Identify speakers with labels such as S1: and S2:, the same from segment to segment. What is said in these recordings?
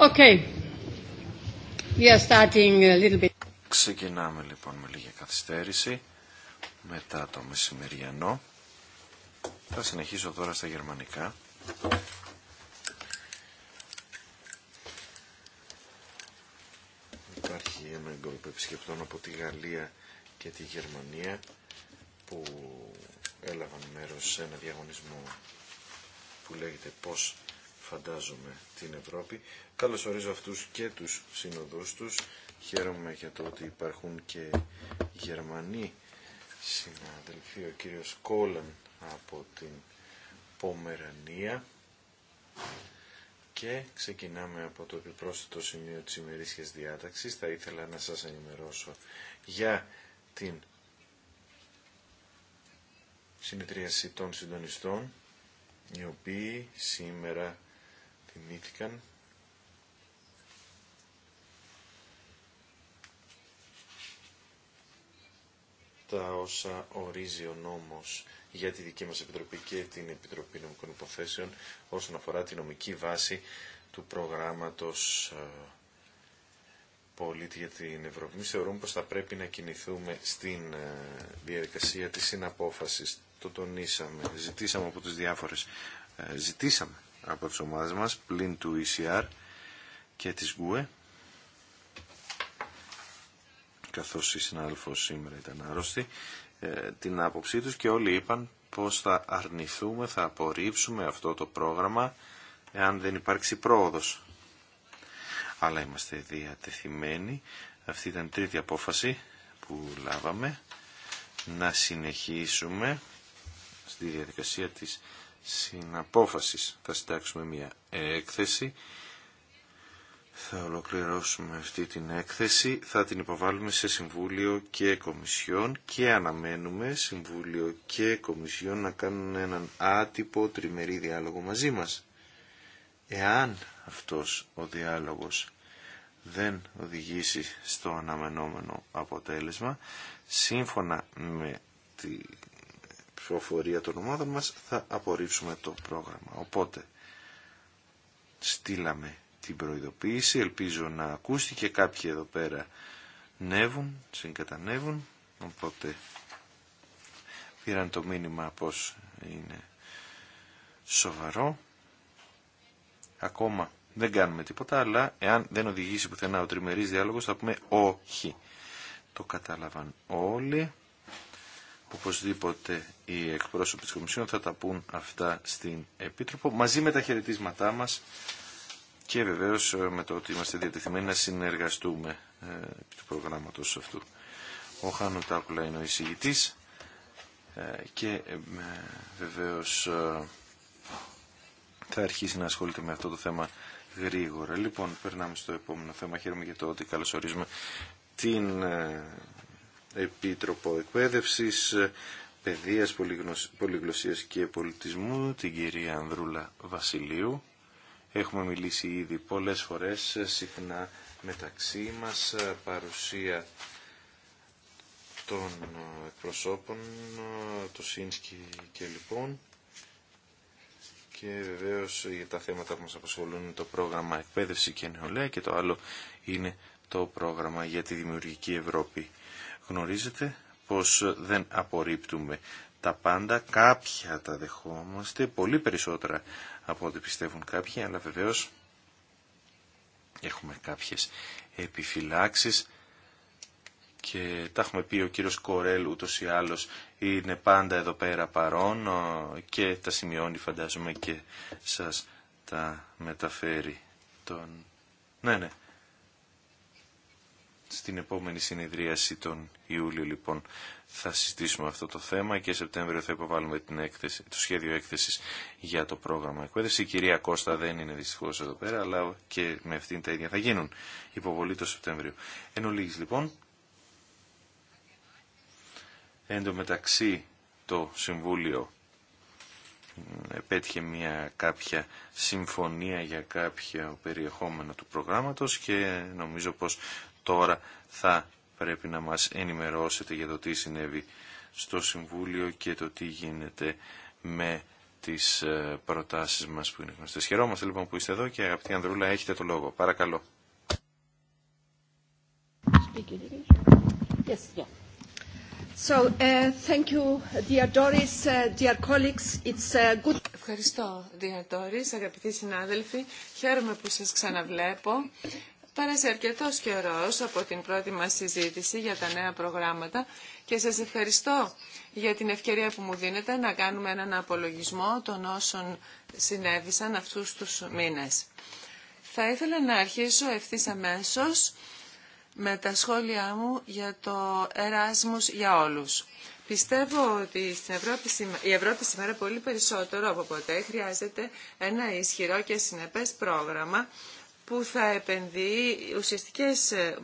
S1: Okay. We are starting a little bit.
S2: Ξεκινάμε λοιπόν με λίγη καθυστέρηση μετά το μεσημεριανό. Θα συνεχίσω τώρα στα γερμανικά. Υπάρχει ένα γκολπ επισκεπτών από τη Γαλλία και τη Γερμανία που έλαβαν μέρος σε ένα διαγωνισμό που λέγεται πώς φαντάζομαι την Ευρώπη. Καλώς ορίζω αυτούς και τους συνοδούς τους. Χαίρομαι για το ότι υπάρχουν και Γερμανοί συναδελφοί, ο κύριος Κόλαν από την Πομερανία. Και ξεκινάμε από το επιπρόσθετο σημείο της ημερήσιας διάταξης. Θα ήθελα να σας ενημερώσω για την συνεδρίαση των συντονιστών οι οποίοι σήμερα τιμήθηκαν. τα όσα ορίζει ο νόμος για τη δική μας Επιτροπή και την Επιτροπή Νομικών Υποθέσεων όσον αφορά τη νομική βάση του προγράμματος ε, πολίτη για την Ευρώπη. Εμείς θεωρούμε πως θα πρέπει να κινηθούμε στην ε, διαδικασία της συναπόφασης. Το τονίσαμε, ζητήσαμε από τους διάφορες, ε, ζητήσαμε από τις ομάδες μας, πλην του ECR και της GUE, καθώς η συνάδελφος σήμερα ήταν άρρωστη, ε, την άποψή τους και όλοι είπαν πως θα αρνηθούμε, θα απορρίψουμε αυτό το πρόγραμμα εάν δεν υπάρξει πρόοδος. Αλλά είμαστε διατεθειμένοι, αυτή ήταν τρίτη απόφαση που λάβαμε, να συνεχίσουμε στη διαδικασία της συναπόφασης. Θα συντάξουμε μια έκθεση. Θα ολοκληρώσουμε αυτή την έκθεση, θα την υποβάλουμε σε Συμβούλιο και Κομισιόν και αναμένουμε Συμβούλιο και Κομισιόν να κάνουν έναν άτυπο τριμερή διάλογο μαζί μας. Εάν αυτός ο διάλογος δεν οδηγήσει στο αναμενόμενο αποτέλεσμα, σύμφωνα με ψηφοφορία των ομάδων μας θα απορρίψουμε το πρόγραμμα. Οπότε στείλαμε την προειδοποίηση, ελπίζω να ακούστηκε κάποιοι εδώ πέρα νεύουν, συγκατανεύουν, οπότε πήραν το μήνυμα πως είναι σοβαρό. Ακόμα δεν κάνουμε τίποτα, αλλά εάν δεν οδηγήσει πουθενά ο τριμερής διάλογος θα πούμε όχι. Το κατάλαβαν όλοι οπωσδήποτε οι εκπρόσωποι της Κομισιόν θα τα πούν αυτά στην Επίτροπο μαζί με τα χαιρετίσματά μας και βεβαίως ε, με το ότι είμαστε διατεθειμένοι να συνεργαστούμε ε, του προγράμματος αυτού. Ο Χάνου Τάκουλα είναι ο εισηγητής ε, και ε, βεβαίως ε, θα αρχίσει να ασχολείται με αυτό το θέμα γρήγορα. Λοιπόν, περνάμε στο επόμενο θέμα. Χαίρομαι για το ότι καλωσορίζουμε την Επίτροπο Εκπαίδευσης, Παιδείας, Πολυγλωσίας και Πολιτισμού, την κυρία Ανδρούλα Βασιλείου. Έχουμε μιλήσει ήδη πολλές φορές, συχνά μεταξύ μας, παρουσία των εκπροσώπων, το ΣΥΝΣΚΙ και λοιπόν. Και βεβαίως για τα θέματα που μας απασχολούν το πρόγραμμα εκπαίδευση και νεολαία και το άλλο είναι το πρόγραμμα για τη δημιουργική Ευρώπη Γνωρίζετε πως δεν απορρίπτουμε τα πάντα, κάποια τα δεχόμαστε, πολύ περισσότερα από ό,τι πιστεύουν κάποιοι, αλλά βεβαίως έχουμε κάποιες επιφυλάξεις και τα έχουμε πει ο κύριος Κορέλ ούτως ή άλλως είναι πάντα εδώ πέρα παρόν και τα σημειώνει φαντάζομαι και σας τα μεταφέρει τον... Ναι, ναι, στην επόμενη συνεδρίαση τον Ιούλιο λοιπόν θα συζητήσουμε αυτό το θέμα και Σεπτέμβριο θα υποβάλουμε την έκθεση, το σχέδιο έκθεσης για το πρόγραμμα εκπαίδευση. Η κυρία Κώστα δεν είναι δυστυχώς εδώ πέρα αλλά και με αυτήν τα ίδια θα γίνουν υποβολή το Σεπτέμβριο. Εν ολίγης, λοιπόν, εν τω μεταξύ το Συμβούλιο επέτυχε μια κάποια συμφωνία για κάποιο περιεχόμενο του προγράμματος και νομίζω πως τώρα θα πρέπει να μας ενημερώσετε για το τι συνέβη στο Συμβούλιο και το τι γίνεται με τις ε, προτάσεις μας που είναι γνωστές. Χαιρόμαστε λοιπόν που είστε εδώ και αγαπητή Ανδρούλα έχετε το λόγο. Παρακαλώ.
S3: Ευχαριστώ, dear Doris, αγαπητοί συνάδελφοι. Χαίρομαι που σας ξαναβλέπω. Πέρασε αρκετό καιρό από την πρώτη μας συζήτηση για τα νέα προγράμματα και σας ευχαριστώ για την ευκαιρία που μου δίνετε να κάνουμε έναν απολογισμό των όσων συνέβησαν αυτού τους μήνες. Θα ήθελα να αρχίσω ευθύ αμέσως με τα σχόλιά μου για το Εράσμους για όλους. Πιστεύω ότι στην Ευρώπη, η Ευρώπη σήμερα πολύ περισσότερο από ποτέ χρειάζεται ένα ισχυρό και συνεπές πρόγραμμα που θα επενδύει ουσιαστικές ε,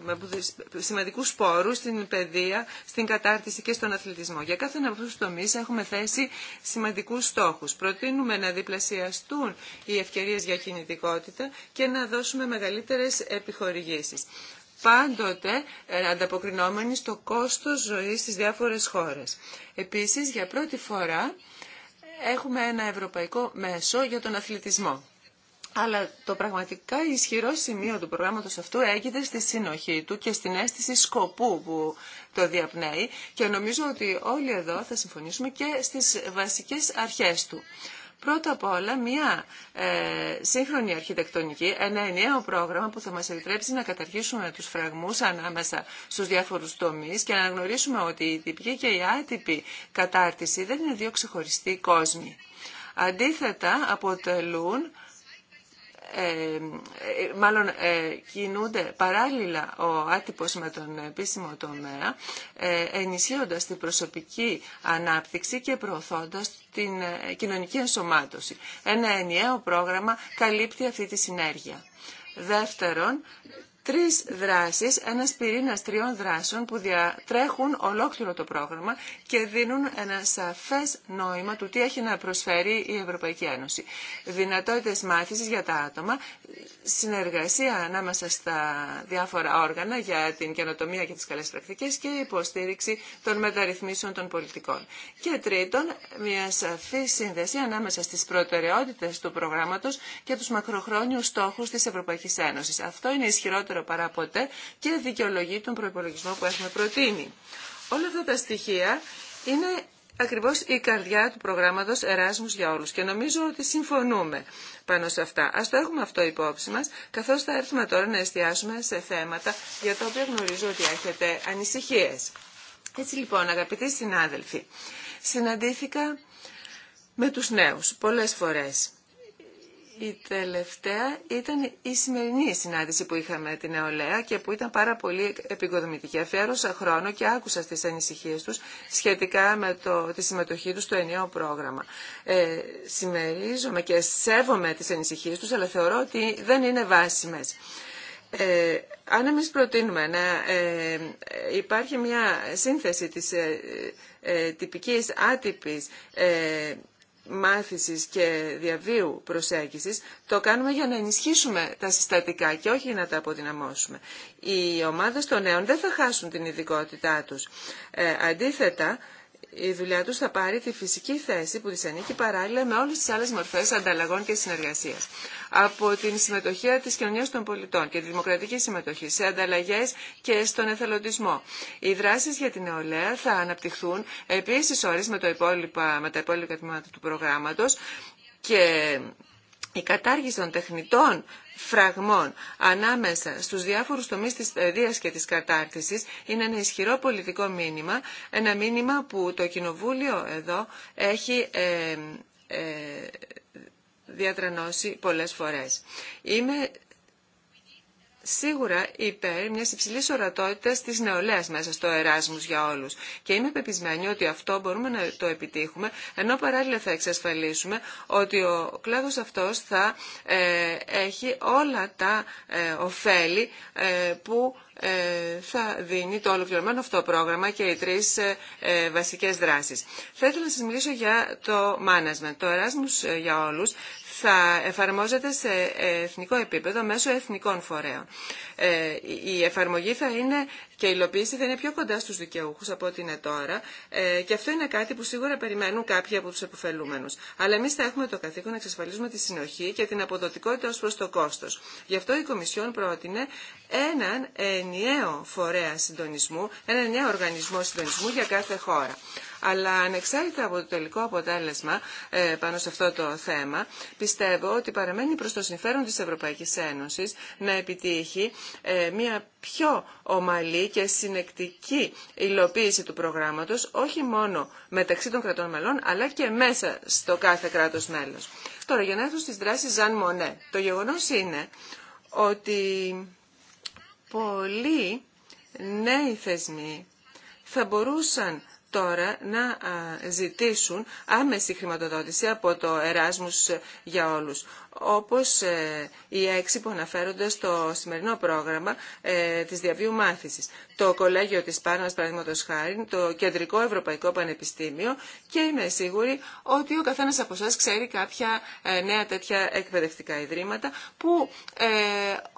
S3: σημαντικούς πόρους στην παιδεία, στην κατάρτιση και στον αθλητισμό. Για κάθε ένα από αυτούς τους τομείς έχουμε θέσει σημαντικούς στόχους. Προτείνουμε να διπλασιαστούν οι ευκαιρίες για κινητικότητα και να δώσουμε μεγαλύτερες επιχορηγήσεις. Πάντοτε ε, ανταποκρινόμενοι στο κόστος ζωής στις διάφορες χώρες. Επίσης, για πρώτη φορά έχουμε ένα ευρωπαϊκό μέσο για τον αθλητισμό. Αλλά το πραγματικά ισχυρό σημείο του προγράμματος αυτού έγινε στη συνοχή του και στην αίσθηση σκοπού που το διαπνέει και νομίζω ότι όλοι εδώ θα συμφωνήσουμε και στις βασικές αρχές του. Πρώτα απ' όλα μια ε, σύγχρονη αρχιτεκτονική, ένα ενιαίο πρόγραμμα που θα μας επιτρέψει να καταρχήσουμε τους φραγμούς ανάμεσα στους διάφορους τομείς και να αναγνωρίσουμε ότι η τυπική και η άτυπη κατάρτιση δεν είναι δύο ξεχωριστοί κόσμοι. Αντίθετα αποτελούν ε, ε, μάλλον ε, κινούνται παράλληλα ο άτυπος με τον επίσημο τομέα, ενισχύοντας την προσωπική ανάπτυξη και προωθώντας την κοινωνική ενσωμάτωση. Ένα ενιαίο πρόγραμμα καλύπτει αυτή τη συνέργεια. Δεύτερον, τρεις δράσεις, ένας πυρήνας τριών δράσεων που διατρέχουν ολόκληρο το πρόγραμμα και δίνουν ένα σαφές νόημα του τι έχει να προσφέρει η Ευρωπαϊκή Ένωση. Δυνατότητες μάθησης για τα άτομα, συνεργασία ανάμεσα στα διάφορα όργανα για την καινοτομία και τις καλές πρακτικές και υποστήριξη των μεταρρυθμίσεων των πολιτικών. Και τρίτον, μια σαφή σύνδεση ανάμεσα στις προτεραιότητες του προγράμματος και τους μακροχρόνιους στόχους της Ευρωπαϊκής Ένωσης. Αυτό είναι ισχυρότερο περισσότερο παρά ποτέ και δικαιολογεί τον προπολογισμό που έχουμε προτείνει. Όλα αυτά τα στοιχεία είναι ακριβώς η καρδιά του προγράμματος Εράσμους για όλους και νομίζω ότι συμφωνούμε πάνω σε αυτά. Ας το έχουμε αυτό υπόψη μας, καθώς θα έρθουμε τώρα να εστιάσουμε σε θέματα για τα οποία γνωρίζω ότι έχετε ανησυχίες. Έτσι λοιπόν αγαπητοί συνάδελφοι, συναντήθηκα με τους νέους πολλές φορές η τελευταία ήταν η σημερινή συνάντηση που είχαμε την νεολαία και που ήταν πάρα πολύ επικοδομητική. Αφιέρωσα χρόνο και άκουσα στις ανησυχίες τους σχετικά με το, τη συμμετοχή τους στο ενιαίο πρόγραμμα. Ε, συμμερίζομαι και σέβομαι τις ανησυχίες τους, αλλά θεωρώ ότι δεν είναι βάσιμες. Ε, αν εμείς προτείνουμε να ε, υπάρχει μια σύνθεση της ε, ε τυπικής άτυπης ε, μάθησης και διαβίου προσέγγισης, το κάνουμε για να ενισχύσουμε τα συστατικά και όχι για να τα αποδυναμώσουμε. Οι ομάδες των νέων δεν θα χάσουν την ειδικότητά τους. Ε, αντίθετα, η δουλειά τους θα πάρει τη φυσική θέση που της ανήκει παράλληλα με όλες τις άλλες μορφές ανταλλαγών και συνεργασίας. Από την συμμετοχή της κοινωνίας των πολιτών και τη δημοκρατική συμμετοχή σε ανταλλαγές και στον εθελοντισμό. Οι δράσεις για την νεολαία θα αναπτυχθούν επίσης ώρες με, με τα υπόλοιπα τμήματα του προγράμματος και η κατάργηση των τεχνητών φραγμών ανάμεσα στους διάφορους τομείς της παιδείας και της κατάρτισης είναι ένα ισχυρό πολιτικό μήνυμα, ένα μήνυμα που το Κοινοβούλιο εδώ έχει ε, ε, διατρανώσει πολλές φορές. Είμαι σίγουρα υπέρ μια υψηλή ορατότητα τη νεολαία μέσα στο Εράσμου για όλου. Και είμαι πεπισμένη ότι αυτό μπορούμε να το επιτύχουμε, ενώ παράλληλα θα εξασφαλίσουμε ότι ο κλάδο αυτό θα ε, έχει όλα τα ε, ωφέλη ε, που ε, θα δίνει το ολοκληρωμένο αυτό πρόγραμμα και οι τρεις βασικές δράσεις. Θα ήθελα να σας μιλήσω για το management. Το Erasmus για όλους θα εφαρμόζεται σε εθνικό επίπεδο μέσω εθνικών φορέων. Ε, η εφαρμογή θα είναι και η υλοποίηση θα είναι πιο κοντά στους δικαιούχους από ό,τι είναι τώρα ε, και αυτό είναι κάτι που σίγουρα περιμένουν κάποιοι από τους επωφελούμενους. Αλλά εμείς θα έχουμε το καθήκον να εξασφαλίσουμε τη συνοχή και την αποδοτικότητα ως προς το κόστος. Γι' αυτό η Κομισιόν πρότεινε έναν ενιαίο φορέα συντονισμού, έναν ενιαίο οργανισμό συντονισμού για κάθε χώρα. Αλλά ανεξάρτητα από το τελικό αποτέλεσμα ε, πάνω σε αυτό το θέμα, πιστεύω ότι παραμένει προς το συμφέρον της Ευρωπαϊκής Ένωσης να επιτύχει ε, μια πιο ομαλή και συνεκτική υλοποίηση του προγράμματος, όχι μόνο μεταξύ των κρατών μελών, αλλά και μέσα στο κάθε κράτος μέλος. Τώρα, για να έρθω στις δράσεις Ζαν Μονέ. Το γεγονός είναι ότι πολλοί νέοι θεσμοί θα μπορούσαν τώρα να ζητήσουν άμεση χρηματοδότηση από το Εράσμους για όλους. Όπως ε, οι έξι που αναφέρονται στο σημερινό πρόγραμμα ε, της διαβίου μάθησης το Κολέγιο της Πάρμας, παραδείγματο χάρη, το Κεντρικό Ευρωπαϊκό Πανεπιστήμιο και είμαι σίγουρη ότι ο καθένας από εσά ξέρει κάποια ε, νέα τέτοια εκπαιδευτικά ιδρύματα που ε,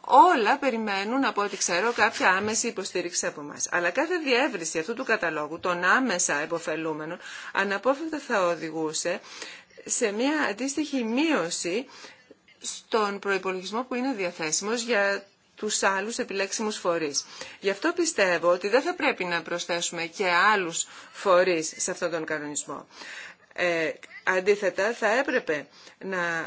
S3: όλα περιμένουν, από ό,τι ξέρω, κάποια άμεση υποστήριξη από εμά. Αλλά κάθε διεύρυνση αυτού του καταλόγου των άμεσα εμποφελούμενων, αναπόφευκτα θα οδηγούσε σε μια αντίστοιχη μείωση στον προϋπολογισμό που είναι διαθέσιμος για τους άλλους επιλέξιμους φορείς. Γι' αυτό πιστεύω ότι δεν θα πρέπει να προσθέσουμε και άλλους φορείς σε αυτόν τον κανονισμό. Ε, αντίθετα, θα έπρεπε να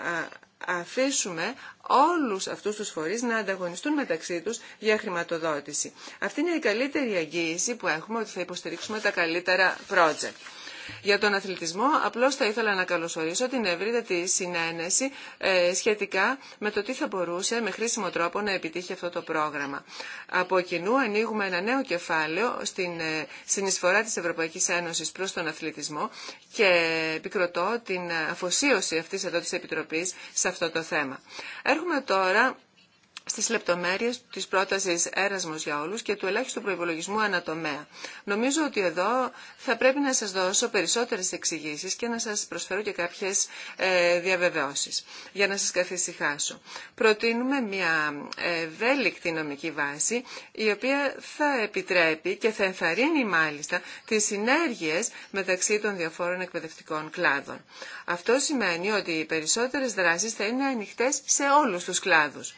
S3: αφήσουμε όλους αυτούς τους φορείς να ανταγωνιστούν μεταξύ τους για χρηματοδότηση. Αυτή είναι η καλύτερη αγγίηση που έχουμε ότι θα υποστηρίξουμε τα καλύτερα project. Για τον αθλητισμό, απλώς θα ήθελα να καλωσορίσω την ευρύτερη συνένεση ε, σχετικά με το τι θα μπορούσε με χρήσιμο τρόπο να επιτύχει αυτό το πρόγραμμα. Από κοινού ανοίγουμε ένα νέο κεφάλαιο στην ε, συνεισφορά της Ευρωπαϊκής Ένωσης προς τον αθλητισμό και επικροτώ την αφοσίωση αυτής εδώ της Επιτροπής σε αυτό το θέμα. Έρχομαι τώρα στις λεπτομέρειες της πρότασης έρασμος για όλους και του ελάχιστου προϋπολογισμού ανατομέα. Νομίζω ότι εδώ θα πρέπει να σας δώσω περισσότερες εξηγήσεις και να σας προσφέρω και κάποιες ε, διαβεβαιώσεις για να σας καθησυχάσω. Προτείνουμε μια ευέλικτη νομική βάση η οποία θα επιτρέπει και θα ενθαρρύνει μάλιστα τις συνέργειες μεταξύ των διαφόρων εκπαιδευτικών κλάδων. Αυτό σημαίνει ότι οι περισσότερες δράσεις θα είναι ανοιχτές σε όλους τους κλάδους.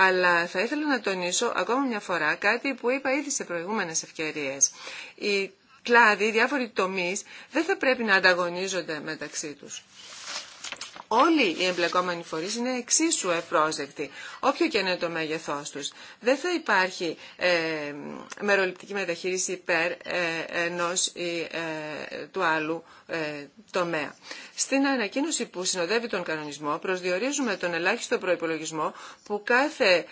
S3: Αλλά θα ήθελα να τονίσω ακόμα μια φορά κάτι που είπα ήδη σε προηγούμενες ευκαιρίες. Οι κλάδοι, οι διάφοροι τομεί δεν θα πρέπει να ανταγωνίζονται μεταξύ τους όλοι οι εμπλεκόμενοι φορείς είναι εξίσου ευπρόσδεκτοι, όποιο και είναι το μέγεθός τους. Δεν θα υπάρχει ε, μεροληπτική μεταχείριση υπέρ ε, ενός ή ε, του άλλου ε, τομέα. Στην ανακοίνωση που συνοδεύει τον κανονισμό προσδιορίζουμε τον ελάχιστο προϋπολογισμό που κάθε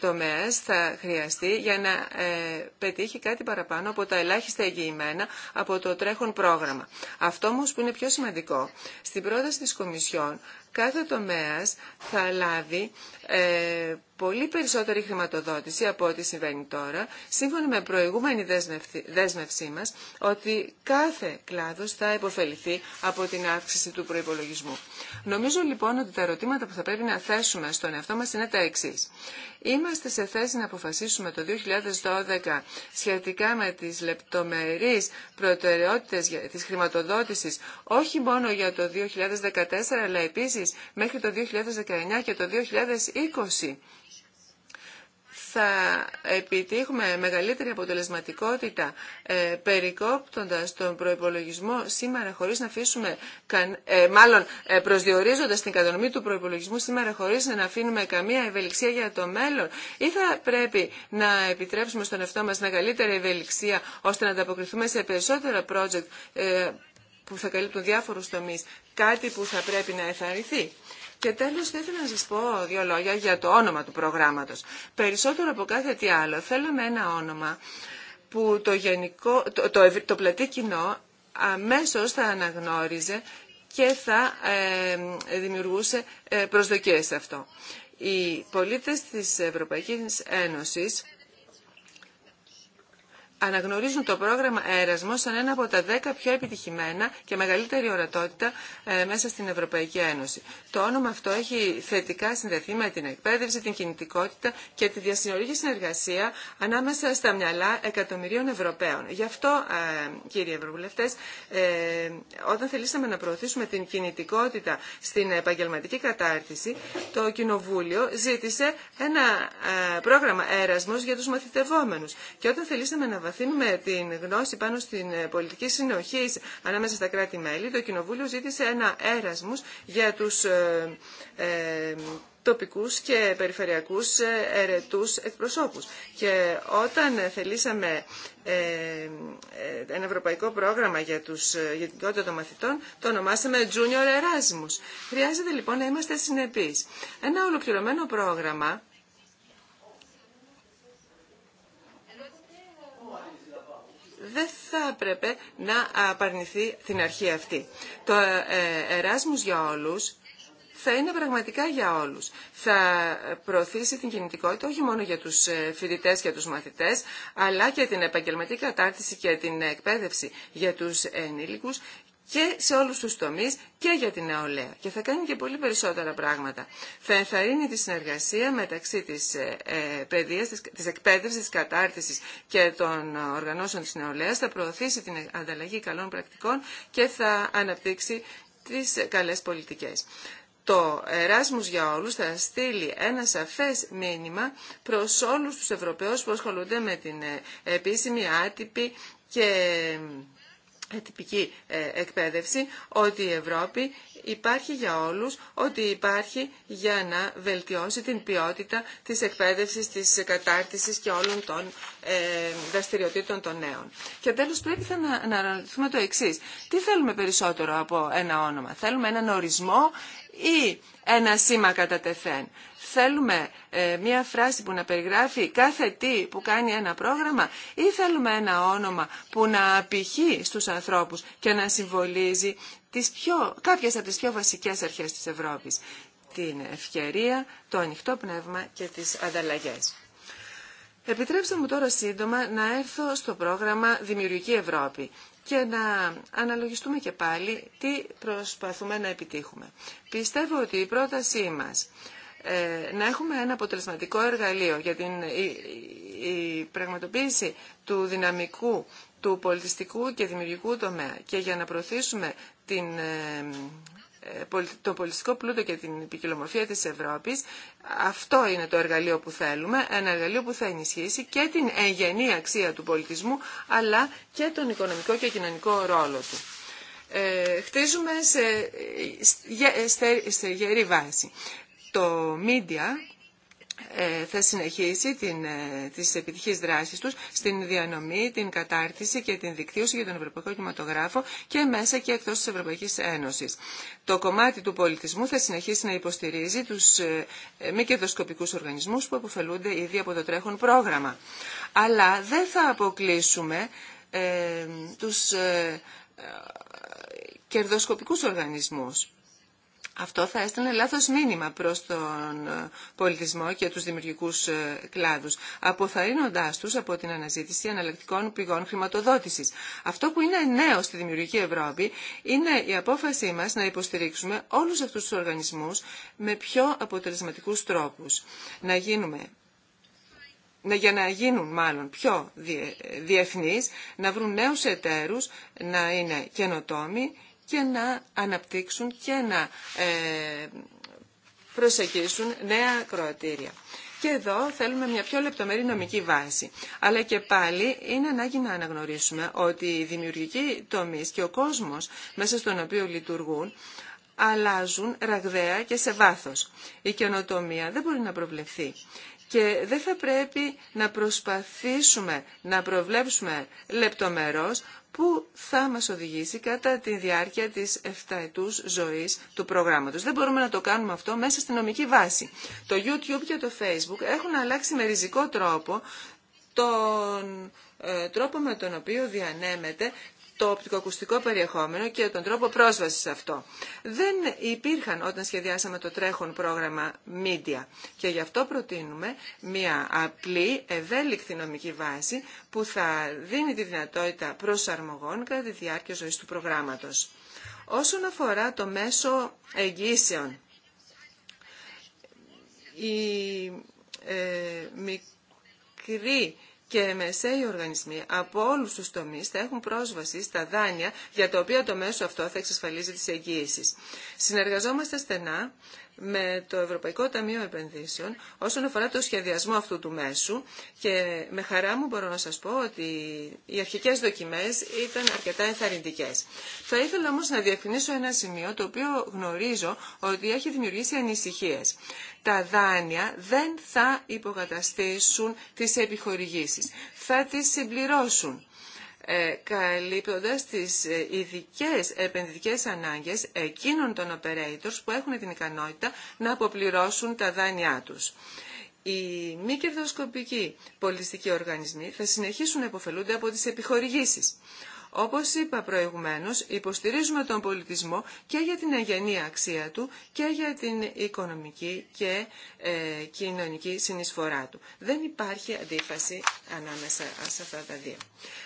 S3: τομέας θα χρειαστεί για να πετύχει κάτι παραπάνω από τα ελάχιστα εγγυημένα από το τρέχον πρόγραμμα. Αυτό όμως που είναι πιο σημαντικό, στην πρόταση της Κομισιόν κρατών κάθε τομέας θα λάβει ε, πολύ περισσότερη χρηματοδότηση από ό,τι συμβαίνει τώρα, σύμφωνα με προηγούμενη δέσμευση, δέσμευσή μας, ότι κάθε κλάδος θα υποφεληθεί από την αύξηση του προϋπολογισμού. Νομίζω λοιπόν ότι τα ερωτήματα που θα πρέπει να θέσουμε στον εαυτό μας είναι τα εξή. Είμαστε σε θέση να αποφασίσουμε το 2012 σχετικά με τις λεπτομερείς προτεραιότητες της χρηματοδότησης, όχι μόνο για το 2014, αλλά επίση μέχρι το 2019 και το 2020 θα επιτύχουμε μεγαλύτερη αποτελεσματικότητα ε, περικόπτοντας τον προϋπολογισμό σήμερα χωρίς να αφήσουμε, ε, μάλλον ε, προσδιορίζοντας την κατανομή του προϋπολογισμού σήμερα χωρίς να αφήνουμε καμία ευελιξία για το μέλλον ή θα πρέπει να επιτρέψουμε στον εαυτό μας μεγαλύτερη ευελιξία ώστε να ανταποκριθούμε σε περισσότερα project που θα καλύπτουν διάφορου τομεί, κάτι που θα πρέπει να εθαρρυνθεί. Και τέλος θα ήθελα να σα πω δύο λόγια για το όνομα του προγράμματος. Περισσότερο από κάθε τι άλλο θέλαμε ένα όνομα που το, γενικό, το, το, το, πλατή κοινό αμέσω θα αναγνώριζε και θα δημιουργούσε ε, προσδοκίες σε αυτό. Οι πολίτες της Ευρωπαϊκής Ένωσης αναγνωρίζουν το πρόγραμμα Έρασμο σαν ένα από τα δέκα πιο επιτυχημένα και μεγαλύτερη ορατότητα ε, μέσα στην Ευρωπαϊκή Ένωση. Το όνομα αυτό έχει θετικά συνδεθεί με την εκπαίδευση, την κινητικότητα και τη διασυνορική συνεργασία ανάμεσα στα μυαλά εκατομμυρίων Ευρωπαίων. Γι' αυτό, ε, κύριοι Ευρωβουλευτέ, ε, όταν θελήσαμε να προωθήσουμε την κινητικότητα στην επαγγελματική κατάρτιση, το Κοινοβούλιο ζήτησε ένα πρόγραμμα Έρασμο για του μαθητευόμενου. Και όταν θελήσαμε να αναβαθύνουμε την γνώση πάνω στην ε, πολιτική συνοχή ανάμεσα στα κράτη-μέλη, το Κοινοβούλιο ζήτησε ένα έρασμους για τους ε, ε, τοπικούς και περιφερειακούς ε, ερετούς εκπροσώπους. Και όταν θελήσαμε ένα ευρωπαϊκό πρόγραμμα για, τους, για την κοινότητα των μαθητών, το ονομάσαμε Junior Erasmus. Χρειάζεται λοιπόν να είμαστε συνεπείς. Ένα ολοκληρωμένο πρόγραμμα δεν θα έπρεπε να απαρνηθεί την αρχή αυτή. Το ε, Εράσμους για όλους θα είναι πραγματικά για όλους. Θα προωθήσει την κινητικότητα όχι μόνο για τους ε, φοιτητές και τους μαθητές, αλλά και την επαγγελματική κατάρτιση και την εκπαίδευση για τους ενήλικους και σε όλους τους τομείς και για την νεολαία. Και θα κάνει και πολύ περισσότερα πράγματα. Θα ενθαρρύνει τη συνεργασία μεταξύ της ε, παιδείας, της, της εκπαίδευσης, της κατάρτισης και των οργανώσεων της νεολαίας. Θα προωθήσει την ανταλλαγή καλών πρακτικών και θα αναπτύξει τις καλές πολιτικές. Το Εράσμους για όλους θα στείλει ένα σαφές μήνυμα προς όλους τους Ευρωπαίους που ασχολούνται με την ε, επίσημη, άτυπη και ε, τυπική ε, εκπαίδευση, ότι η Ευρώπη υπάρχει για όλους, ότι υπάρχει για να βελτιώσει την ποιότητα της εκπαίδευσης, της κατάρτισης και όλων των ε, δραστηριοτήτων των νέων. Και τέλος πρέπει να, αναρωτηθούμε το εξή. Τι θέλουμε περισσότερο από ένα όνομα. Θέλουμε έναν ορισμό ή ένα σήμα κατά τεθέν. Θέλουμε ε, μία φράση που να περιγράφει κάθε τι που κάνει ένα πρόγραμμα ή θέλουμε ένα όνομα που να απηχεί στους ανθρώπους και να συμβολίζει τις πιο, κάποιες από τις πιο βασικές αρχές της Ευρώπης. Την ευκαιρία, το ανοιχτό πνεύμα και τις ανταλλαγές. Επιτρέψτε μου τώρα σύντομα να έρθω στο πρόγραμμα Δημιουργική Ευρώπη και να αναλογιστούμε και πάλι τι προσπαθούμε να επιτύχουμε. Πιστεύω ότι η πρότασή μας να έχουμε ένα αποτελεσματικό εργαλείο για την πραγματοποίηση του δυναμικού του πολιτιστικού και δημιουργικού τομέα και για να προωθήσουμε την, το πολιτιστικό πλούτο και την ποικιλομορφία της Ευρώπης, αυτό είναι το εργαλείο που θέλουμε, ένα εργαλείο που θα ενισχύσει και την εγγενή αξία του πολιτισμού, αλλά και τον οικονομικό και κοινωνικό ρόλο του. χτίζουμε σε, σε, σε γερή βάση το Media ε, θα συνεχίσει την, ε, τις επιτυχείς δράσεις τους στην διανομή, την κατάρτιση και την δικτύωση για τον Ευρωπαϊκό Κινηματογράφο και μέσα και εκτός της Ευρωπαϊκής Ένωσης. Το κομμάτι του πολιτισμού θα συνεχίσει να υποστηρίζει τους ε, μη κερδοσκοπικούς οργανισμούς που αποφελούνται ήδη από το τρέχον πρόγραμμα. Αλλά δεν θα αποκλείσουμε ε, τους ε, οργανισμούς αυτό θα έστελνε λάθος μήνυμα προς τον ε, πολιτισμό και τους δημιουργικούς ε, κλάδους, αποθαρρύνοντάς τους από την αναζήτηση αναλλακτικών πηγών χρηματοδότησης. Αυτό που είναι νέο στη δημιουργική Ευρώπη είναι η απόφασή μας να υποστηρίξουμε όλους αυτούς τους οργανισμούς με πιο αποτελεσματικούς τρόπους. Να γίνουμε για να γίνουν μάλλον πιο διεθνείς, να βρουν νέους εταίρους, να είναι καινοτόμοι και να αναπτύξουν και να ε, προσεγγίσουν νέα κροατήρια. Και εδώ θέλουμε μια πιο λεπτομερή νομική βάση. Αλλά και πάλι είναι ανάγκη να αναγνωρίσουμε ότι οι δημιουργικοί τομείς και ο κόσμος μέσα στον οποίο λειτουργούν αλλάζουν ραγδαία και σε βάθος. Η καινοτομία δεν μπορεί να προβλεφθεί και δεν θα πρέπει να προσπαθήσουμε να προβλέψουμε λεπτομερώς που θα μας οδηγήσει κατά τη διάρκεια της 7 ετούς ζωής του προγράμματος. Δεν μπορούμε να το κάνουμε αυτό μέσα στην νομική βάση. Το YouTube και το Facebook έχουν αλλάξει με ριζικό τρόπο τον ε, τρόπο με τον οποίο διανέμεται το οπτικοακουστικό περιεχόμενο και τον τρόπο πρόσβασης σε αυτό. Δεν υπήρχαν όταν σχεδιάσαμε το τρέχον πρόγραμμα Media και γι' αυτό προτείνουμε μια απλή, ευέλικτη νομική βάση που θα δίνει τη δυνατότητα προσαρμογών κατά τη διάρκεια ζωής του προγράμματος. Όσον αφορά το μέσο εγγύσεων, η ε, μικρή και μεσαίοι οργανισμοί από όλους τους τομείς θα έχουν πρόσβαση στα δάνεια για τα οποία το μέσο αυτό θα εξασφαλίζει τις εγγύησεις. Συνεργαζόμαστε στενά με το Ευρωπαϊκό Ταμείο Επενδύσεων όσον αφορά το σχεδιασμό αυτού του μέσου και με χαρά μου μπορώ να σας πω ότι οι αρχικές δοκιμές ήταν αρκετά ενθαρρυντικές. Θα ήθελα όμως να διευκρινίσω ένα σημείο το οποίο γνωρίζω ότι έχει δημιουργήσει ανησυχίες. Τα δάνεια δεν θα υποκαταστήσουν τις επιχορηγήσεις. Θα τις συμπληρώσουν. Ε, καλύπτοντας τις ε, ειδικέ επενδυτικές ανάγκες εκείνων των operators που έχουν την ικανότητα να αποπληρώσουν τα δάνειά τους. Οι μη κερδοσκοπικοί πολιτιστικοί οργανισμοί θα συνεχίσουν να υποφελούνται από τις επιχορηγήσεις. Όπως είπα προηγουμένως, υποστηρίζουμε τον πολιτισμό και για την αγενή αξία του και για την οικονομική και ε, κοινωνική συνεισφορά του. Δεν υπάρχει αντίφαση ανάμεσα σε αυτά τα δύο.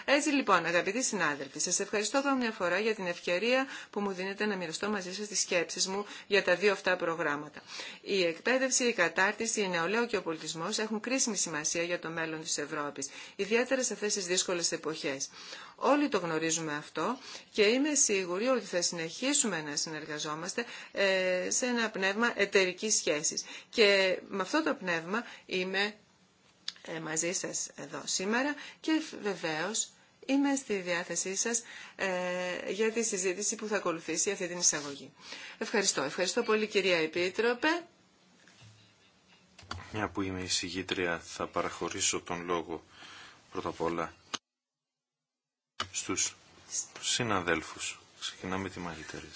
S3: Έτσι λοιπόν, αγαπητοί συνάδελφοι, σας ευχαριστώ εδώ μια φορά για την ευκαιρία που μου δίνετε να μοιραστώ μαζί σας τις σκέψεις μου για τα δύο αυτά προγράμματα. Η εκπαίδευση, η κατάρτιση, η νεολαίο και ο πολιτισμός έχουν κρίσιμη σημασία για το μέλλον της Ευρώπης, ιδιαίτερα σε αυτές τις δύσκολες εποχές. Όλοι το γνωρίζουμε αυτό και είμαι σίγουρη ότι θα συνεχίσουμε να συνεργαζόμαστε ε, σε ένα πνεύμα εταιρική σχέσης. Και με αυτό το πνεύμα είμαι ε, μαζί σας εδώ σήμερα και βεβαίως είμαι στη διάθεσή σας ε, για τη συζήτηση που θα ακολουθήσει αυτή την εισαγωγή. Ευχαριστώ. Ευχαριστώ πολύ κυρία Επίτροπε.
S2: Μια που είμαι εισηγήτρια θα παραχωρήσω τον λόγο πρώτα απ' όλα στους συναδέλφους. Ξεκινάμε τη μαγιτέρη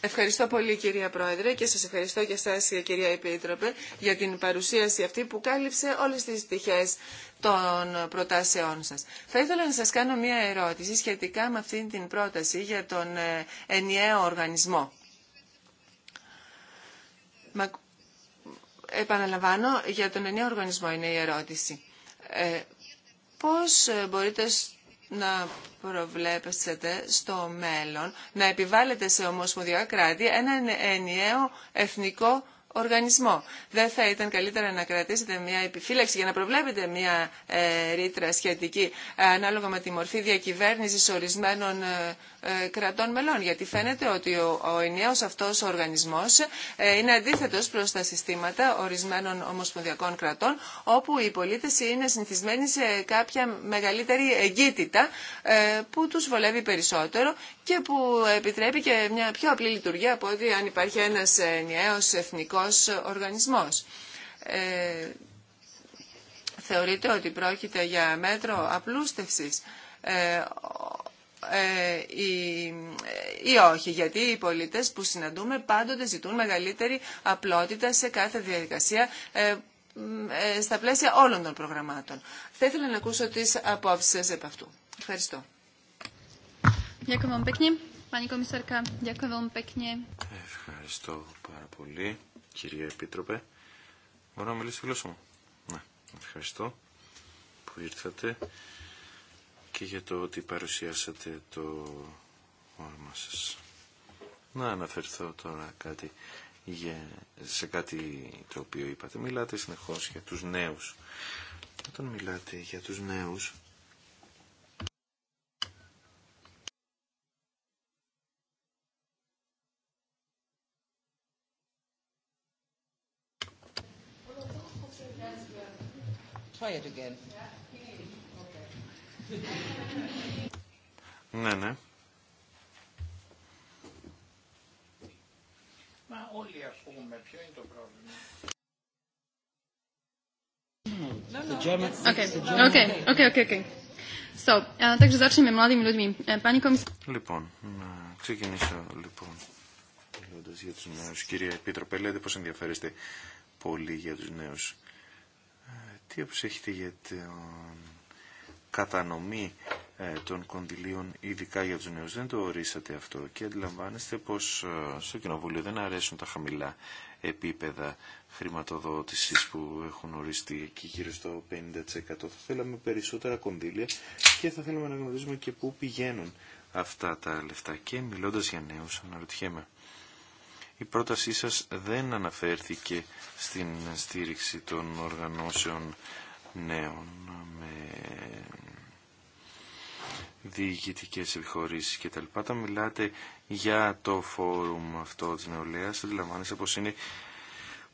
S3: Ευχαριστώ πολύ κυρία Πρόεδρε και σας ευχαριστώ και εσάς κυρία Επίτροπε για την παρουσίαση αυτή που κάλυψε όλες τις πτυχές των προτάσεών σας. Θα ήθελα να σας κάνω μία ερώτηση σχετικά με αυτή την πρόταση για τον ε, ενιαίο οργανισμό. Επαναλαμβάνω, για τον ενιαίο οργανισμό είναι η ερώτηση. Ε, πώς ε, μπορείτε να προβλέπετε στο μέλλον να επιβάλλετε σε ομοσπονδιακά κράτη ένα ενιαίο εθνικό οργανισμό. Δεν θα ήταν καλύτερα να κρατήσετε μια επιφύλαξη για να προβλέπετε μια ε, ρήτρα σχετική ε, ανάλογα με τη μορφή διακυβέρνηση ορισμένων ε, κρατών μελών. Γιατί φαίνεται ότι ο, ο ενιαίος αυτός ο οργανισμός είναι αντίθετο προ τα συστήματα ορισμένων ομοσπονδιακών κρατών όπου οι πολίτε είναι συνηθισμένοι σε κάποια μεγαλύτερη εγκύτητα που του βολεύει περισσότερο και που επιτρέπει και μια πιο απλή λειτουργία από ότι αν υπάρχει ένα ενιαίος εθνικό θεσμικός οργανισμός. Ε, θεωρείται ότι πρόκειται για μέτρο απλούστευσης ε, ε, ή, ή όχι, γιατί οι πολίτες που συναντούμε πάντοτε ζητούν μεγαλύτερη απλότητα σε κάθε διαδικασία ε, ε, στα πλαίσια όλων των προγραμμάτων. Θα ήθελα να ακούσω τις απόψεις σας επ' αυτού. Ευχαριστώ.
S2: Ευχαριστώ πάρα πολύ κυρία Επίτροπε. Μπορώ να μιλήσω τη γλώσσα μου. Ναι, ευχαριστώ που ήρθατε και για το ότι παρουσιάσατε το όνομα σας. Να αναφερθώ τώρα κάτι για, σε κάτι το οποίο είπατε. Μιλάτε συνεχώς για τους νέους. Όταν μιλάτε για τους νέους, Λοιπόν, να ξεκινήσω λοιπόν μιλώντα για του νέου. Κυρία Επίτροπε, λέτε πω ενδιαφέρεστε πολύ για του νέου. Τι όπως έχετε για την κατανομή ε, των κονδυλίων ειδικά για τους νέους. Δεν το ορίσατε αυτό και αντιλαμβάνεστε πως ε, στο Κοινοβούλιο δεν αρέσουν τα χαμηλά επίπεδα χρηματοδότησης που έχουν οριστεί εκεί γύρω στο 50%. Θα θέλαμε περισσότερα κονδύλια και θα θέλαμε να γνωρίζουμε και πού πηγαίνουν αυτά τα λεφτά. Και μιλώντας για νέους αναρωτιέμαι η πρότασή σας δεν αναφέρθηκε στην στήριξη των οργανώσεων νέων με διοικητικές επιχωρήσεις κτλ. μιλάτε για το φόρουμ αυτό της νεολαίας, αντιλαμβάνεστε πως είναι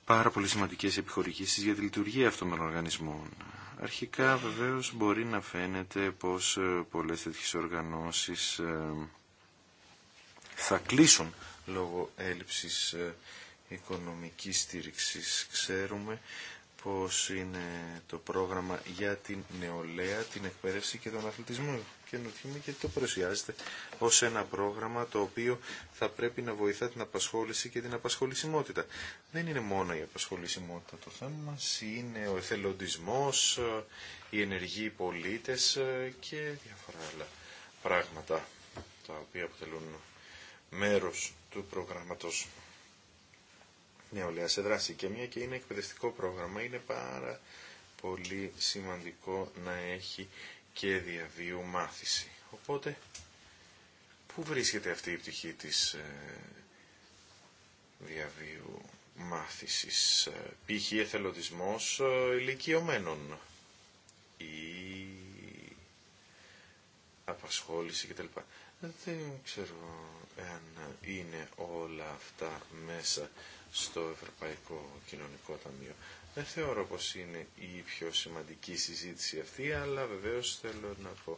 S2: πάρα πολύ σημαντικές επιχορηγήσεις για τη λειτουργία αυτών των οργανισμών. Αρχικά βεβαίως μπορεί να φαίνεται πως ε, πολλές τέτοιες οργανώσεις ε, θα κλείσουν λόγω έλλειψης ε, οικονομικής στήριξης. Ξέρουμε πως είναι το πρόγραμμα για την νεολαία, την εκπαίδευση και τον αθλητισμό νοτιούμε και το παρουσιάζεται ως ένα πρόγραμμα το οποίο θα πρέπει να βοηθά την απασχόληση και την απασχολησιμότητα. Δεν είναι μόνο η απασχολησιμότητα το θέμα μας, είναι ο εθελοντισμός, ε, οι ενεργοί πολίτες ε, και διάφορα άλλα πράγματα τα οποία αποτελούν μέρος του προγράμματος νεολαία σε δράση. Και μια και είναι εκπαιδευτικό πρόγραμμα, είναι πάρα πολύ σημαντικό να έχει και διαβίου μάθηση. Οπότε, πού βρίσκεται αυτή η πτυχή της ε, διαβίου μάθησης. Ε, π.χ. εθελοντισμός ε, ηλικιωμένων ή απασχόληση κτλ. Δεν ξέρω εάν είναι όλα αυτά μέσα στο Ευρωπαϊκό Κοινωνικό Ταμείο. Δεν θεωρώ πως είναι η πιο σημαντική συζήτηση αυτή, αλλά βεβαίως θέλω να πω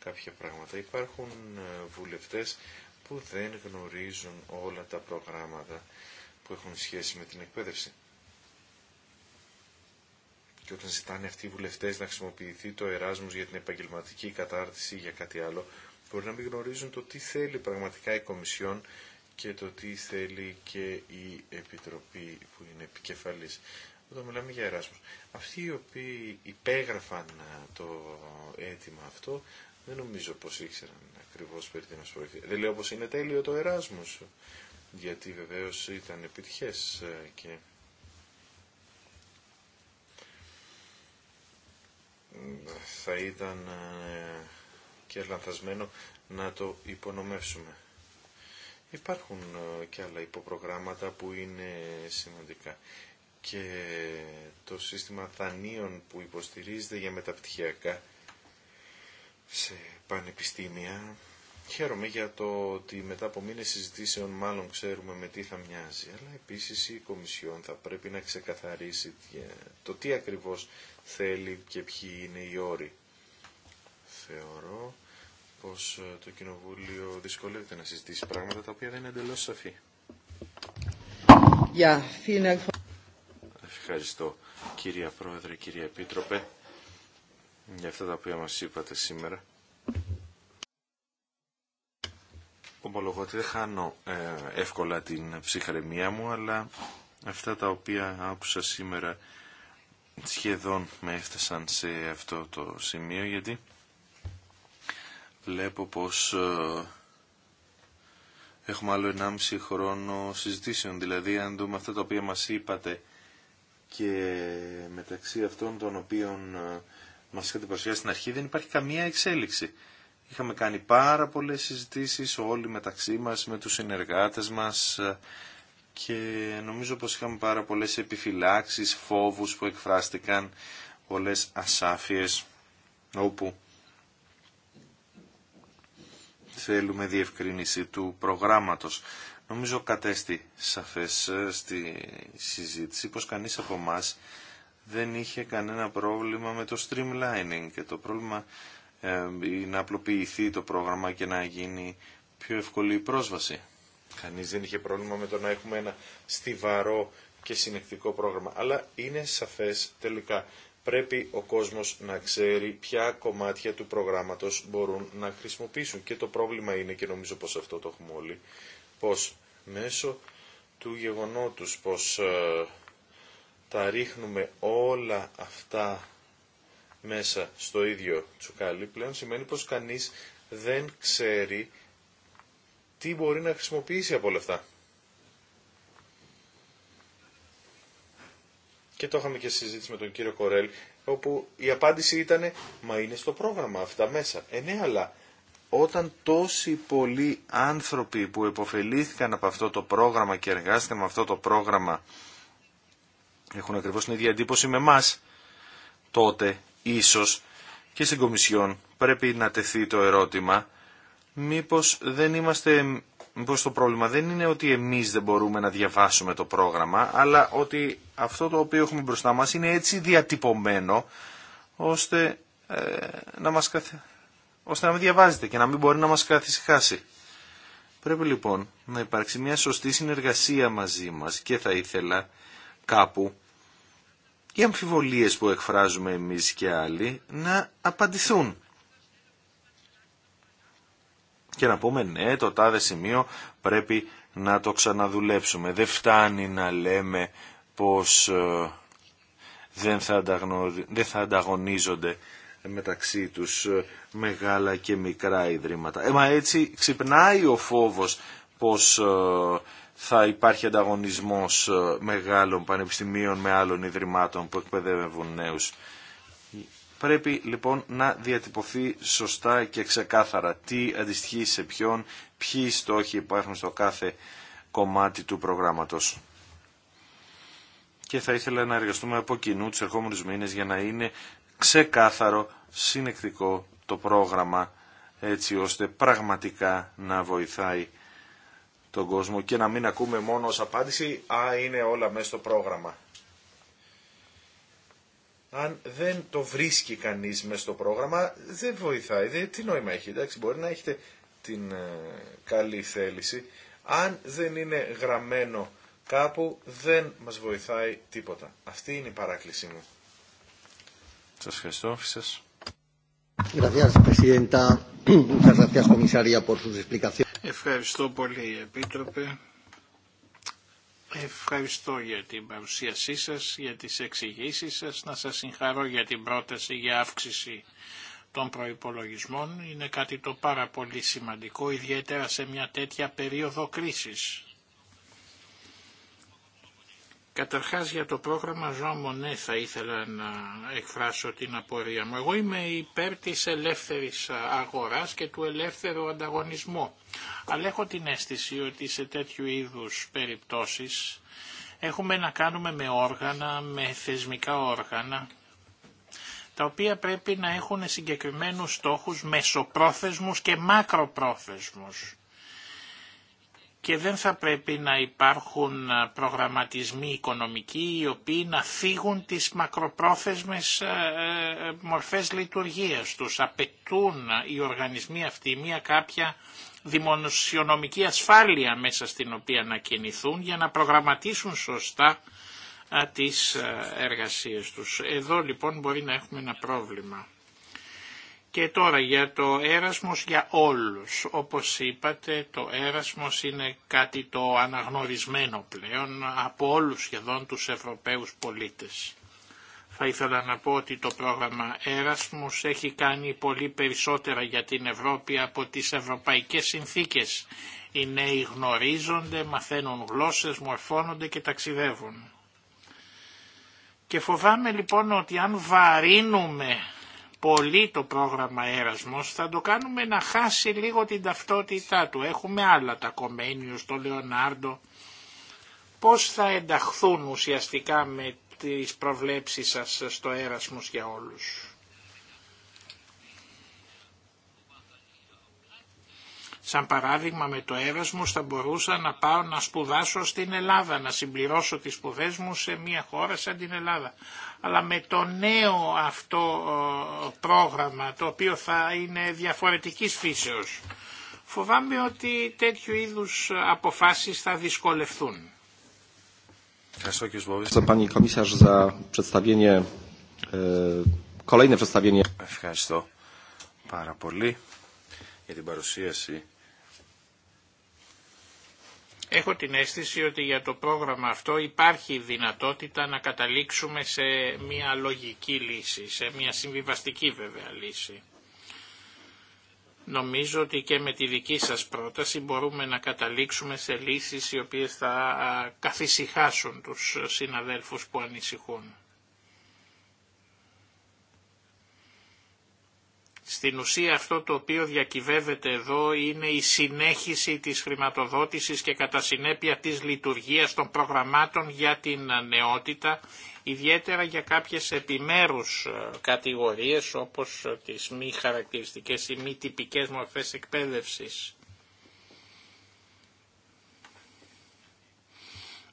S2: κάποια πράγματα. Υπάρχουν ε, βουλευτές που δεν γνωρίζουν όλα τα προγράμματα που έχουν σχέση με την εκπαίδευση. Και όταν ζητάνε αυτοί οι βουλευτές να χρησιμοποιηθεί το Εράσμος για την επαγγελματική κατάρτιση ή για κάτι άλλο, μπορεί να μην γνωρίζουν το τι θέλει πραγματικά η Κομισιόν και το τι θέλει και η Επιτροπή που είναι επικεφαλής. Εδώ μιλάμε για Εράσμους. Αυτοί οι οποίοι υπέγραφαν το αίτημα αυτό δεν νομίζω πως ήξεραν ακριβώς περί την ασφαλή Δεν λέω πως είναι τέλειο το Εράσμους γιατί βεβαίως ήταν επιτυχές ε, και θα ήταν ε, και λανθασμένο να το υπονομεύσουμε. Υπάρχουν ε, και άλλα υποπρογράμματα που είναι σημαντικά και το σύστημα δανείων που υποστηρίζεται για μεταπτυχιακά σε πανεπιστήμια. Χαίρομαι για το ότι μετά από μήνες συζητήσεων μάλλον ξέρουμε με τι θα μοιάζει, αλλά επίσης η Κομισιόν θα πρέπει να ξεκαθαρίσει το τι ακριβώς θέλει και ποιοι είναι οι όροι θεωρώ πως ε, το Κοινοβούλιο δυσκολεύεται να συζητήσει πράγματα τα οποία δεν είναι εντελώς σαφή. Yeah, Ευχαριστώ κύριε Πρόεδρε, κύριε Επίτροπε για αυτά τα οποία μας είπατε σήμερα. Ομολογώ ότι δεν χάνω ε, εύκολα την ψυχραιμία μου, αλλά αυτά τα οποία άκουσα σήμερα σχεδόν με έφτασαν σε αυτό το σημείο, γιατί βλέπω πως ε, έχουμε άλλο 1,5 χρόνο συζητήσεων. Δηλαδή, αν δούμε αυτά τα οποία μας είπατε και μεταξύ αυτών των οποίων ε, μας είχατε παρουσιάσει στην αρχή, δεν υπάρχει καμία εξέλιξη. Είχαμε κάνει πάρα πολλές συζητήσεις όλοι μεταξύ μας, με τους συνεργάτες μας ε, και νομίζω πως είχαμε πάρα πολλές επιφυλάξεις, φόβους που εκφράστηκαν, πολλές ασάφειες όπου θέλουμε διευκρίνηση του προγράμματος. Νομίζω κατέστη σαφές ε, στη συζήτηση πως κανείς από εμά δεν είχε κανένα πρόβλημα με το streamlining και το πρόβλημα ε, να απλοποιηθεί το πρόγραμμα και να γίνει πιο εύκολη η πρόσβαση. Κανείς δεν είχε πρόβλημα με το να έχουμε ένα στιβαρό και συνεκτικό πρόγραμμα. Αλλά είναι σαφές τελικά πρέπει ο κόσμος να ξέρει ποια κομμάτια του προγράμματος μπορούν να χρησιμοποιήσουν. Και το πρόβλημα είναι, και νομίζω πως αυτό το έχουμε όλοι, πως μέσω του γεγονότους πως ε, τα ρίχνουμε όλα αυτά μέσα στο ίδιο τσουκάλι, πλέον σημαίνει πως κανείς δεν ξέρει τι μπορεί να χρησιμοποιήσει από όλα αυτά. και το είχαμε και συζήτηση με τον κύριο Κορέλ, όπου η απάντηση ήταν «Μα είναι στο πρόγραμμα αυτά μέσα». Ε, ναι, αλλά όταν τόσοι πολλοί άνθρωποι που επωφελήθηκαν από αυτό το πρόγραμμα και εργάστηκαν με αυτό το πρόγραμμα έχουν ακριβώς την ίδια εντύπωση με εμά, τότε ίσως και στην Κομισιόν πρέπει να τεθεί το ερώτημα μήπως δεν είμαστε Μήπω το πρόβλημα δεν είναι ότι εμείς δεν μπορούμε να διαβάσουμε το πρόγραμμα, αλλά ότι αυτό το οποίο έχουμε μπροστά μα είναι έτσι διατυπωμένο, ώστε, ε, να, μας ώστε να μην διαβάζεται και να μην μπορεί να μας καθησυχάσει. Πρέπει λοιπόν να υπάρξει μια σωστή συνεργασία μαζί μας και θα ήθελα κάπου οι αμφιβολίες που εκφράζουμε εμείς και άλλοι να απαντηθούν και να πούμε ναι το τάδε σημείο πρέπει να το ξαναδουλέψουμε. Δεν φτάνει να λέμε πως ε, δεν θα, δεν θα ανταγωνίζονται μεταξύ τους ε, μεγάλα και μικρά ιδρύματα. Ε, μα έτσι ξυπνάει ο φόβος πως θα υπάρχει ανταγωνισμός μεγάλων πανεπιστημίων με άλλων ιδρυμάτων που εκπαιδεύουν νέους. Πρέπει λοιπόν να διατυπωθεί σωστά και ξεκάθαρα τι αντιστοιχεί σε ποιον, ποιοι στόχοι υπάρχουν στο κάθε κομμάτι του προγράμματος. Και θα ήθελα να εργαστούμε από κοινού τους ερχόμενους μήνες για να είναι ξεκάθαρο, συνεκτικό το πρόγραμμα έτσι ώστε πραγματικά να βοηθάει τον κόσμο και να μην ακούμε μόνο ως απάντηση «Α, είναι όλα μέσα στο πρόγραμμα» αν δεν το βρίσκει κανείς μέσα στο πρόγραμμα, δεν βοηθάει. Δεν, τι νόημα έχει, εντάξει, μπορεί να έχετε την ε, καλή θέληση. Αν δεν είναι γραμμένο κάπου, δεν μας βοηθάει τίποτα. Αυτή είναι η παράκλησή μου.
S4: Σας
S5: ευχαριστώ, φυσές. Ευχαριστώ πολύ, Επίτροπε. Ευχαριστώ για την παρουσίασή σας, για τις εξηγήσεις σας. Να σας συγχαρώ για την πρόταση για αύξηση των προϋπολογισμών. Είναι κάτι το πάρα πολύ σημαντικό, ιδιαίτερα σε μια τέτοια περίοδο κρίσης. Καταρχάς για το πρόγραμμα Jean ναι, θα ήθελα να εκφράσω την απορία μου. Εγώ είμαι υπέρ της ελεύθερης αγοράς και του ελεύθερου ανταγωνισμού. Αλλά έχω την αίσθηση ότι σε τέτοιου είδους περιπτώσεις έχουμε να κάνουμε με όργανα, με θεσμικά όργανα, τα οποία πρέπει να έχουν συγκεκριμένους στόχους μεσοπρόθεσμους και μακροπρόθεσμους και δεν θα πρέπει να υπάρχουν προγραμματισμοί οικονομικοί οι οποίοι να φύγουν τις μακροπρόθεσμες ε, ε, μορφές λειτουργίας τους. Απαιτούν οι οργανισμοί αυτοί μια κάποια δημοσιονομική ασφάλεια μέσα στην οποία να κινηθούν για να προγραμματίσουν σωστά τις εργασίες τους. Εδώ λοιπόν μπορεί να έχουμε ένα πρόβλημα. Και τώρα για το έρασμος για όλους. Όπως είπατε το έρασμος είναι κάτι το αναγνωρισμένο πλέον από όλους σχεδόν τους Ευρωπαίους πολίτες. Θα ήθελα να πω ότι το πρόγραμμα Έρασμος έχει κάνει πολύ περισσότερα για την Ευρώπη από τις ευρωπαϊκές συνθήκες. Οι νέοι γνωρίζονται, μαθαίνουν γλώσσες, μορφώνονται και ταξιδεύουν. Και φοβάμαι λοιπόν ότι αν βαρύνουμε πολύ το πρόγραμμα Έρασμος θα το κάνουμε να χάσει λίγο την ταυτότητά του. Έχουμε άλλα τα Κομένιους, το Λεωνάρντο. Πώς θα ενταχθούν ουσιαστικά με τις προβλέψεις σας στο Έρασμος για όλους. Σαν παράδειγμα με το Έρασμος θα μπορούσα να πάω να σπουδάσω στην Ελλάδα, να συμπληρώσω τις σπουδές μου σε μια χώρα σαν την Ελλάδα αλλά με το νέο αυτό πρόγραμμα το οποίο θα είναι διαφορετικής φύσεως. Φοβάμαι ότι τέτοιου είδους αποφάσεις θα δυσκολευτούν.
S2: Ευχαριστώ e, πάρα πολύ για την παρουσίαση
S5: Έχω την αίσθηση ότι για το πρόγραμμα αυτό υπάρχει δυνατότητα να καταλήξουμε σε μια λογική λύση, σε μια συμβιβαστική βέβαια λύση. Νομίζω ότι και με τη δική σας πρόταση μπορούμε να καταλήξουμε σε λύσεις οι οποίες θα καθησυχάσουν τους συναδέλφους που ανησυχούν. Στην ουσία αυτό το οποίο διακυβεύεται εδώ είναι η συνέχιση της χρηματοδότησης και κατά συνέπεια της λειτουργίας των προγραμμάτων για την νεότητα, ιδιαίτερα για κάποιες επιμέρους ε, κατηγορίες όπως ε, τις μη χαρακτηριστικές ή μη τυπικές μορφές εκπαίδευσης.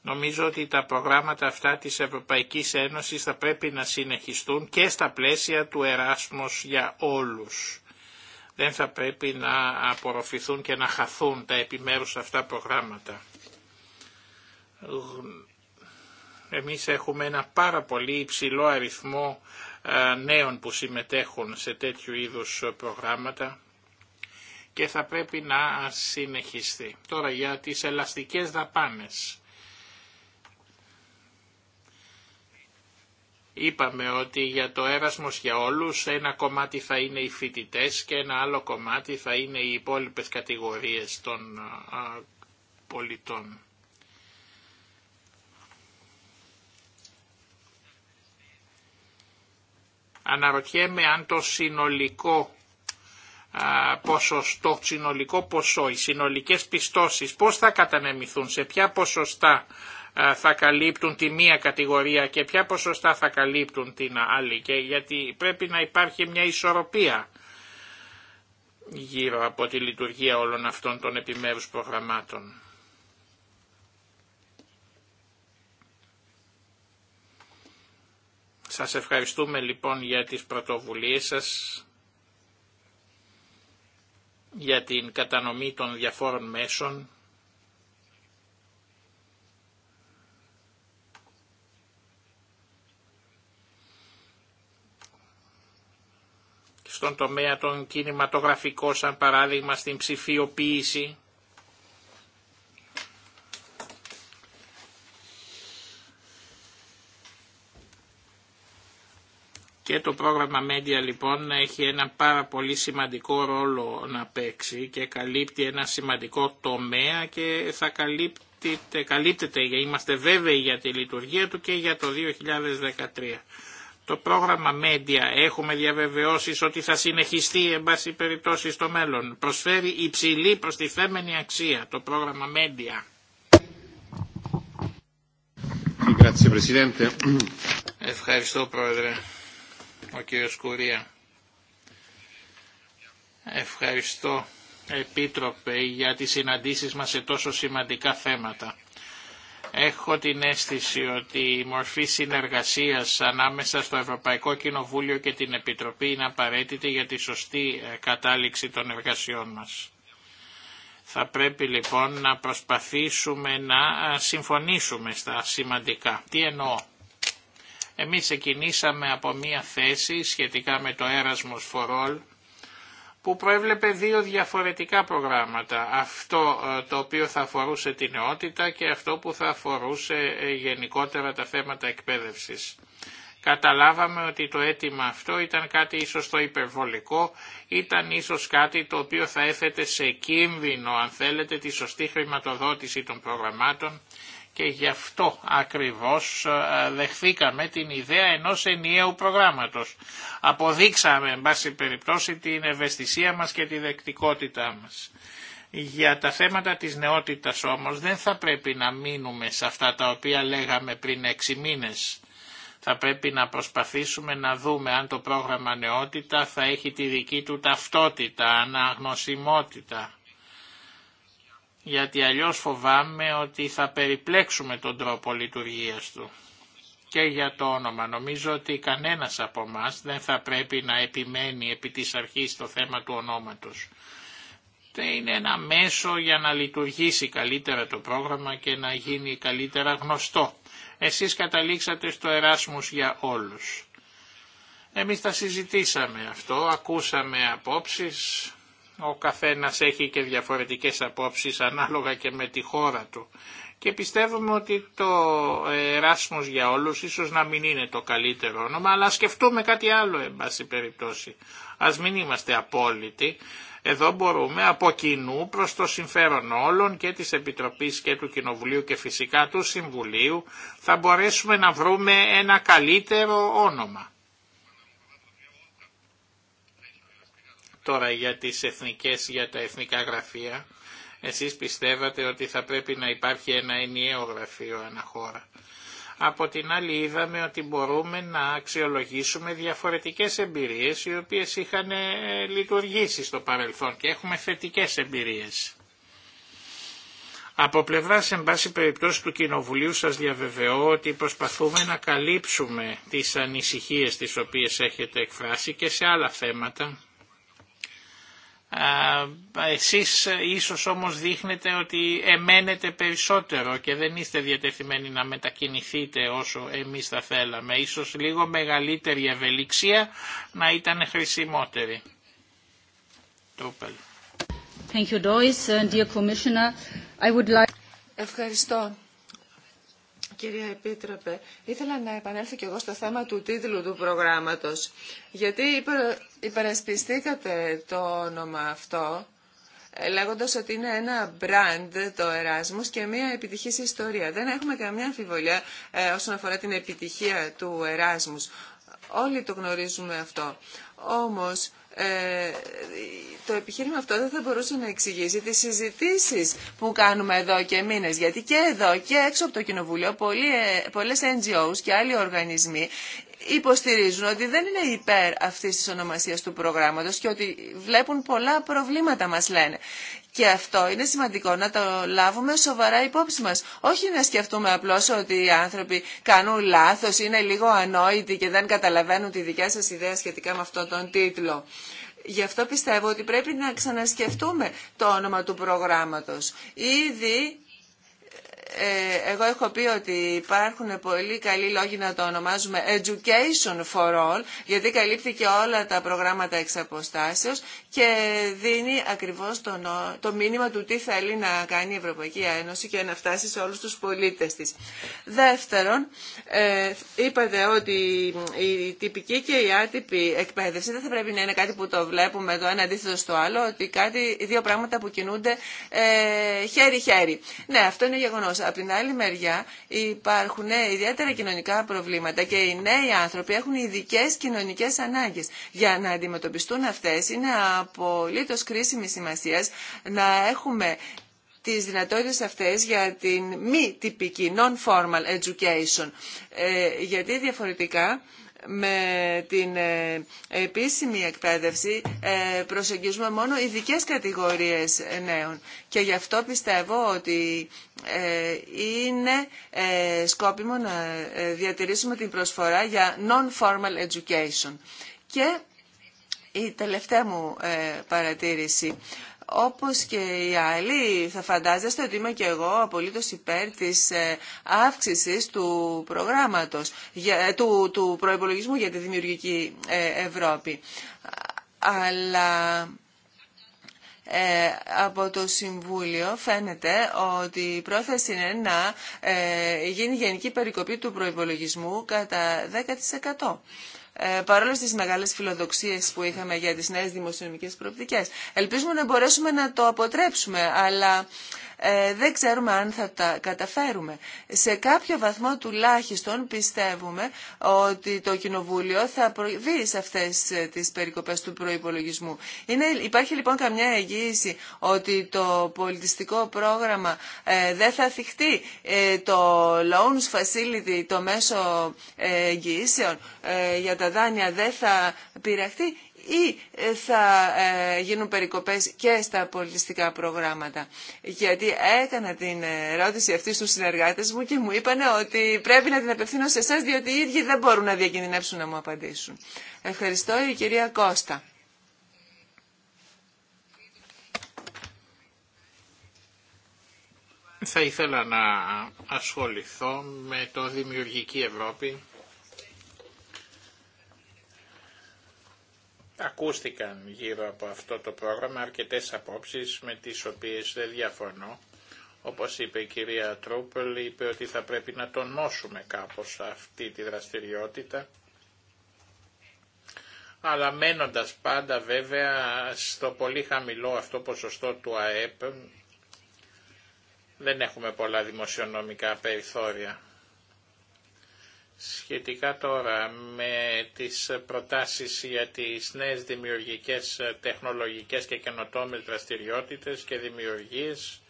S5: Νομίζω ότι τα προγράμματα αυτά της Ευρωπαϊκής Ένωσης θα πρέπει να συνεχιστούν και στα πλαίσια του Εράσμος για όλους. Δεν θα πρέπει να απορροφηθούν και να χαθούν τα επιμέρους αυτά προγράμματα. Εμείς έχουμε ένα πάρα πολύ υψηλό αριθμό ε, νέων που συμμετέχουν σε τέτοιου είδους προγράμματα και θα πρέπει να συνεχιστεί. Τώρα για τις ελαστικές δαπάνες. Είπαμε ότι για το έρασμος για όλους ένα κομμάτι θα είναι οι φοιτητέ και ένα άλλο κομμάτι θα είναι οι υπόλοιπες κατηγορίες των πολιτών. Αναρωτιέμαι αν το συνολικό ποσοστό, συνολικό ποσό, οι συνολικές πιστώσεις, πώς θα κατανεμηθούν, σε ποια ποσοστά θα καλύπτουν τη μία κατηγορία και ποια ποσοστά θα καλύπτουν την άλλη και γιατί πρέπει να υπάρχει μια ισορροπία γύρω από τη λειτουργία όλων αυτών των επιμέρους προγραμμάτων. Σας ευχαριστούμε λοιπόν για τις πρωτοβουλίες σας, για την κατανομή των διαφόρων μέσων στον τομέα των κινηματογραφικών, σαν παράδειγμα στην ψηφιοποίηση. Και το πρόγραμμα Media λοιπόν έχει ένα πάρα πολύ σημαντικό ρόλο να παίξει και καλύπτει ένα σημαντικό τομέα και θα καλύπτεται, καλύπτεται είμαστε βέβαιοι για τη λειτουργία του και για το 2013. Το πρόγραμμα Media έχουμε διαβεβαιώσει ότι θα συνεχιστεί εν πάση περιπτώσει στο μέλλον. Προσφέρει υψηλή προστιθέμενη αξία το πρόγραμμα Media. Ευχαριστώ Πρόεδρε. Ο κύριος Κουρία. Ευχαριστώ Επίτροπε για τις συναντήσεις μας σε τόσο σημαντικά θέματα. Έχω την αίσθηση ότι η μορφή συνεργασίας ανάμεσα στο Ευρωπαϊκό Κοινοβούλιο και την Επιτροπή είναι απαραίτητη για τη σωστή ε, κατάληξη των εργασιών μας. Θα πρέπει λοιπόν να προσπαθήσουμε να ε, συμφωνήσουμε στα σημαντικά. Τι εννοώ. Εμείς ξεκινήσαμε από μία θέση σχετικά με το Erasmus for που προέβλεπε δύο διαφορετικά προγράμματα. Αυτό ε, το οποίο θα αφορούσε την νεότητα και αυτό που θα αφορούσε ε, γενικότερα τα θέματα εκπαίδευσης. Καταλάβαμε ότι το αίτημα αυτό ήταν κάτι ίσως το υπερβολικό, ήταν ίσως κάτι το οποίο θα έθετε σε κίνδυνο, αν θέλετε, τη σωστή χρηματοδότηση των προγραμμάτων και γι' αυτό ακριβώς ε, δεχθήκαμε την ιδέα ενός ενιαίου προγράμματος. Αποδείξαμε, εν πάση περιπτώσει, την ευαισθησία μας και τη δεκτικότητά μας. Για τα θέματα της νεότητας όμως δεν θα πρέπει να μείνουμε σε αυτά τα οποία λέγαμε πριν έξι μήνες. Θα πρέπει να προσπαθήσουμε να δούμε αν το πρόγραμμα νεότητα θα έχει τη δική του ταυτότητα, αναγνωσιμότητα γιατί αλλιώς φοβάμαι ότι θα περιπλέξουμε τον τρόπο λειτουργίας του. Και για το όνομα νομίζω ότι κανένας από εμά δεν θα πρέπει να επιμένει επί της αρχής το θέμα του ονόματος. Είναι ένα μέσο για να λειτουργήσει καλύτερα το πρόγραμμα και να γίνει καλύτερα γνωστό. Εσείς καταλήξατε στο Εράσμους για όλους. Εμείς τα συζητήσαμε αυτό, ακούσαμε απόψεις, ο καθένας έχει και διαφορετικές απόψεις ανάλογα και με τη χώρα του. Και πιστεύουμε ότι το Εράσμος για όλους ίσως να μην είναι το καλύτερο όνομα, αλλά σκεφτούμε κάτι άλλο εν πάση περιπτώσει. Ας μην είμαστε απόλυτοι. Εδώ μπορούμε από κοινού προς το συμφέρον όλων και της Επιτροπής και του Κοινοβουλίου και φυσικά του Συμβουλίου θα μπορέσουμε να βρούμε ένα καλύτερο όνομα. Τώρα για, τις εθνικές, για τα εθνικά γραφεία, εσείς πιστεύατε ότι θα πρέπει να υπάρχει ένα ενιαίο γραφείο αναχώρα. Από την άλλη είδαμε ότι μπορούμε να αξιολογήσουμε διαφορετικές εμπειρίες οι οποίες είχαν ε, λειτουργήσει στο παρελθόν και έχουμε θετικές εμπειρίες. Από πλευρά σε πάση περιπτώσει, του Κοινοβουλίου σας διαβεβαιώ ότι προσπαθούμε να καλύψουμε τις ανησυχίες τις οποίες έχετε εκφράσει και σε άλλα θέματα εσείς ε, ίσως όμως δείχνετε ότι εμένετε περισσότερο και δεν είστε διατεθειμένοι να μετακινηθείτε όσο εμείς θα θέλαμε. Ίσως λίγο μεγαλύτερη ευελιξία να ήταν χρησιμότερη.
S3: Ευχαριστώ. Κυρία Επίτροπε, ήθελα να επανέλθω και εγώ στο θέμα του τίτλου του προγράμματος. Γιατί υπερασπιστήκατε το όνομα αυτό, ε, λέγοντας ότι είναι ένα brand το Erasmus και μια επιτυχής ιστορία. Δεν έχουμε καμιά αμφιβολία ε, όσον αφορά την επιτυχία του Erasmus. Όλοι το γνωρίζουμε αυτό. Όμως, ε, το επιχείρημα αυτό δεν θα μπορούσε να εξηγήσει τις συζητήσεις που κάνουμε εδώ και μήνες. Γιατί και εδώ και έξω από το Κοινοβούλιο ε, πολλές NGOs και άλλοι οργανισμοί υποστηρίζουν ότι δεν είναι υπέρ αυτής της ονομασίας του προγράμματος και ότι βλέπουν πολλά προβλήματα μας λένε. Και αυτό είναι σημαντικό να το λάβουμε σοβαρά υπόψη μας. Όχι να σκεφτούμε απλώς ότι οι άνθρωποι κάνουν λάθος, είναι λίγο ανόητοι και δεν καταλαβαίνουν τη δικιά σας ιδέα σχετικά με αυτόν τον τίτλο. Γι' αυτό πιστεύω ότι πρέπει να ξανασκεφτούμε το όνομα του προγράμματος. Ήδη ε, εγώ έχω πει ότι υπάρχουν πολύ καλοί λόγοι να το ονομάζουμε Education for All, γιατί καλύπτει και όλα τα προγράμματα εξ και δίνει ακριβώς το, το μήνυμα του τι θέλει να κάνει η Ευρωπαϊκή Ένωση και να φτάσει σε όλους τους πολίτες της. Δεύτερον, ε, είπατε ότι η τυπική και η άτυπη εκπαίδευση δεν θα πρέπει να είναι κάτι που το βλέπουμε το ένα αντίθετο στο άλλο, ότι κάτι, δύο πράγματα που κινούνται ε, χέρι-χέρι. Ναι, αυτό είναι γεγονό από την άλλη μεριά υπάρχουν ιδιαίτερα κοινωνικά προβλήματα και οι νέοι άνθρωποι έχουν ειδικέ κοινωνικές ανάγκες. Για να αντιμετωπιστούν αυτές είναι απολύτω κρίσιμη σημασία να έχουμε τις δυνατότητες αυτές για την μη τυπική, non-formal education, ε, γιατί διαφορετικά με την ε, επίσημη εκπαίδευση ε, προσεγγίζουμε μόνο ειδικέ κατηγορίες νέων. Και γι' αυτό πιστεύω ότι ε, είναι σκόπιμο να διατηρήσουμε την προσφορά για non-formal education. Και η τελευταία μου παρατήρηση. Όπως και οι άλλοι, θα φαντάζεστε ότι είμαι και εγώ απολύτως υπέρ της ε, αύξησης του προγράμματος, ε, του, προϋπολογισμού για τη δημιουργική ε, Ευρώπη. Αλλά από το Συμβούλιο φαίνεται ότι η πρόθεση είναι να γίνει γενική περικοπή του προϋπολογισμού κατά 10% ε, παρόλο στις μεγάλες φιλοδοξίες που είχαμε για τις νέες δημοσιονομικές προοπτικές. Ελπίζουμε να μπορέσουμε να το αποτρέψουμε, αλλά ε, δεν ξέρουμε αν θα τα καταφέρουμε. Σε κάποιο βαθμό τουλάχιστον πιστεύουμε ότι το Κοινοβούλιο θα προβεί σε αυτές ε, τις περικοπές του προϋπολογισμού. Είναι, υπάρχει λοιπόν καμιά εγγύηση ότι το πολιτιστικό πρόγραμμα ε, δεν θα θυχτεί το Loans Facility, το μέσο εγγυήσεων για τα δάνεια δεν θα πειραχτεί ή ε, θα ε, γίνουν περικοπές και στα πολιτιστικά προγράμματα. Γιατί έκανα την ερώτηση αυτή στους συνεργάτες μου και μου είπαν ότι πρέπει να την απευθύνω σε εσάς διότι οι ίδιοι δεν μπορούν να διακινδυνεύσουν να μου απαντήσουν. Ευχαριστώ η κυρία Κώστα.
S5: Θα ήθελα να ασχοληθώ με το Δημιουργική Ευρώπη Ακούστηκαν γύρω από αυτό το πρόγραμμα αρκετές απόψεις με τις οποίες δεν διαφωνώ. Όπως είπε η κυρία Τρούπελ, είπε ότι θα πρέπει να τονώσουμε κάπως αυτή τη δραστηριότητα, αλλά μένοντας πάντα βέβαια στο πολύ χαμηλό αυτό ποσοστό του ΑΕΠ, δεν έχουμε πολλά δημοσιονομικά περιθώρια. Σχετικά τώρα με τις προτάσεις για τις νέες δημιουργικές τεχνολογικές και καινοτόμες δραστηριότητες και δημιουργίες,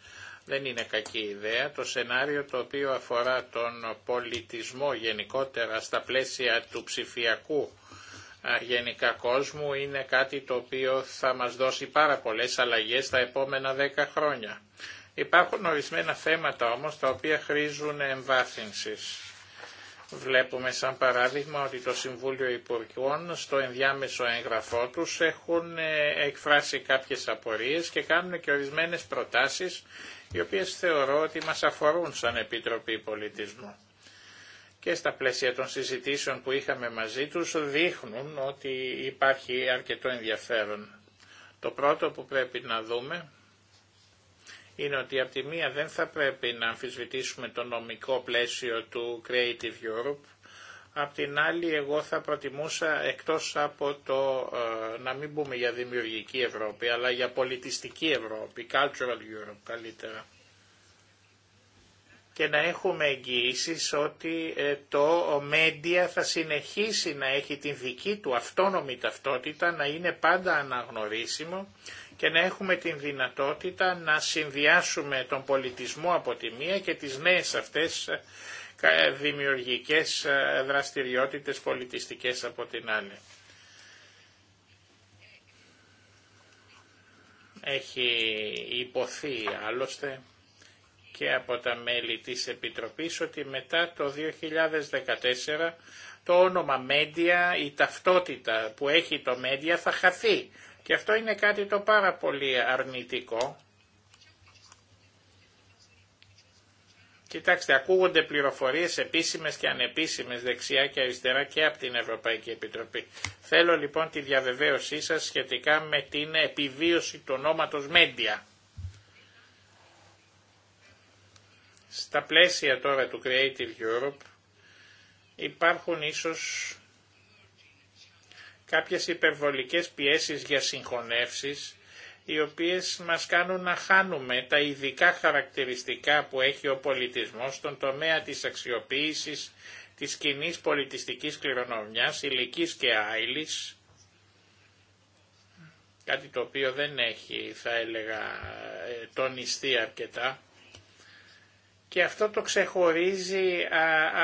S5: δεν είναι κακή ιδέα. Το σενάριο το οποίο αφορά τον πολιτισμό γενικότερα στα πλαίσια του ψηφιακού γενικά κόσμου είναι κάτι το οποίο θα μας δώσει πάρα πολλές αλλαγές τα επόμενα δέκα χρόνια. Υπάρχουν ορισμένα θέματα όμως τα οποία χρήζουν εμβάθυνσης. Βλέπουμε σαν παράδειγμα ότι το Συμβούλιο Υπουργών στο ενδιάμεσο έγγραφό τους έχουν ε, εκφράσει κάποιες απορίες και κάνουν και ορισμένες προτάσεις οι οποίες θεωρώ ότι μας αφορούν σαν Επιτροπή Πολιτισμού. Και στα πλαίσια των συζητήσεων που είχαμε μαζί τους δείχνουν ότι υπάρχει αρκετό ενδιαφέρον. Το πρώτο που πρέπει να δούμε είναι ότι από τη μία δεν θα πρέπει να αμφισβητήσουμε το νομικό πλαίσιο του Creative Europe, απ' την άλλη εγώ θα προτιμούσα εκτός από το, ε, να μην μπούμε για δημιουργική Ευρώπη, αλλά για πολιτιστική Ευρώπη, Cultural Europe καλύτερα και να έχουμε εγγυήσει ότι ε, το Μέντια θα συνεχίσει να έχει την δική του αυτόνομη ταυτότητα, να είναι πάντα αναγνωρίσιμο και να έχουμε την δυνατότητα να συνδυάσουμε τον πολιτισμό από τη μία και τις νέες αυτές ε, δημιουργικές ε, δραστηριότητες πολιτιστικές από την άλλη. Έχει υποθεί άλλωστε και από τα μέλη της Επιτροπής ότι μετά το 2014 το όνομα Μέντια, η ταυτότητα που έχει το Μέντια θα χαθεί και αυτό είναι κάτι το πάρα πολύ αρνητικό. Κοιτάξτε, ακούγονται πληροφορίες επίσημες και ανεπίσημες δεξιά και αριστερά και από την Ευρωπαϊκή Επιτροπή. Θέλω λοιπόν τη διαβεβαίωσή σας σχετικά με την επιβίωση του ονόματος Μέντια. Στα πλαίσια τώρα του Creative Europe υπάρχουν ίσως κάποιες υπερβολικές πιέσεις για συγχωνεύσεις, οι οποίες μας κάνουν να χάνουμε τα ειδικά χαρακτηριστικά που έχει ο πολιτισμός στον τομέα της αξιοποίησης της κοινή πολιτιστικής κληρονομιάς, ηλικής και άειλης, κάτι το οποίο δεν έχει, θα έλεγα, ε, τονιστεί αρκετά και αυτό το ξεχωρίζει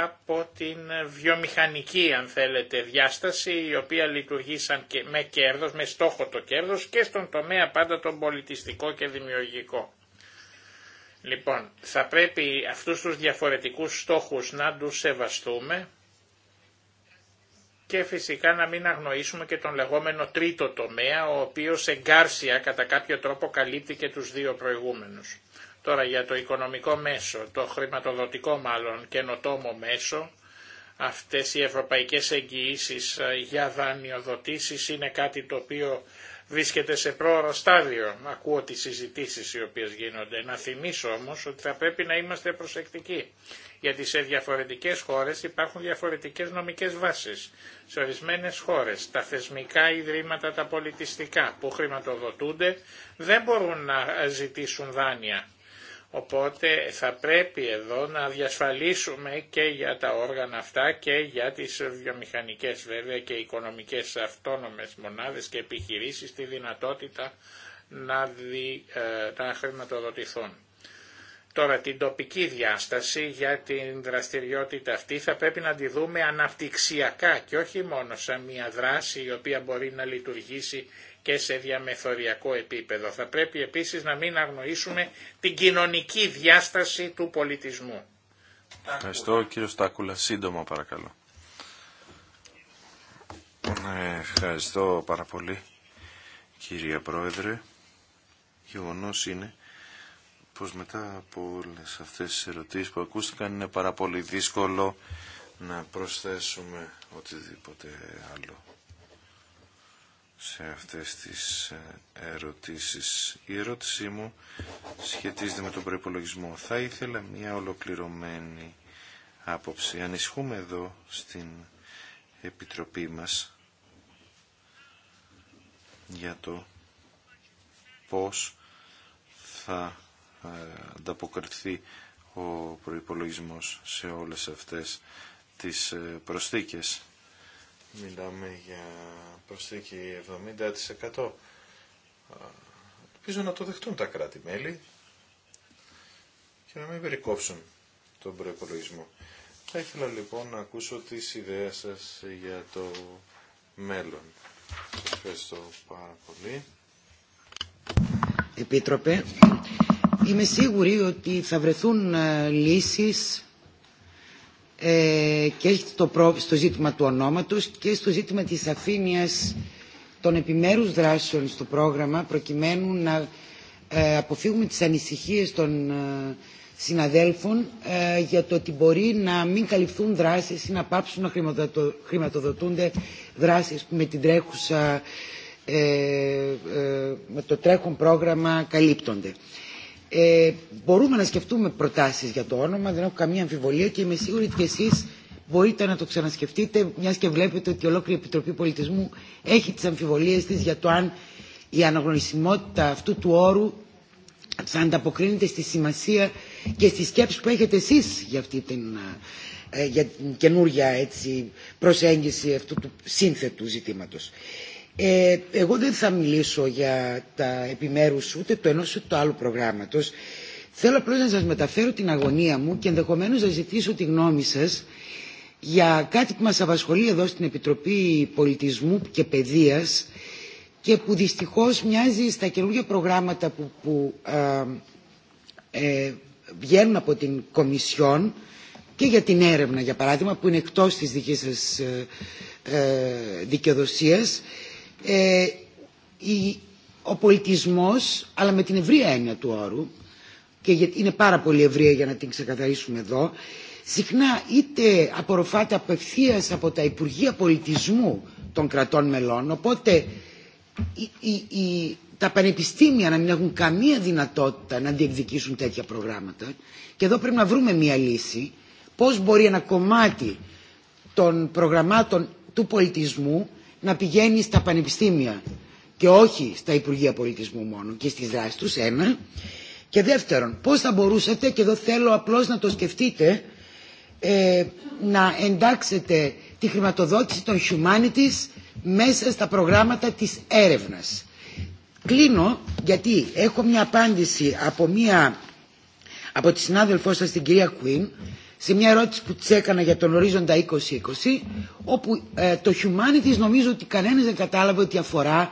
S5: από την βιομηχανική αν θέλετε διάσταση η οποία λειτουργεί σαν με κέρδος, με στόχο το κέρδος και στον τομέα πάντα τον πολιτιστικό και δημιουργικό. Λοιπόν, θα πρέπει αυτούς τους διαφορετικούς στόχους να τους σεβαστούμε και φυσικά να μην αγνοήσουμε και τον λεγόμενο τρίτο τομέα, ο οποίος εγκάρσια κατά κάποιο τρόπο καλύπτει και τους δύο προηγούμενους. Τώρα για το οικονομικό μέσο, το χρηματοδοτικό μάλλον καινοτόμο μέσο, αυτές οι ευρωπαϊκές εγγυήσει ε, για δανειοδοτήσεις είναι κάτι το οποίο βρίσκεται σε πρόωρο στάδιο. Ακούω τις συζητήσεις οι οποίες γίνονται. Να θυμίσω όμως ότι θα πρέπει να είμαστε προσεκτικοί, γιατί σε διαφορετικές χώρες υπάρχουν διαφορετικές νομικές βάσεις. Σε ορισμένες χώρες τα θεσμικά ιδρύματα τα πολιτιστικά που χρηματοδοτούνται δεν μπορούν να ζητήσουν δάνεια Οπότε θα πρέπει εδώ να διασφαλίσουμε και για τα όργανα αυτά και για τις βιομηχανικές βέβαια και οικονομικές αυτόνομες μονάδες και επιχειρήσεις τη δυνατότητα να, δι, ε, να χρηματοδοτηθούν. Τώρα την τοπική διάσταση για την δραστηριότητα αυτή θα πρέπει να τη δούμε αναπτυξιακά και όχι μόνο σαν μια δράση η οποία μπορεί να λειτουργήσει και σε διαμεθοριακό επίπεδο. Θα πρέπει επίσης να μην αγνοήσουμε την κοινωνική διάσταση του πολιτισμού.
S2: Ευχαριστώ κύριο Στάκουλα. Σύντομα παρακαλώ. Ναι, ευχαριστώ πάρα πολύ κύριε Πρόεδρε. Γεγονό είναι πως μετά από όλες αυτές τις ερωτήσεις που ακούστηκαν είναι πάρα πολύ δύσκολο να προσθέσουμε οτιδήποτε άλλο σε αυτές τις ε, ερωτήσεις. Η ερώτησή μου σχετίζεται με τον προϋπολογισμό. Θα ήθελα μια ολοκληρωμένη άποψη. Ανισχούμε εδώ στην Επιτροπή μας για το πώς θα ε, ανταποκριθεί ο προϋπολογισμός σε όλες αυτές τις ε, προσθήκες Μιλάμε για προσθήκη 70%. Ελπίζω να το δεχτούν τα κράτη-μέλη και να μην περικόψουν τον προπολογισμό. Θα ήθελα λοιπόν να ακούσω τις ιδέες σας για το μέλλον.
S4: Σας ευχαριστώ πάρα πολύ. Επίτροπε, είμαι σίγουρη ότι θα βρεθούν ε, λύσεις ε, και στο ζήτημα του ονόματος και στο ζήτημα της αφήνειας των επιμέρους δράσεων στο πρόγραμμα προκειμένου να ε, αποφύγουμε τις ανησυχίες των ε, συναδέλφων για το ότι μπορεί να μην καλυφθούν δράσεις ή να πάψουν να χρηματοδοτούνται δράσεις που με την τρέχουσα με το τρέχον πρόγραμμα καλύπτονται. Ε, μπορούμε να σκεφτούμε προτάσεις για το όνομα, δεν έχω καμία αμφιβολία και είμαι σίγουρη ότι εσείς μπορείτε να το ξανασκεφτείτε, μιας και βλέπετε ότι η ολόκληρη Επιτροπή Πολιτισμού έχει τις αμφιβολίες της για το αν η αναγνωρισιμότητα αυτού του όρου θα ανταποκρίνεται στη σημασία και στη σκέψη που έχετε εσείς για αυτή την, ε, για την καινούργια έτσι, προσέγγιση αυτού του σύνθετου ζητήματος. Ε, εγώ δεν θα μιλήσω για τα επιμέρους ούτε το ενός ούτε το άλλου προγράμματος. Θέλω απλώς να σας μεταφέρω την αγωνία μου και ενδεχομένως να ζητήσω τη γνώμη σας για κάτι που μας απασχολεί εδώ στην Επιτροπή Πολιτισμού και Παιδείας και που δυστυχώς μοιάζει στα καινούργια προγράμματα που, που ε, βγαίνουν από την Κομισιόν και για την έρευνα, για παράδειγμα, που είναι εκτός της δικής σας ε, δικαιοδοσίας ε, ο πολιτισμός, αλλά με την ευρία έννοια του όρου, και είναι πάρα πολύ ευρία για να την ξεκαθαρίσουμε εδώ, συχνά είτε απορροφάται απευθεία από τα Υπουργεία Πολιτισμού των κρατών μελών, οπότε η, η, τα πανεπιστήμια να μην έχουν καμία δυνατότητα να διεκδικήσουν τέτοια προγράμματα. Και εδώ πρέπει να βρούμε μια λύση, πώς μπορεί ένα κομμάτι των προγραμμάτων του πολιτισμού να πηγαίνει στα πανεπιστήμια και όχι στα Υπουργεία Πολιτισμού μόνο και στις δράσεις τους, ένα. Και δεύτερον, πώς θα μπορούσατε, και εδώ θέλω απλώς να το σκεφτείτε, ε, να εντάξετε τη χρηματοδότηση των humanities μέσα στα προγράμματα της έρευνας. Κλείνω γιατί έχω μια απάντηση από, μια, από τη συνάδελφό σας την κυρία Κουίν σε μια ερώτηση που της έκανα για τον ορίζοντα 2020 όπου ε, το humanities νομίζω ότι κανένας δεν κατάλαβε ότι αφορά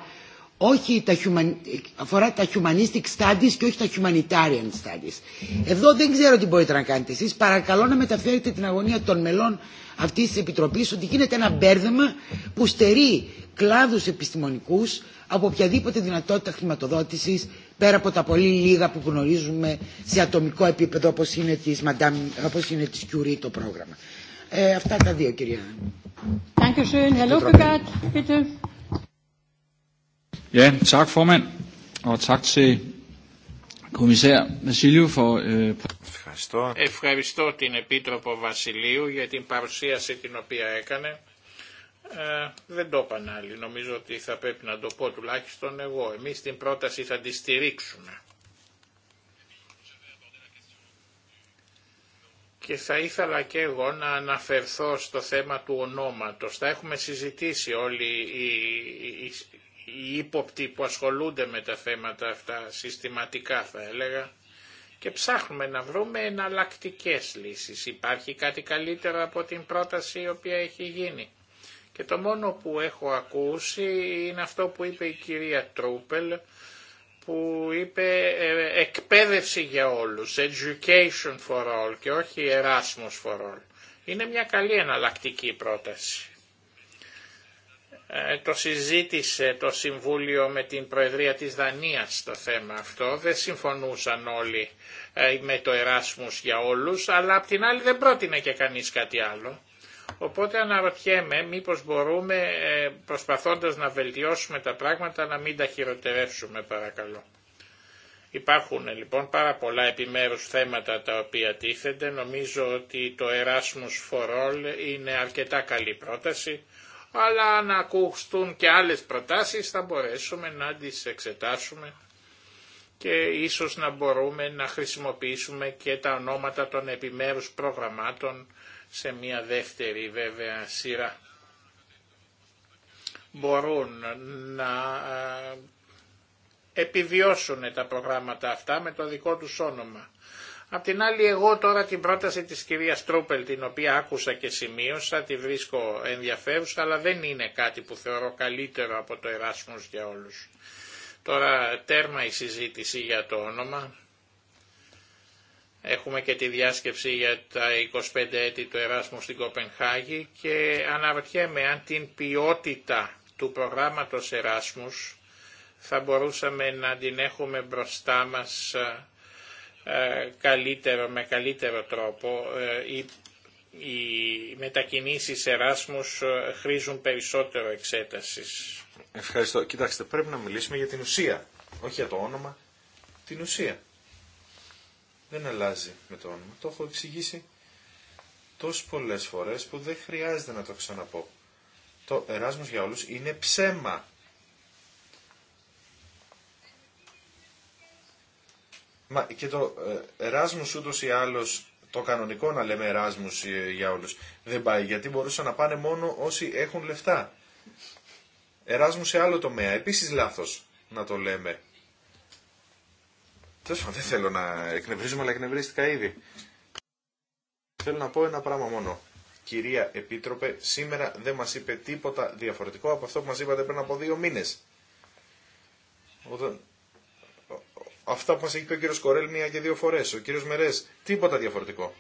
S4: όχι τα human, αφορά τα humanistic studies και όχι τα humanitarian studies. Εδώ δεν ξέρω τι μπορείτε να κάνετε εσείς. Παρακαλώ να μεταφέρετε την αγωνία των μελών αυτής της Επιτροπής ότι γίνεται ένα μπέρδεμα που στερεί κλάδους επιστημονικούς από οποιαδήποτε δυνατότητα χρηματοδότησης πέρα από τα πολύ λίγα που γνωρίζουμε σε ατομικό επίπεδο όπως είναι της, Madame, όπως είναι της Curie το πρόγραμμα. Ε, αυτά τα δύο κυρία.
S5: Ευχαριστώ. Ευχαριστώ την Επίτροπο Βασιλείου για την παρουσίαση την οποία έκανε. Ε, δεν το είπαν άλλοι. Νομίζω ότι θα πρέπει να το πω τουλάχιστον εγώ. Εμείς την πρόταση θα τη στηρίξουμε. Και θα ήθελα και εγώ να αναφερθώ στο θέμα του ονόματος. Θα έχουμε συζητήσει όλοι οι, οι, οι ύποπτοι που ασχολούνται με τα θέματα αυτά συστηματικά θα έλεγα και ψάχνουμε να βρούμε εναλλακτικέ λύσεις. Υπάρχει κάτι καλύτερο από την πρόταση η οποία έχει γίνει. Και το μόνο που έχω ακούσει είναι αυτό που είπε η κυρία Τρούπελ, που είπε ε, εκπαίδευση για όλους, education for all και όχι Erasmus for all. Είναι μια καλή εναλλακτική πρόταση. Ε, το συζήτησε το Συμβούλιο με την Προεδρία της Δανίας το θέμα αυτό. Δεν συμφωνούσαν όλοι ε, με το erasmus για όλους, αλλά απ' την άλλη δεν πρότεινε και κανείς κάτι άλλο. Οπότε αναρωτιέμαι μήπως μπορούμε ε, προσπαθώντας να βελτιώσουμε τα πράγματα να μην τα χειροτερεύσουμε παρακαλώ. Υπάρχουν ε, λοιπόν πάρα πολλά επιμέρους θέματα τα οποία τίθενται. Νομίζω ότι το Erasmus for All είναι αρκετά καλή πρόταση, αλλά αν ακούστουν και άλλες προτάσεις θα μπορέσουμε να τις εξετάσουμε και ίσως να μπορούμε να χρησιμοποιήσουμε και τα ονόματα των επιμέρους προγραμμάτων σε μια δεύτερη βέβαια σειρά. Μπορούν να επιβιώσουν τα προγράμματα αυτά με το δικό τους όνομα. Απ' την άλλη εγώ τώρα την πρόταση της κυρίας Τρούπελ την οποία άκουσα και σημείωσα, τη βρίσκω ενδιαφέρουσα αλλά δεν είναι κάτι που θεωρώ καλύτερο από το Εράσμος για όλους. Τώρα τέρμα η συζήτηση για το όνομα. Έχουμε και τη διάσκεψη για τα 25 έτη του Εράσμου στην Κοπενχάγη και αναρωτιέμαι αν την ποιότητα του προγράμματος Εράσμους θα μπορούσαμε να την έχουμε μπροστά μας ε, ε, καλύτερο, με καλύτερο τρόπο. Ε, οι, οι μετακινήσεις Εράσμους χρήζουν περισσότερο εξέτασης.
S2: Ευχαριστώ. Κοιτάξτε, πρέπει να μιλήσουμε για την ουσία, όχι για το όνομα, την ουσία δεν αλλάζει με το όνομα. Το έχω εξηγήσει τόσες πολλές φορές που δεν χρειάζεται να το ξαναπώ. Το Εράσμος για όλους είναι ψέμα. Μα και το ε, Εράσμος ούτως ή άλλως, το κανονικό να λέμε Εράσμος ε, για όλους, δεν πάει γιατί μπορούσαν να πάνε μόνο όσοι έχουν λεφτά. Εράσμος σε άλλο τομέα, επίσης λάθος να το λέμε Τέλο δεν θέλω να εκνευρίζουμε, αλλά εκνευρίστηκα ήδη. Θέλω να πω ένα πράγμα μόνο. Κυρία Επίτροπε, σήμερα δεν μας είπε τίποτα διαφορετικό από αυτό που μας είπατε πριν από δύο μήνες. Όταν... Αυτά που μα έχει πει ο κύριο Κορέλ μία και δύο φορές, ο κύριος Μερές, τίποτα διαφορετικό.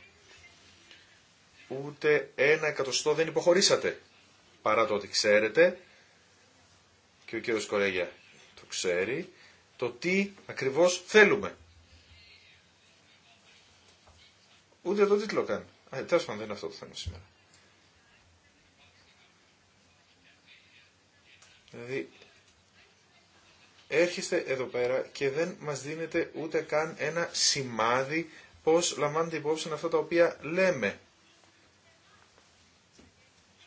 S2: Ούτε ένα εκατοστό δεν υποχωρήσατε, παρά το ότι ξέρετε, και ο κύριο Κορέγια το ξέρει, το τι ακριβώς θέλουμε. Ούτε το τίτλο καν. Α, τέλος πάντων δεν είναι αυτό που θέμα σήμερα. Δηλαδή, έρχεστε εδώ πέρα και δεν μας δίνετε ούτε καν ένα σημάδι πώς λαμβάνετε υπόψη αυτά τα οποία λέμε.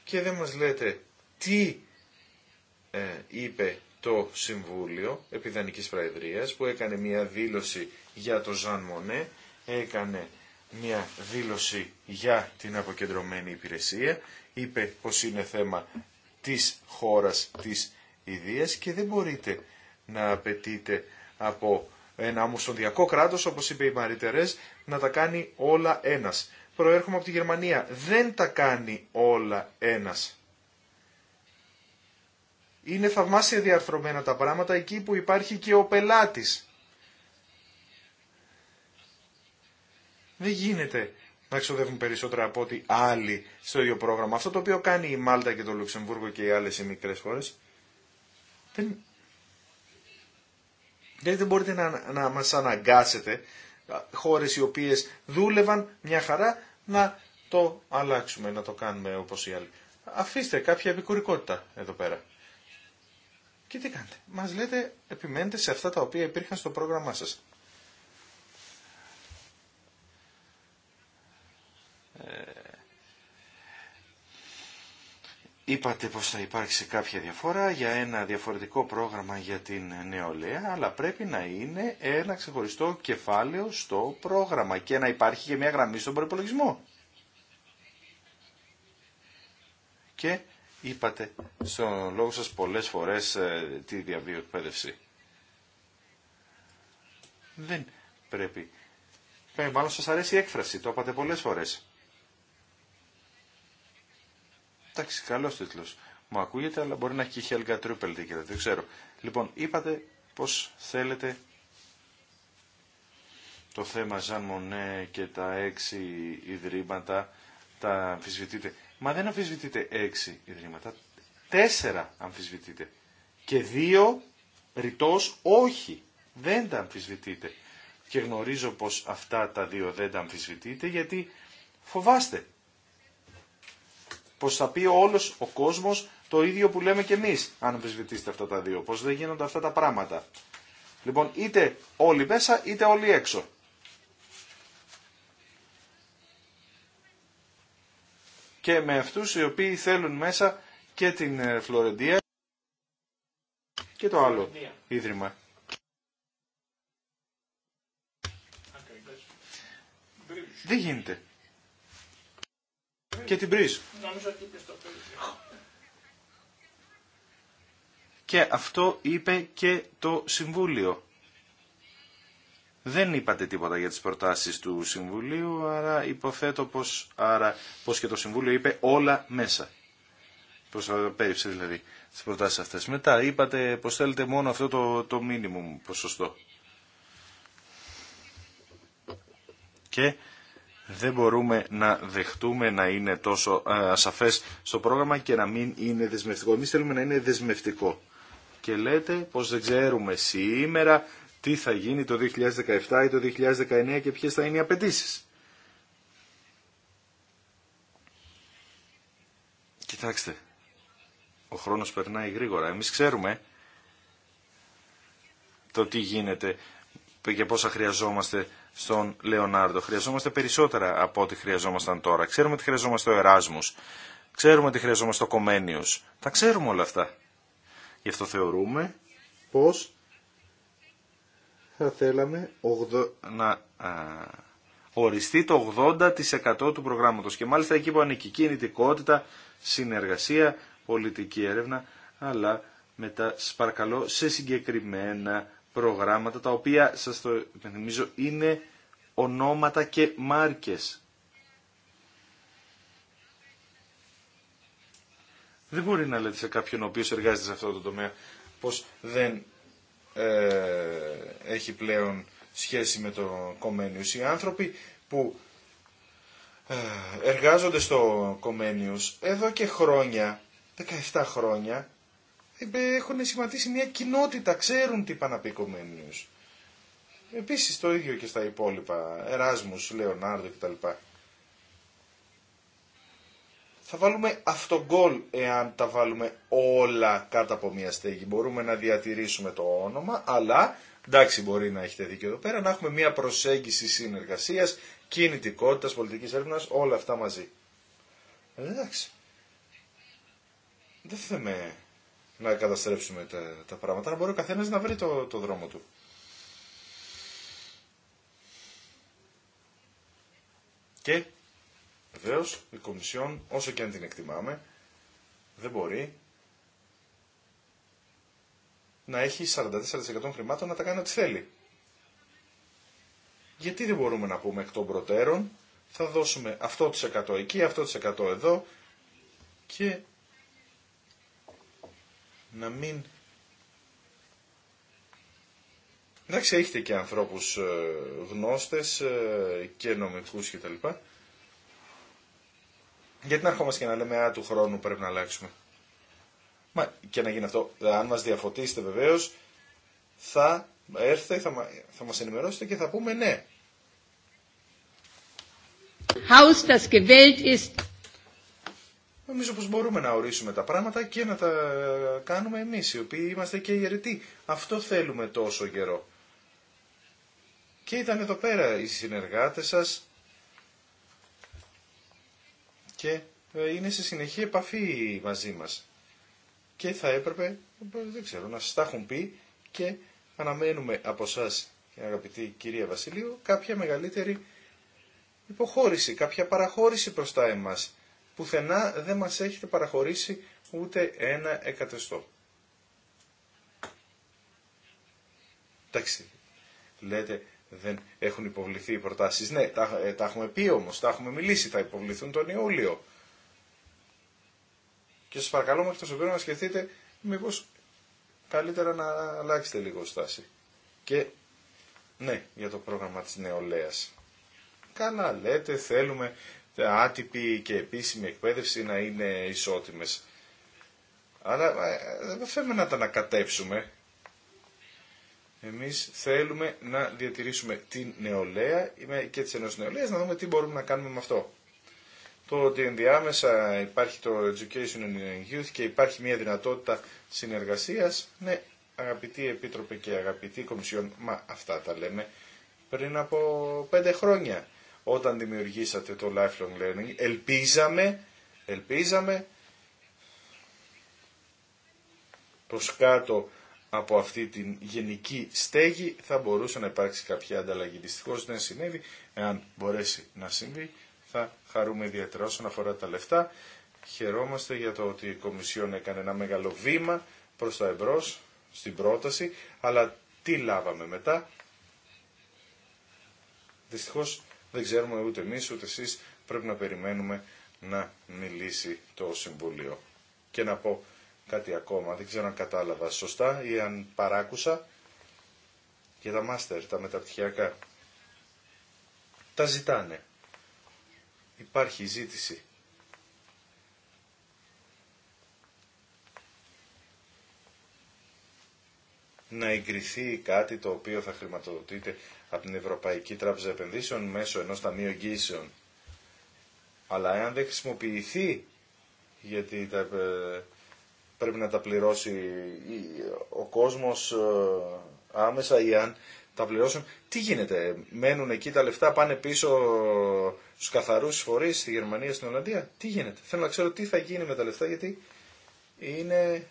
S2: Και δεν μας λέτε τι ε, είπε το Συμβούλιο Επιδανικής Προεδρίας που έκανε μια δήλωση για το Ζαν Μονέ, έκανε μια δήλωση για την αποκεντρωμένη υπηρεσία, είπε πως είναι θέμα της χώρας της ιδίας και δεν μπορείτε να απαιτείτε από ένα ομοσπονδιακό κράτος, όπως είπε η Μαρή να τα κάνει όλα ένας. Προέρχομαι από τη Γερμανία. Δεν τα κάνει όλα ένας. Είναι θαυμάσια διαρθρωμένα τα πράγματα εκεί που υπάρχει και ο πελάτης. Δεν γίνεται να εξοδεύουν περισσότερα από ό,τι άλλοι στο ίδιο πρόγραμμα. Αυτό το οποίο κάνει η Μάλτα και το Λουξεμβούργο και οι άλλες οι μικρές χώρες. Δεν, δεν μπορείτε να, να μας αναγκάσετε χώρες οι οποίες δούλευαν μια χαρά να το αλλάξουμε, να το κάνουμε όπως οι άλλοι. Αφήστε κάποια επικουρικότητα εδώ πέρα. Και τι κάνετε. Μας λέτε, επιμένετε σε αυτά τα οποία υπήρχαν στο πρόγραμμά σας. Ε, είπατε πως θα υπάρξει κάποια διαφορά για ένα διαφορετικό πρόγραμμα για την νεολαία, αλλά πρέπει να είναι ένα ξεχωριστό κεφάλαιο στο πρόγραμμα και να υπάρχει και μια γραμμή στον προπολογισμό. Και είπατε στον λόγο σας πολλές φορές ε, τη διαβίω εκπαίδευση. Δεν πρέπει. Ε, μάλλον σας αρέσει η έκφραση, το είπατε πολλές φορές. Εντάξει, καλός τίτλος. Μου ακούγεται, αλλά μπορεί να έχει και Helga δεν ξέρω. Λοιπόν, είπατε πώς θέλετε το θέμα Ζαν Μονέ και τα έξι ιδρύματα τα αμφισβητείτε. Μα δεν αμφισβητείτε έξι ιδρύματα. Τέσσερα αμφισβητείτε. Και δύο ρητό όχι. Δεν τα αμφισβητείτε. Και γνωρίζω πως αυτά τα δύο δεν τα αμφισβητείτε γιατί φοβάστε. Πως θα πει όλος ο κόσμος το ίδιο που λέμε και εμείς αν αμφισβητήσετε αυτά τα δύο. Πως δεν γίνονται αυτά τα πράγματα. Λοιπόν είτε όλοι μέσα είτε όλοι έξω. και με αυτούς οι οποίοι θέλουν μέσα και την ε, Φλωρεντία και το άλλο ίδρυμα. Δεν γίνεται. Και την Πρίζ. Και αυτό είπε και το Συμβούλιο. Δεν είπατε τίποτα για τις προτάσεις του Συμβουλίου, άρα υποθέτω πως, άρα, πως και το Συμβούλιο είπε όλα μέσα. πως ε, πέριψε δηλαδή τις προτάσεις αυτές. Μετά είπατε πως θέλετε μόνο αυτό το, το μίνιμουμ ποσοστό. Και δεν μπορούμε να δεχτούμε να είναι τόσο ε, ασαφές στο πρόγραμμα και να μην είναι δεσμευτικό. Εμείς θέλουμε να είναι δεσμευτικό. Και λέτε πως δεν ξέρουμε σήμερα τι θα γίνει το 2017 ή το 2019 και ποιες θα είναι οι απαιτήσει. Κοιτάξτε, ο χρόνος περνάει γρήγορα. Εμείς ξέρουμε το τι γίνεται και πόσα χρειαζόμαστε στον Λεωνάρδο. Χρειαζόμαστε περισσότερα από ό,τι χρειαζόμασταν τώρα. Ξέρουμε ότι χρειαζόμαστε ο Εράσμους. Ξέρουμε ότι χρειαζόμαστε ο Κομένιος. Τα ξέρουμε όλα αυτά. Γι' αυτό θεωρούμε πως θα θέλαμε να ε, οριστεί το 80% του προγράμματος και μάλιστα εκεί που ανήκει κινητικότητα, συνεργασία, πολιτική έρευνα, αλλά μετά τα παρακαλώ σε συγκεκριμένα προγράμματα τα οποία σας το υπενθυμίζω είναι ονόματα και μάρκες. Δεν μπορεί να λέτε σε κάποιον ο οποίος εργάζεται σε αυτό το τομέα πως δεν ε, έχει πλέον σχέση με το Κομένιους. Οι άνθρωποι που ε, εργάζονται στο Κομένιους εδώ και χρόνια, 17 χρόνια, ε, έχουν σχηματίσει μια κοινότητα, ξέρουν τι είπα να πει Κομένιους. Επίσης το ίδιο και στα υπόλοιπα, Εράσμους, Λεωνάρδο κτλ θα βάλουμε αυτογκόλ εάν τα βάλουμε όλα κάτω από μια στέγη. Μπορούμε να διατηρήσουμε το όνομα, αλλά εντάξει μπορεί να έχετε δίκιο εδώ πέρα, να έχουμε μια προσέγγιση συνεργασίας, κινητικότητας, πολιτικής έρευνας, όλα αυτά μαζί. Εντάξει. Δεν θέλουμε να καταστρέψουμε τα, τα πράγματα, να μπορεί ο καθένας να βρει το, το δρόμο του. Και Βεβαίω, η Κομισιόν, όσο και αν την εκτιμάμε, δεν μπορεί να έχει 44% χρημάτων να τα κάνει ό,τι θέλει. Γιατί δεν μπορούμε να πούμε εκ των προτέρων, θα δώσουμε αυτό το 100 εκεί, αυτό το 100 εδώ και να μην... Εντάξει, έχετε και ανθρώπους ε, γνώστες ε, και νομικούς κτλ. λοιπά. Γιατί να ερχόμαστε και να λέμε Α, του χρόνου πρέπει να αλλάξουμε. Μα και να γίνει αυτό. Αν μα διαφωτίσετε βεβαίω, θα έρθετε, θα, θα μα ενημερώσετε και θα
S1: πούμε ναι. das gewählt ist.
S2: Νομίζω πως μπορούμε να ορίσουμε τα πράγματα και να τα κάνουμε εμείς, οι οποίοι είμαστε και ιερετοί. Αυτό θέλουμε τόσο καιρό. Και ήταν εδώ πέρα οι συνεργάτες σας, και ε, είναι σε συνεχή επαφή μαζί μας. Και θα έπρεπε, ε, δεν ξέρω, να σας τα έχουν πει και αναμένουμε από εσά, αγαπητή κυρία Βασιλείου, κάποια μεγαλύτερη υποχώρηση, κάποια παραχώρηση προς τα εμάς. Πουθενά δεν μας έχετε παραχωρήσει ούτε ένα εκατεστό. Εντάξει, λέτε δεν έχουν υποβληθεί οι προτάσεις. Ναι, ε, τα, έχουμε πει όμως, τα έχουμε μιλήσει, θα υποβληθούν τον Ιούλιο. Και σας παρακαλώ μέχρι το Σεπτέμβριο να σκεφτείτε μήπως καλύτερα να αλλάξετε λίγο στάση. Και ναι, για το πρόγραμμα της νεολαίας. Καλά λέτε, θέλουμε άτυπη και επίσημη εκπαίδευση να είναι ισότιμες. Αλλά ε, ε, δεν θέλουμε να τα ανακατέψουμε. Εμείς θέλουμε να διατηρήσουμε την νεολαία και τις ενός νεολαίας, να δούμε τι μπορούμε να κάνουμε με αυτό. Το ότι ενδιάμεσα υπάρχει το Education and Youth και υπάρχει μια δυνατότητα συνεργασίας, ναι, αγαπητοί επίτροποι και αγαπητοί κομισιόν, μα αυτά τα λέμε πριν από πέντε χρόνια όταν δημιουργήσατε το lifelong learning. Ελπίζαμε, ελπίζαμε προς κάτω από αυτή την γενική στέγη θα μπορούσε να υπάρξει κάποια ανταλλαγή. Δυστυχώ δεν συνέβη. Εάν μπορέσει να συμβεί, θα χαρούμε ιδιαίτερα όσον αφορά τα λεφτά. Χαιρόμαστε για το ότι η Κομισιόν έκανε ένα μεγάλο βήμα προς τα εμπρό στην πρόταση, αλλά τι λάβαμε μετά. Δυστυχώ δεν ξέρουμε ούτε εμεί ούτε εσεί πρέπει να περιμένουμε να μιλήσει το Συμβουλίο. Και να πω κάτι ακόμα. Δεν ξέρω αν κατάλαβα σωστά ή αν παράκουσα και τα μάστερ, τα μεταπτυχιακά. Τα ζητάνε. Υπάρχει ζήτηση. να εγκριθεί κάτι το οποίο θα χρηματοδοτείται από την Ευρωπαϊκή Τράπεζα Επενδύσεων μέσω ενός ταμείου εγγύσεων. Αλλά εάν δεν χρησιμοποιηθεί, γιατί τα ε, πρέπει να τα πληρώσει ο κόσμος ε, άμεσα ή αν τα πληρώσουν. Τι γίνεται, μένουν εκεί τα λεφτά, πάνε πίσω στους καθαρούς φορείς στη Γερμανία, στην Ολλανδία. Τι γίνεται, θέλω να ξέρω τι θα γίνει με τα λεφτά γιατί είναι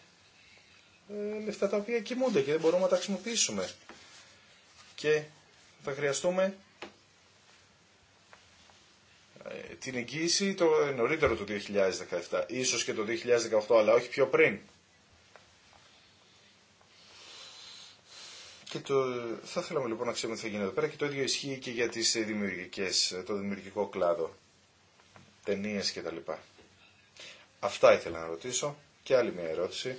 S2: ε, λεφτά τα οποία κοιμούνται και δεν μπορούμε να τα χρησιμοποιήσουμε. Και θα χρειαστούμε ε, την εγγύηση το νωρίτερο του 2017, ίσως και το 2018, αλλά όχι πιο πριν. Και το, θα θέλαμε λοιπόν να ξέρουμε τι θα γίνει εδώ πέρα και το ίδιο ισχύει και για τις δημιουργικές, το δημιουργικό κλάδο, ταινίε λοιπά. Αυτά ήθελα να ρωτήσω και άλλη μια ερώτηση.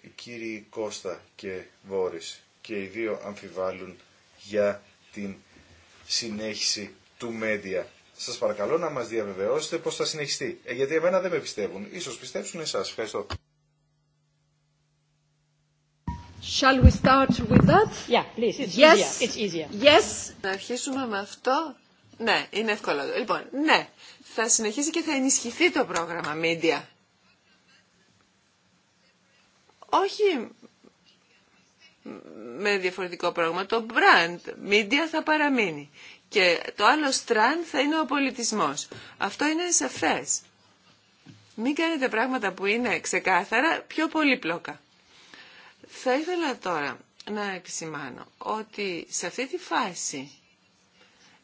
S2: Οι κύριοι Κώστα και Βόρης και οι δύο αμφιβάλλουν για την συνέχιση του Μέντια. Σας παρακαλώ να μας διαβεβαιώσετε πώς θα συνεχιστεί. Ε, γιατί εμένα δεν με πιστεύουν. Ίσως πιστέψουν εσά. Ευχαριστώ.
S1: Shall we start with
S3: that? Yeah, please. It's yes. Easier. It's easier. Yes. Να αρχίσουμε με αυτό. Ναι, είναι εύκολο. Λοιπόν, ναι, θα συνεχίσει και θα ενισχυθεί το πρόγραμμα Media. Όχι με διαφορετικό πράγμα. Το brand media θα παραμείνει και το άλλο strand θα είναι ο πολιτισμός. Αυτό είναι σαφές. Μην κάνετε πράγματα που είναι ξεκάθαρα πιο πολύπλοκα. Θα ήθελα τώρα να επισημάνω ότι σε αυτή τη φάση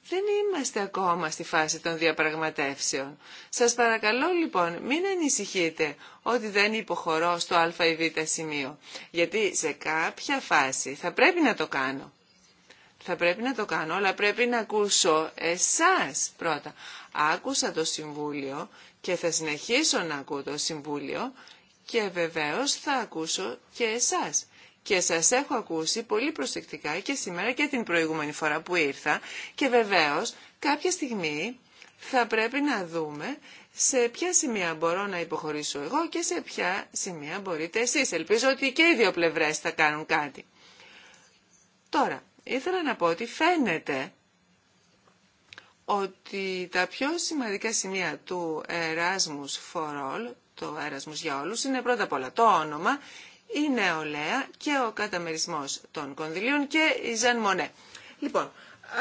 S3: δεν είμαστε ακόμα στη φάση των διαπραγματεύσεων. Σας παρακαλώ λοιπόν μην ανησυχείτε ότι δεν υποχωρώ στο α ή β σημείο. Γιατί σε κάποια φάση θα πρέπει να το κάνω. Θα πρέπει να το κάνω, αλλά πρέπει να ακούσω εσάς πρώτα. Άκουσα το Συμβούλιο και θα συνεχίσω να ακούω το Συμβούλιο και βεβαίως θα ακούσω και εσάς και σας έχω ακούσει πολύ προσεκτικά και σήμερα και την προηγούμενη φορά που ήρθα και βεβαίως κάποια στιγμή θα πρέπει να δούμε σε ποια σημεία μπορώ να υποχωρήσω εγώ και σε ποια σημεία μπορείτε εσείς. Ελπίζω ότι και οι δύο πλευρές θα κάνουν κάτι. Τώρα, ήθελα να πω ότι φαίνεται ότι τα πιο σημαντικά σημεία του Erasmus for All, το Erasmus για όλους, είναι πρώτα απ' όλα το όνομα η νεολαία και ο καταμερισμός των κονδυλίων και η Ζαν Μονέ. Λοιπόν,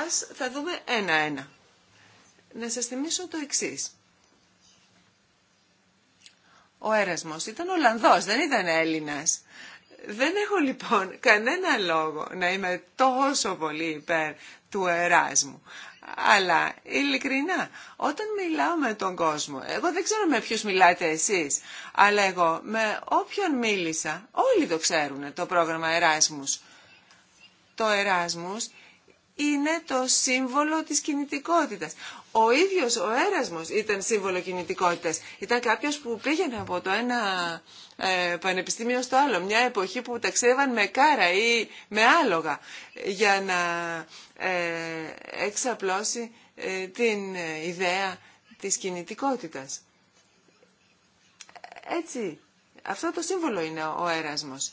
S3: ας θα δούμε ένα-ένα. Να σας θυμίσω το εξής. Ο Έρασμος ήταν Ολλανδός, δεν ήταν Έλληνας. Δεν έχω λοιπόν κανένα λόγο να είμαι τόσο πολύ υπέρ του Εράσμου. Αλλά, ειλικρινά, όταν μιλάω με τον κόσμο, εγώ δεν ξέρω με ποιους μιλάτε εσείς, αλλά εγώ με όποιον μίλησα, όλοι το ξέρουν το πρόγραμμα Εράσμους. Το Εράσμους είναι το σύμβολο της κινητικότητας ο ίδιος ο έρασμος ήταν σύμβολο κινητικότητας. Ήταν κάποιος που πήγαινε από το ένα ε, πανεπιστήμιο στο άλλο. Μια εποχή που ταξίδευαν με κάρα ή με άλογα για να ε, εξαπλώσει ε, την ιδέα της κινητικότητας. Έτσι, αυτό το σύμβολο είναι ο έρασμος.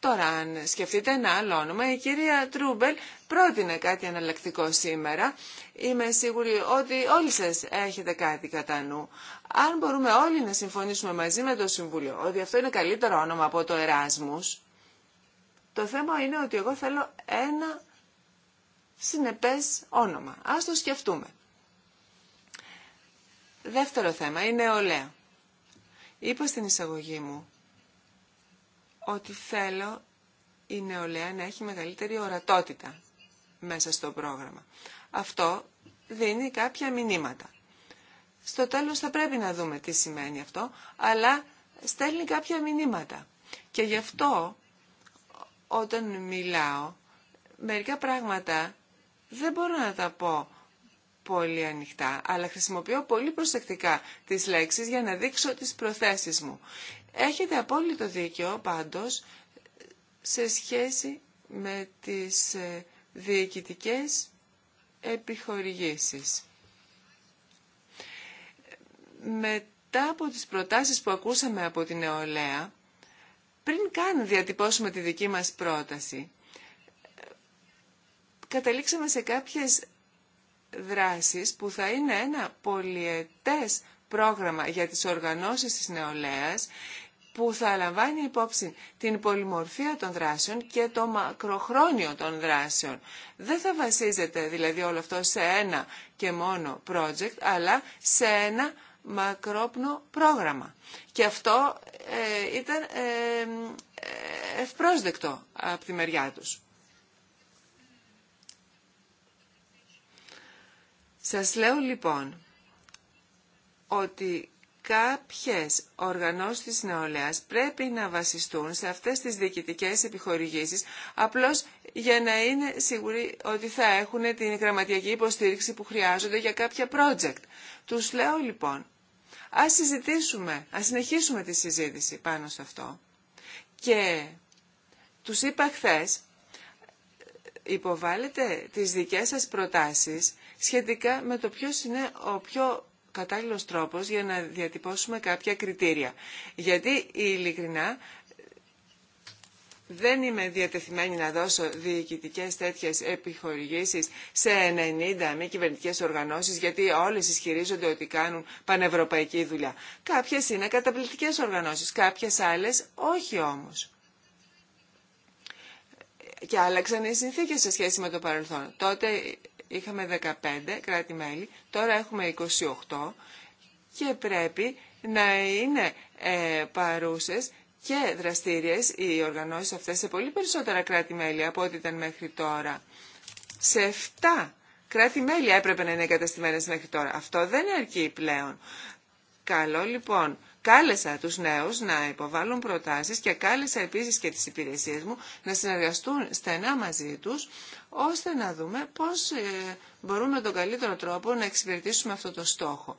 S3: Τώρα, αν σκεφτείτε ένα άλλο όνομα, η κυρία Τρούμπελ πρότεινε κάτι εναλλακτικό σήμερα. Είμαι σίγουρη ότι όλοι σας έχετε κάτι κατά νου. Αν μπορούμε όλοι να συμφωνήσουμε μαζί με το Συμβούλιο ότι αυτό είναι καλύτερο όνομα από το Εράσμους, το θέμα είναι ότι εγώ θέλω ένα συνεπές όνομα. Ας το σκεφτούμε. Δεύτερο θέμα η νεολαία. Είπα στην εισαγωγή μου ότι θέλω η νεολαία να έχει μεγαλύτερη ορατότητα μέσα στο πρόγραμμα. Αυτό δίνει κάποια μηνύματα. Στο τέλος θα πρέπει να δούμε τι σημαίνει αυτό, αλλά στέλνει κάποια μηνύματα. Και γι' αυτό όταν μιλάω, μερικά πράγματα δεν μπορώ να τα πω πολύ ανοιχτά, αλλά χρησιμοποιώ πολύ προσεκτικά τις λέξεις για να δείξω τις προθέσεις μου. Έχετε απόλυτο δίκιο πάντως σε σχέση με τις ε, διοικητικές επιχορηγήσεις. Μετά από τις προτάσεις που ακούσαμε από την νεολαία, πριν καν διατυπώσουμε τη δική μας πρόταση, καταλήξαμε σε κάποιες δράσεις που θα είναι ένα πολυετές πρόγραμμα για τις οργανώσεις της νεολαίας που θα λαμβάνει υπόψη την πολυμορφία των δράσεων και το μακροχρόνιο των δράσεων. Δεν θα βασίζεται δηλαδή όλο αυτό σε ένα και μόνο project, αλλά σε ένα μακρόπνο πρόγραμμα. Και αυτό ε, ήταν ε, ε, ευπρόσδεκτο από τη μεριά τους. Σας λέω λοιπόν ότι κάποιες οργανώσεις της νεολαίας πρέπει να βασιστούν σε αυτές τις διοικητικές επιχορηγήσεις απλώς για να είναι σίγουροι ότι θα έχουν την γραμματιακή υποστήριξη που χρειάζονται για κάποια project. Τους λέω λοιπόν, ας συζητήσουμε, ας συνεχίσουμε τη συζήτηση πάνω σε αυτό. Και τους είπα χθε, υποβάλλετε τις δικές σας προτάσεις σχετικά με το ποιος είναι ο πιο κατάλληλος τρόπος για να διατυπώσουμε κάποια κριτήρια. Γιατί ειλικρινά δεν είμαι διατεθειμένη να δώσω διοικητικέ τέτοιε επιχορηγήσει σε 90 μη κυβερνητικέ οργανώσει, γιατί όλε ισχυρίζονται ότι κάνουν πανευρωπαϊκή δουλειά. Κάποιε είναι καταπληκτικέ οργανώσει, κάποιε άλλε όχι όμω. Και άλλαξαν οι συνθήκε σε σχέση με το παρελθόν. Τότε Είχαμε 15 κράτη-μέλη, τώρα έχουμε 28 και πρέπει να είναι ε, παρούσες και δραστήριες οι οργανώσεις αυτές σε πολύ περισσότερα κράτη-μέλη από ό,τι ήταν μέχρι τώρα. Σε 7 κράτη-μέλη έπρεπε να είναι εγκαταστημένες μέχρι τώρα. Αυτό δεν αρκεί πλέον. Καλό λοιπόν Κάλεσα τους νέους να υποβάλουν προτάσεις και κάλεσα επίσης και τις υπηρεσίες μου να συνεργαστούν στενά μαζί τους ώστε να δούμε πώς ε, μπορούμε τον καλύτερο τρόπο να εξυπηρετήσουμε αυτό το στόχο.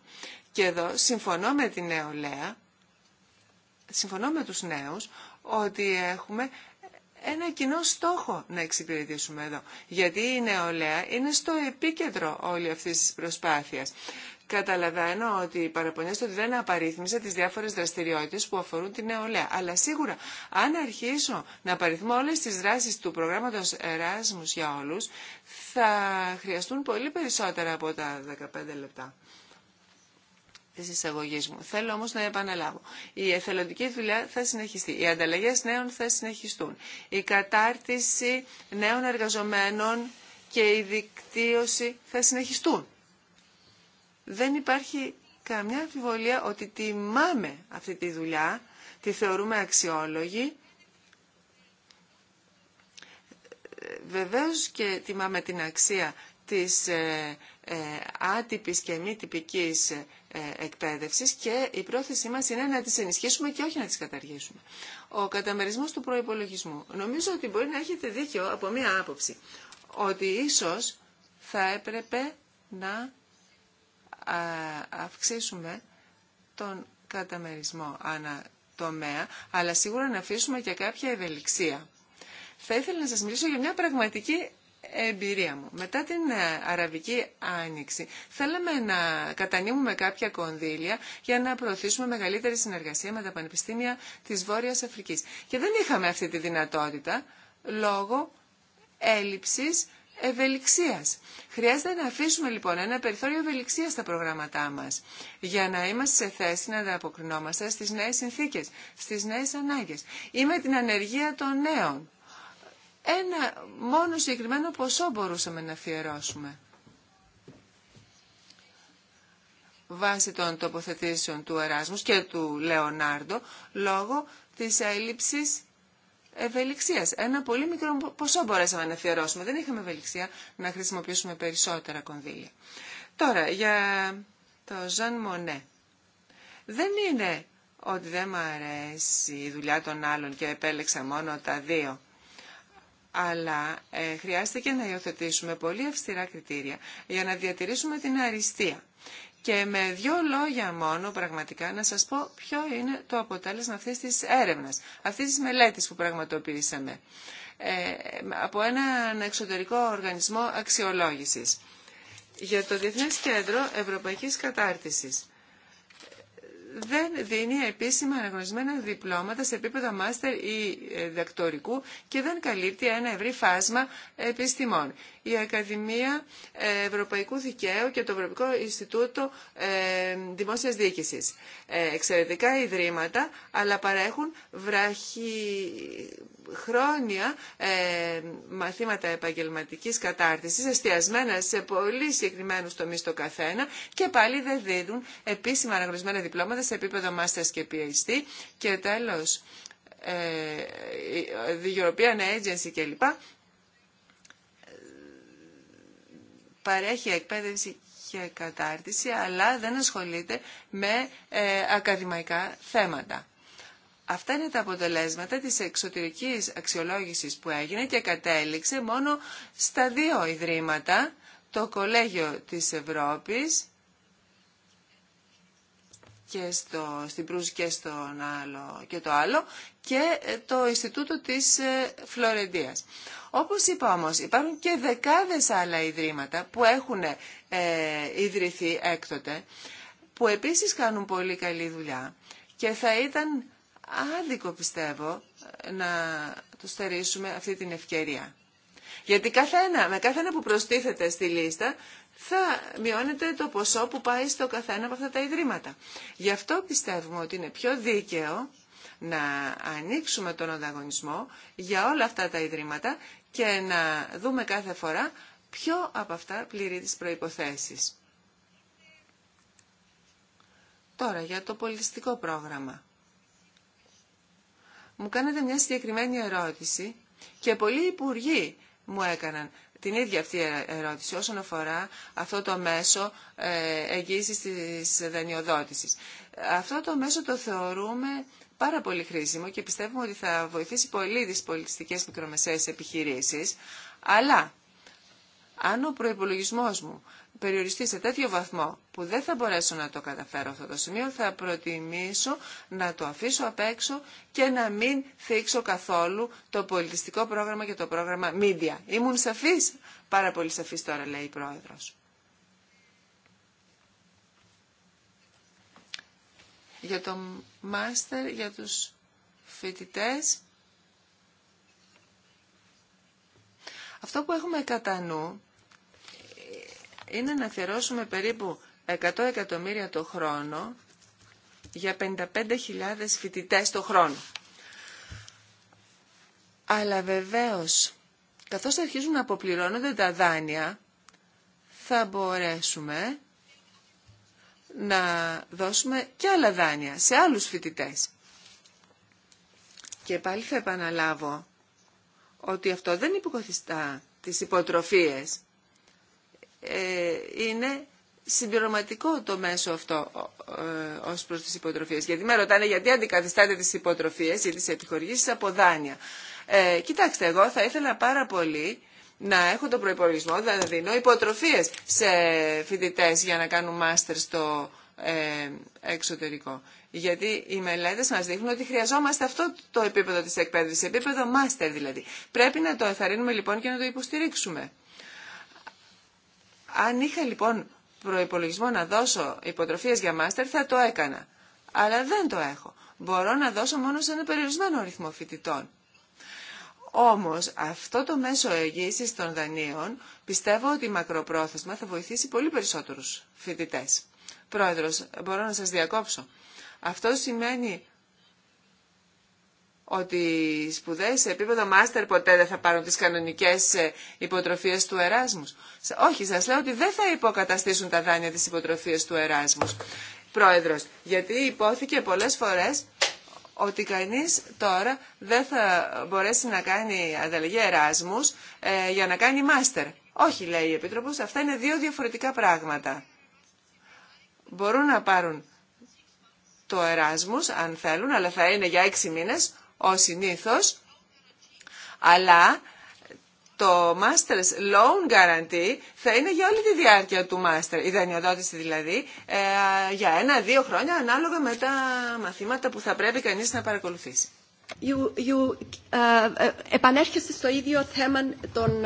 S3: Και εδώ συμφωνώ με την νεολαία, συμφωνώ με τους νέους ότι έχουμε ένα κοινό στόχο να εξυπηρετήσουμε εδώ. Γιατί η νεολαία είναι στο επίκεντρο όλη αυτής της προσπάθειας. Καταλαβαίνω ότι παραπονιέστε ότι δεν απαρίθμησα τι διάφορε δραστηριότητε που αφορούν τη νεολαία. Αλλά σίγουρα, αν αρχίσω να απαριθμώ όλε τι δράσει του προγράμματο Εράσμου για όλου, θα χρειαστούν πολύ περισσότερα από τα 15 λεπτά τη εισαγωγή μου. Θέλω όμω να επαναλάβω. Η εθελοντική δουλειά θα συνεχιστεί. Οι ανταλλαγέ νέων θα συνεχιστούν. Η κατάρτιση νέων εργαζομένων και η δικτύωση θα συνεχιστούν δεν υπάρχει καμιά αμφιβολία ότι τιμάμε αυτή τη δουλειά, τη θεωρούμε αξιόλογη. Βεβαίως και τιμάμε την αξία της ε, ε, άτυπης και μη τυπικής ε, εκπαίδευσης και η πρόθεσή μας είναι να τις ενισχύσουμε και όχι να τις καταργήσουμε. Ο καταμερισμός του προϋπολογισμού. Νομίζω ότι μπορεί να έχετε δίκιο από μία άποψη, ότι ίσως θα έπρεπε να αυξήσουμε τον καταμερισμό ανά τομέα, αλλά σίγουρα να αφήσουμε και κάποια ευελιξία. Θα ήθελα να σας μιλήσω για μια πραγματική εμπειρία μου. Μετά την ε, Αραβική Άνοιξη θέλαμε να κατανείμουμε κάποια κονδύλια για να προωθήσουμε μεγαλύτερη συνεργασία με τα πανεπιστήμια της Βόρειας Αφρικής. Και δεν είχαμε αυτή τη δυνατότητα λόγω έλλειψης ευελιξίας. Χρειάζεται να αφήσουμε λοιπόν ένα περιθώριο ευελιξία στα προγράμματά μας για να είμαστε σε θέση να ανταποκρινόμαστε στις νέες συνθήκες, στις νέες ανάγκες ή με την ανεργία των νέων. Ένα μόνο συγκεκριμένο ποσό μπορούσαμε να αφιερώσουμε. βάσει των τοποθετήσεων του Εράσμους και του Λεωνάρντο λόγω της έλλειψης ευελιξίας. Ένα πολύ μικρό ποσό μπορέσαμε να αφιερώσουμε. Δεν είχαμε ευελιξία να χρησιμοποιήσουμε περισσότερα κονδύλια. Τώρα, για το Ζαν Μονέ. Δεν είναι ότι δεν μου αρέσει η δουλειά των άλλων και επέλεξα μόνο τα δύο. Αλλά ε, χρειάστηκε να υιοθετήσουμε πολύ αυστηρά κριτήρια για να διατηρήσουμε την αριστεία. Και με δύο λόγια μόνο πραγματικά να σας πω ποιο είναι το αποτέλεσμα αυτής της έρευνας, αυτής της μελέτης που πραγματοποιήσαμε ε, από έναν εξωτερικό οργανισμό αξιολόγησης για το Διεθνές Κέντρο Ευρωπαϊκής Κατάρτισης. Δεν δίνει επίσημα αναγνωρισμένα διπλώματα σε επίπεδο μάστερ ή διδακτορικού και δεν καλύπτει ένα ευρύ φάσμα επιστημών η Ακαδημία ε, Ευρωπαϊκού Δικαίου και το Ευρωπαϊκό Ινστιτούτο ε, Δημόσιας Διοίκησης. Ε, εξαιρετικά ιδρύματα, αλλά παρέχουν χρόνια μαθήματα επαγγελματικής κατάρτισης, εστιασμένα σε πολύ συγκεκριμένους τομείς το καθένα και πάλι δεν δίνουν επίσημα αναγνωρισμένα διπλώματα σε επίπεδο Μάστερς και PhD. Και τέλος, The European Agency κλπ. παρέχει εκπαίδευση και κατάρτιση, αλλά δεν ασχολείται με ε, ακαδημαϊκά θέματα. Αυτά είναι τα αποτελέσματα της εξωτερικής αξιολόγησης που έγινε και κατέληξε μόνο στα δύο ιδρύματα, το Κολέγιο της Ευρώπης και στο, στην Προύζ και, στον άλλο, και το άλλο και ε, το Ινστιτούτο της ε, Φλωρεντίας. Όπως είπα όμως υπάρχουν και δεκάδες άλλα ιδρύματα που έχουν ε, ιδρυθεί έκτοτε που επίσης κάνουν πολύ καλή δουλειά και θα ήταν άδικο πιστεύω να το στερήσουμε αυτή την ευκαιρία. Γιατί καθένα, με κάθε ένα που προστίθεται στη λίστα θα μειώνεται το ποσό που πάει στο καθένα από αυτά τα ιδρύματα. Γι' αυτό πιστεύουμε ότι είναι πιο δίκαιο να ανοίξουμε τον ανταγωνισμό για όλα αυτά τα ιδρύματα και να δούμε κάθε φορά ποιο από αυτά πληρεί τις προϋποθέσεις. Τώρα για το πολιτιστικό πρόγραμμα. Μου κάνετε μια συγκεκριμένη ερώτηση και πολλοί υπουργοί μου έκαναν την ίδια αυτή ερώτηση όσον αφορά αυτό το μέσο ε, εγγύησης της δανειοδότησης. Αυτό το μέσο το θεωρούμε πάρα πολύ χρήσιμο και πιστεύουμε ότι θα βοηθήσει πολύ τις πολιτιστικές μικρομεσαίες επιχειρήσεις, αλλά αν ο προϋπολογισμός μου περιοριστεί σε τέτοιο βαθμό που δεν θα μπορέσω να το καταφέρω αυτό το σημείο, θα προτιμήσω να το αφήσω απ' έξω και να μην θίξω καθόλου το πολιτιστικό πρόγραμμα και το πρόγραμμα Media. Ήμουν σαφής, πάρα πολύ σαφής τώρα λέει η Πρόεδρος. Για το μάστερ, για τους φοιτητές, αυτό που έχουμε κατά νου είναι να αφιερώσουμε περίπου 100 εκατομμύρια το χρόνο για 55.000 φοιτητές το χρόνο. Αλλά βεβαίως, καθώς αρχίζουν να αποπληρώνονται τα δάνεια, θα μπορέσουμε να δώσουμε και άλλα δάνεια σε άλλους φοιτητές. Και πάλι θα επαναλάβω ότι αυτό δεν υποκοθιστά τις υποτροφίες ε, είναι συμπληρωματικό το μέσο αυτό ως προς τις υποτροφίες. Γιατί με ρωτάνε γιατί αντικαθιστάτε τις υποτροφίες ή τις επιχορηγήσεις από δάνεια. Ε, κοιτάξτε, εγώ θα ήθελα πάρα πολύ να έχω τον προϋπολογισμό, να δίνω υποτροφίες σε φοιτητέ για να κάνουν μάστερ στο ε, εξωτερικό. Γιατί οι μελέτες μας δείχνουν ότι χρειαζόμαστε αυτό το επίπεδο της εκπαίδευσης, επίπεδο μάστερ δηλαδή. Πρέπει να το εθαρρύνουμε λοιπόν και να το υποστηρίξουμε. Αν είχα λοιπόν προϋπολογισμό να δώσω υποτροφίες για μάστερ θα το έκανα. Αλλά δεν το έχω. Μπορώ να δώσω μόνο σε ένα περιορισμένο αριθμό φοιτητών. Όμως αυτό το μέσο εγγύησης των δανείων πιστεύω ότι μακροπρόθεσμα θα βοηθήσει πολύ περισσότερους φοιτητές. Πρόεδρος, μπορώ να σας διακόψω. Αυτό σημαίνει ότι οι σπουδέ σε επίπεδο μάστερ ποτέ δεν θα πάρουν τι κανονικέ ε, υποτροφίες του Εράσμου. Όχι, σα λέω ότι δεν θα υποκαταστήσουν τα δάνεια τη υποτροφία του Εράσμου, πρόεδρο, γιατί υπόθηκε πολλέ φορέ ότι κανεί τώρα δεν θα μπορέσει να κάνει ανταλλαγή Εράσμου ε, για να κάνει μάστερ. Όχι, λέει η Επίτροπος, αυτά είναι δύο διαφορετικά πράγματα. Μπορούν να πάρουν το Εράσμους αν θέλουν, αλλά θα είναι για έξι μήνες, ως συνήθως, αλλά το Master's Loan Guarantee θα είναι για όλη τη διάρκεια του Master, η δανειοδότηση δηλαδή, ε, για ένα-δύο χρόνια ανάλογα με τα μαθήματα που θα πρέπει κανείς να παρακολουθήσει.
S1: You, you, uh, στο ίδιο θέμα των...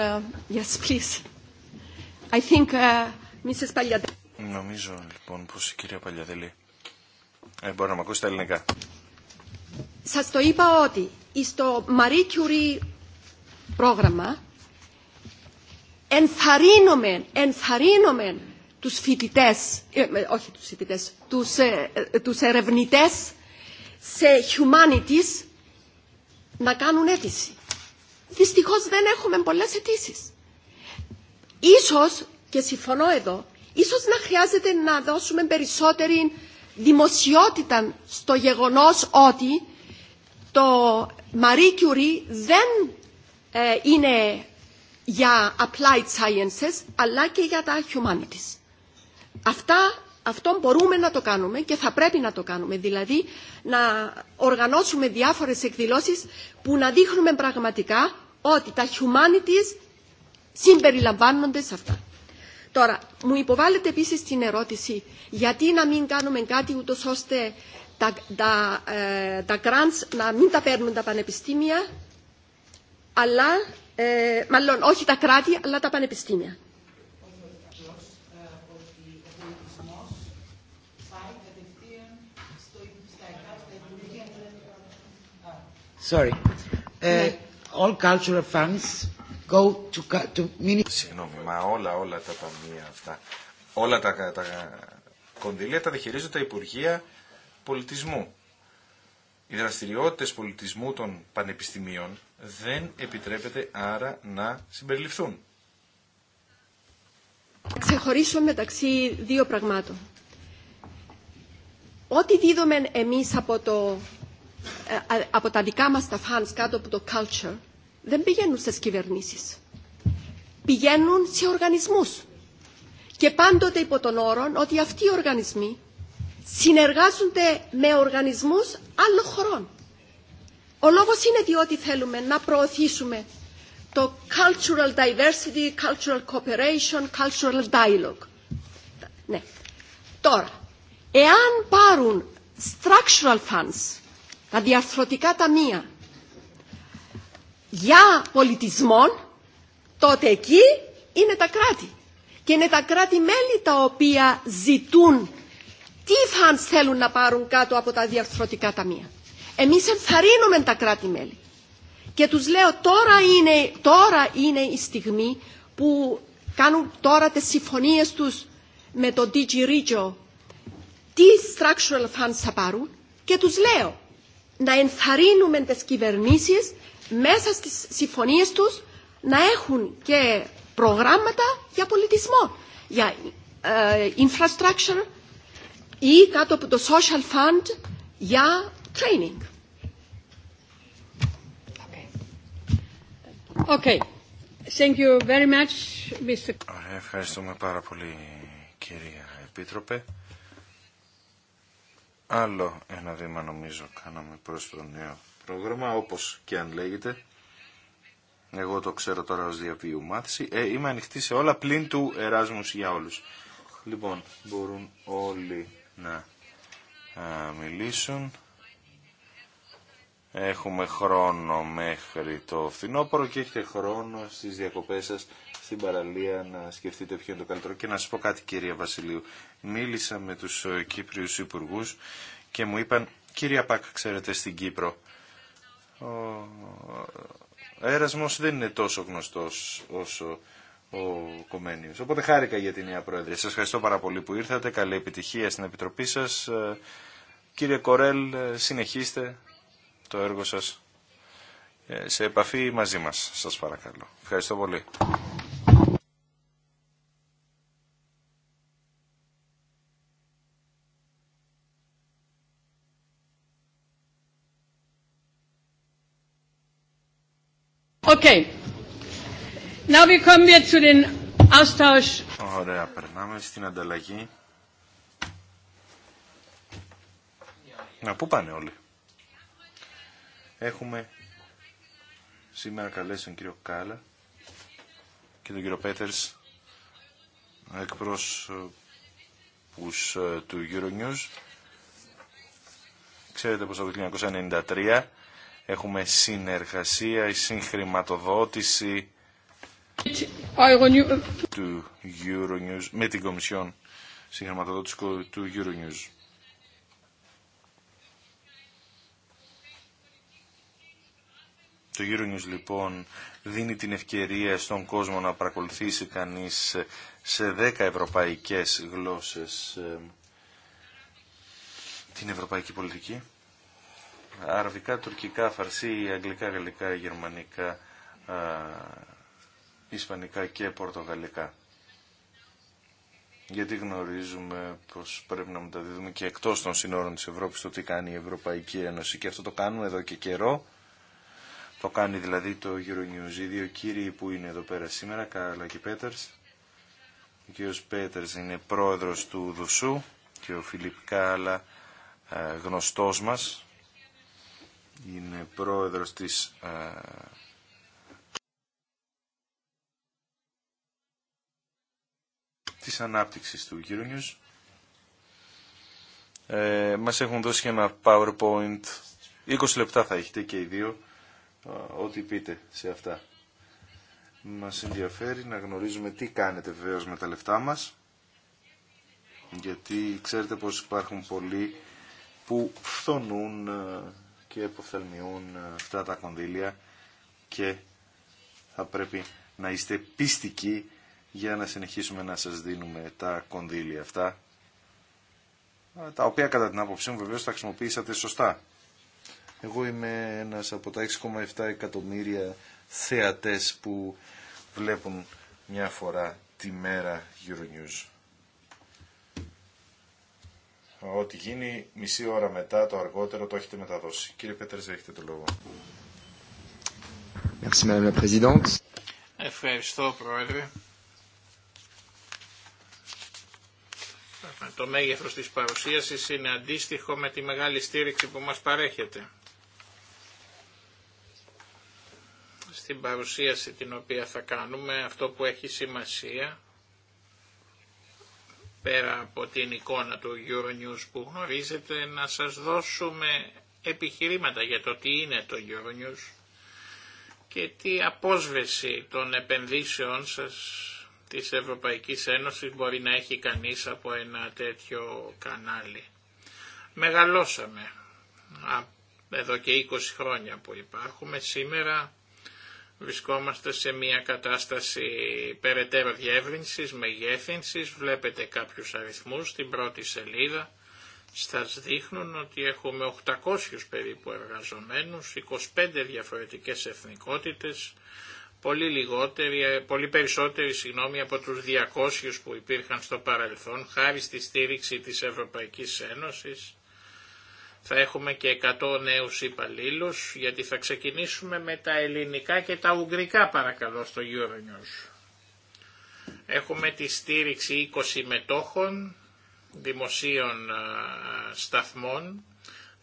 S1: yes, please. I think, uh, Mrs.
S2: Νομίζω λοιπόν πως η κυρία Παλιαδέλη... Ε, μπορώ να με ακούσει τα ελληνικά.
S1: Σας το είπα ότι στο Marie Curie πρόγραμμα ενθαρρύνουμε, ενθαρρύνουμε τους φοιτητές, ε, όχι τους φοιτητές, τους, ε, ε, τους ερευνητές σε humanities να κάνουν αίτηση. Δυστυχώς δεν έχουμε πολλές αιτήσει. Ίσως, και συμφωνώ εδώ, ίσως να χρειάζεται να δώσουμε περισσότερη δημοσιότητα στο γεγονός ότι το Marie Curie δεν ε, είναι για applied sciences αλλά και για τα humanities. Αυτά, αυτό μπορούμε να το κάνουμε και θα πρέπει να το κάνουμε. Δηλαδή να οργανώσουμε διάφορες εκδηλώσεις που να δείχνουμε πραγματικά ότι τα humanities συμπεριλαμβάνονται σε αυτά. Τώρα, μου υποβάλλεται επίσης την ερώτηση γιατί να μην κάνουμε κάτι ούτως ώστε ε, τα grants να μην τα παίρνουν τα πανεπιστήμια, αλλά, ε, μάλλον όχι τα κράτη, αλλά τα πανεπιστήμια.
S4: Sorry. Ε, ναι. all cultural funds go to, to Συγγνώμη, μα όλα,
S2: όλα τα ταμεία αυτά, όλα τα, τα κονδύλια τα διαχειρίζονται τα Υπουργεία πολιτισμού. Οι δραστηριότητες πολιτισμού των πανεπιστημίων δεν επιτρέπεται άρα να συμπεριληφθούν.
S1: Ξεχωρίσω μεταξύ δύο πραγμάτων. Ό,τι δίδουμε εμείς από, το, ε, από τα δικά μας τα funds κάτω από το culture δεν πηγαίνουν στις κυβερνήσεις. Πηγαίνουν σε οργανισμούς. Και πάντοτε υπό τον όρο ότι αυτοί οι οργανισμοί συνεργάζονται με οργανισμούς άλλων χωρών. Ο λόγος είναι διότι θέλουμε να προωθήσουμε το cultural diversity, cultural cooperation, cultural dialogue. Ναι. Τώρα, εάν πάρουν structural funds, τα διαρθρωτικά ταμεία, για πολιτισμόν, τότε εκεί είναι τα κράτη. Και είναι τα κράτη-μέλη τα οποία ζητούν τι funds θέλουν να πάρουν κάτω από τα διαρθρωτικά ταμεία. Εμεί ενθαρρύνουμε τα κράτη-μέλη. Και του λέω τώρα είναι, τώρα είναι η στιγμή που κάνουν τώρα τι συμφωνίε του με το DG Regio τι structural funds θα πάρουν και τους λέω να ενθαρρύνουμε τις κυβερνήσεις μέσα στις συμφωνίες τους να έχουν και προγράμματα για πολιτισμό, για ε, infrastructure, ή κάτω από το Social Fund για training. Okay. Thank you very
S2: ευχαριστούμε πάρα πολύ κυρία Επίτροπε. Άλλο ένα βήμα νομίζω κάναμε προς το νέο πρόγραμμα, όπως και αν λέγεται. Εγώ το ξέρω τώρα ως διαβίου μάθηση. Ε, είμαι ανοιχτή σε όλα πλην του Εράσμους για όλους. Λοιπόν, μπορούν όλοι να μιλήσουν. Έχουμε χρόνο μέχρι το φθινόπωρο και έχετε χρόνο στις διακοπές σας στην παραλία να σκεφτείτε ποιο είναι το καλύτερο. Και να σας πω κάτι κυρία Βασιλείου. Μίλησα με τους Κύπριους Υπουργούς και μου είπαν «Κυρία Πακ, ξέρετε στην Κύπρο, ο Έρασμος δεν είναι τόσο γνωστός όσο ο Κομένιος. Οπότε χάρηκα για την νέα Πρόεδρε. Σας ευχαριστώ πάρα πολύ που ήρθατε. Καλή επιτυχία στην Επιτροπή σας. Ε, κύριε Κορέλ, ε, συνεχίστε το έργο σας ε, σε επαφή μαζί μας. Σας παρακαλώ. Ευχαριστώ πολύ.
S1: Okay. Ωραία,
S2: περνάμε στην ανταλλαγή. Να πού πάνε όλοι. Έχουμε σήμερα καλέσει τον κύριο Κάλα και τον κύριο Πέτερς εκπρόσωπους ε, του Euronews. Ξέρετε πως από το 1993 έχουμε συνεργασία, η συγχρηματοδότηση του Euronews, με την Κομισιόν συγχρηματοδότηση του Euronews. Το Euronews λοιπόν δίνει την ευκαιρία στον κόσμο να παρακολουθήσει κανείς σε 10 ευρωπαϊκές γλώσσες ε, την ευρωπαϊκή πολιτική. Αραβικά, τουρκικά, φαρσί, αγγλικά, γαλλικά, γερμανικά, ε, Ισπανικά και Πορτογαλικά. Γιατί γνωρίζουμε πως πρέπει να μεταδίδουμε και εκτός των συνόρων της Ευρώπης το τι κάνει η Ευρωπαϊκή Ένωση και αυτό το κάνουμε εδώ και καιρό. Το κάνει δηλαδή το Euronews. Οι κύριοι που είναι εδώ πέρα σήμερα, Καλά και Πέτερς. Ο κύριος Πέτερς είναι πρόεδρος του Δουσού και ο Φιλιπ Κάλα ε, γνωστός μας. Είναι πρόεδρος της ε, της ανάπτυξης του Euronews. Ε, μας έχουν δώσει και ένα PowerPoint. 20 λεπτά θα έχετε και οι δύο. Ε, ό,τι πείτε σε αυτά. Μας ενδιαφέρει να γνωρίζουμε τι κάνετε βεβαίω με τα λεφτά μας. Γιατί ξέρετε πως υπάρχουν πολλοί που φθονούν ε, και αποφθαλμιούν ε, αυτά τα κονδύλια και θα πρέπει να είστε πιστικοί για να συνεχίσουμε να σας δίνουμε τα κονδύλια αυτά, τα οποία κατά την άποψή μου βεβαίως τα χρησιμοποίησατε σωστά. Εγώ είμαι ένας από τα 6,7 εκατομμύρια θεατές που βλέπουν μια φορά τη μέρα Euronews. Ό,τι γίνει μισή ώρα μετά το αργότερο το έχετε μεταδώσει. Κύριε Πέτρες, έχετε το λόγο.
S3: Ευχαριστώ,
S5: Πρόεδρε. το μέγεθος της παρουσίασης είναι αντίστοιχο με τη μεγάλη στήριξη που μας παρέχεται. Στην παρουσίαση την οποία θα κάνουμε, αυτό που έχει σημασία, πέρα από την εικόνα του Euronews που γνωρίζετε, να σας δώσουμε επιχειρήματα για το τι είναι το Euronews και τι απόσβεση των επενδύσεων σας της Ευρωπαϊκής Ένωσης μπορεί να έχει κανείς από ένα τέτοιο κανάλι. Μεγαλώσαμε εδώ και 20 χρόνια που υπάρχουμε. Σήμερα βρισκόμαστε σε μια κατάσταση περαιτέρω διεύρυνσης, μεγέθυνσης. Βλέπετε κάποιους αριθμούς στην πρώτη σελίδα. Σας δείχνουν ότι έχουμε 800 περίπου εργαζομένους, 25 διαφορετικές εθνικότητες, πολύ, λιγότεροι, ε, πολύ περισσότεροι συγγνώμη, από τους 200 που υπήρχαν στο παρελθόν, χάρη στη στήριξη της Ευρωπαϊκής Ένωσης. Θα έχουμε και 100 νέους υπαλλήλου, γιατί θα ξεκινήσουμε με τα ελληνικά και τα ουγγρικά παρακαλώ στο Euronews. Έχουμε τη στήριξη 20 μετόχων δημοσίων ε, σταθμών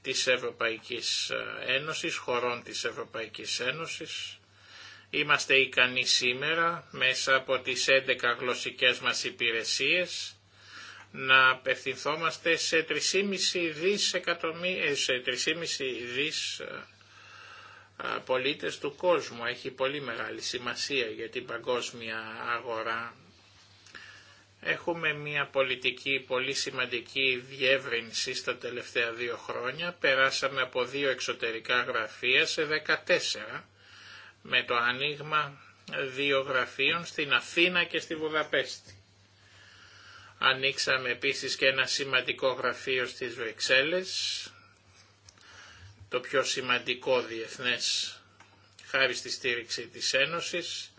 S5: της Ευρωπαϊκής ε, Ένωσης, χωρών της Ευρωπαϊκής Ένωσης. Είμαστε ικανοί σήμερα μέσα από τις 11 γλωσσικές μας υπηρεσίες να απευθυνθόμαστε σε 3,5 ε, δις, εκατομμύ... σε δις πολίτες του κόσμου. Έχει πολύ μεγάλη σημασία για την παγκόσμια αγορά. Έχουμε μια πολιτική πολύ σημαντική διεύρυνση στα τελευταία δύο χρόνια. Περάσαμε από δύο εξωτερικά γραφεία σε 14 με το ανοίγμα δύο γραφείων στην Αθήνα και στη Βουδαπέστη. Ανοίξαμε επίσης και ένα σημαντικό γραφείο στις Βεξέλλες, το πιο σημαντικό διεθνές χάρη στη στήριξη της Ένωσης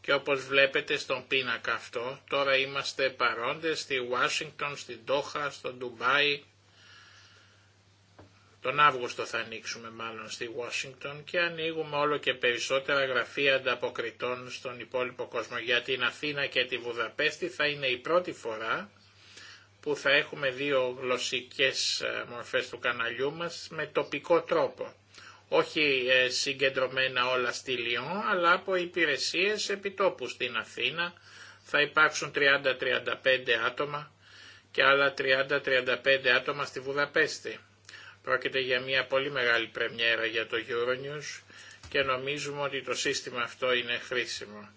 S5: και όπως βλέπετε στον πίνακα αυτό τώρα είμαστε παρόντες στη Ουάσιγκτον, στην Τόχα, στο Ντουμπάι, τον Αύγουστο θα ανοίξουμε μάλλον στη Washington και ανοίγουμε όλο και περισσότερα γραφεία ανταποκριτών στον υπόλοιπο κόσμο. Για την Αθήνα και τη Βουδαπέστη θα είναι η πρώτη φορά που θα έχουμε δύο γλωσσικές ε, μορφές του καναλιού μας με τοπικό τρόπο. Όχι ε, συγκεντρωμένα όλα στη Λιόν, αλλά από υπηρεσίες επιτόπου στην Αθήνα. Θα υπάρξουν 30-35 άτομα και άλλα 30-35 άτομα στη Βουδαπέστη. Πρόκειται για μια πολύ μεγάλη πρεμιέρα για το Euronews και νομίζουμε ότι το σύστημα αυτό είναι χρήσιμο.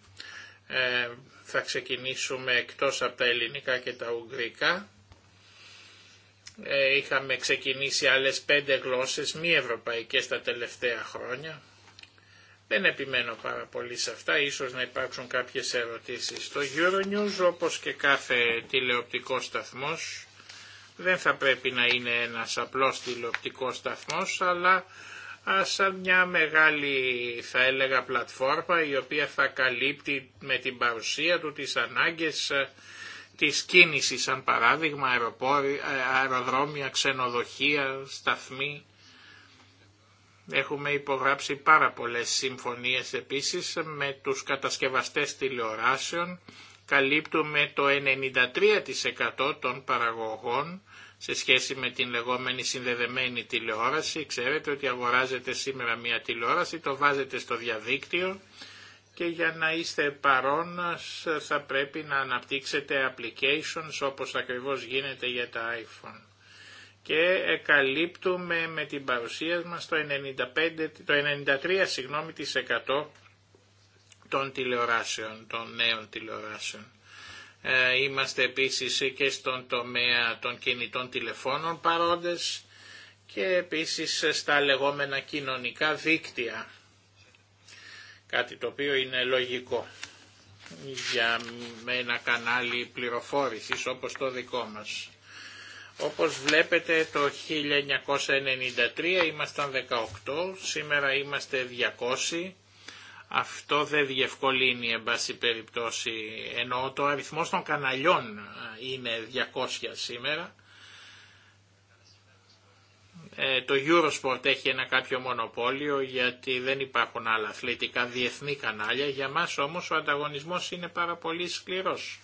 S5: Ε, θα ξεκινήσουμε εκτός από τα ελληνικά και τα ουγγρικά. Ε, είχαμε ξεκινήσει άλλες πέντε γλώσσες μη ευρωπαϊκές τα τελευταία χρόνια. Δεν επιμένω πάρα πολύ σε αυτά, ίσως να υπάρξουν κάποιες ερωτήσεις. Το Euronews όπως και κάθε τηλεοπτικό σταθμός δεν θα πρέπει να είναι ένας απλός τηλεοπτικός σταθμός, αλλά σαν μια μεγάλη θα έλεγα πλατφόρμα η οποία θα καλύπτει με την παρουσία του τις ανάγκες ε, της κίνησης, σαν παράδειγμα ε, αεροδρόμια, ξενοδοχεία, σταθμοί. Έχουμε υπογράψει πάρα πολλές συμφωνίες επίσης με τους κατασκευαστές τηλεοράσεων καλύπτουμε το 93% των παραγωγών σε σχέση με την λεγόμενη συνδεδεμένη τηλεόραση. Ξέρετε ότι αγοράζετε σήμερα μια τηλεόραση, το βάζετε στο διαδίκτυο και για να είστε παρόν θα πρέπει να αναπτύξετε applications όπως ακριβώς γίνεται για τα iPhone. Και ε, καλύπτουμε με την παρουσία μας το, 95, το 93% των τηλεοράσεων, των νέων τηλεοράσεων. Ε, είμαστε επίσης και στον τομέα των κινητών τηλεφώνων παρόντες και επίσης στα λεγόμενα κοινωνικά δίκτυα. Κάτι το οποίο είναι λογικό για με ένα κανάλι πληροφόρησης όπως το δικό μας. Όπως βλέπετε το 1993 ήμασταν 18, σήμερα είμαστε 200 αυτό δεν διευκολύνει, εν πάση περιπτώσει, ενώ το αριθμός των καναλιών ε, είναι 200 σήμερα. Ε, το Eurosport έχει ένα κάποιο μονοπόλιο γιατί δεν υπάρχουν άλλα αθλητικά διεθνή κανάλια. Για μας όμως ο ανταγωνισμός είναι πάρα πολύ σκληρός.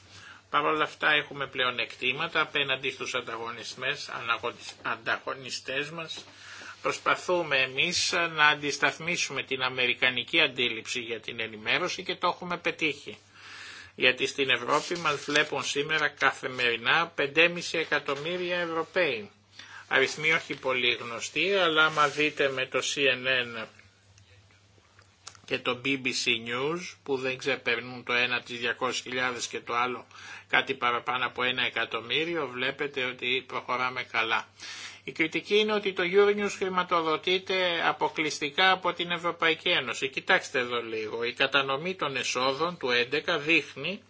S5: Παρ' όλα αυτά έχουμε πλέον εκτήματα απέναντι στους ανταγωνιστές μας Προσπαθούμε εμείς να αντισταθμίσουμε την αμερικανική αντίληψη για την ενημέρωση και το έχουμε πετύχει. Γιατί στην Ευρώπη μας βλέπουν σήμερα καθημερινά 5,5 εκατομμύρια Ευρωπαίοι. Αριθμοί όχι πολύ γνωστοί, αλλά άμα δείτε με το CNN και το BBC News που δεν ξεπερνούν το ένα τις 200.000 και το άλλο κάτι παραπάνω από ένα εκατομμύριο βλέπετε ότι προχωράμε καλά. Η κριτική είναι ότι το Euronews χρηματοδοτείται αποκλειστικά από την Ευρωπαϊκή Ένωση. Κοιτάξτε εδώ λίγο. Η κατανομή των εσόδων του 2011 δείχνει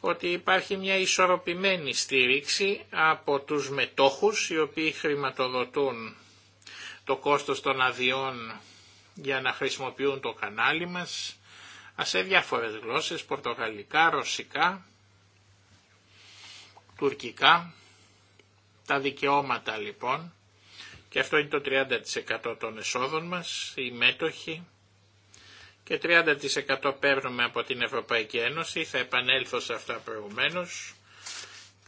S5: ότι υπάρχει μια ισορροπημένη στήριξη από τους μετόχους οι οποίοι χρηματοδοτούν το κόστος των αδειών για να χρησιμοποιούν το κανάλι μας σε διάφορες γλώσσες, πορτογαλικά, ρωσικά, τουρκικά τα δικαιώματα λοιπόν, και αυτό είναι το 30% των εσόδων μας, οι μέτοχοι, και 30% παίρνουμε από την Ευρωπαϊκή Ένωση, θα επανέλθω σε αυτά προηγουμένως,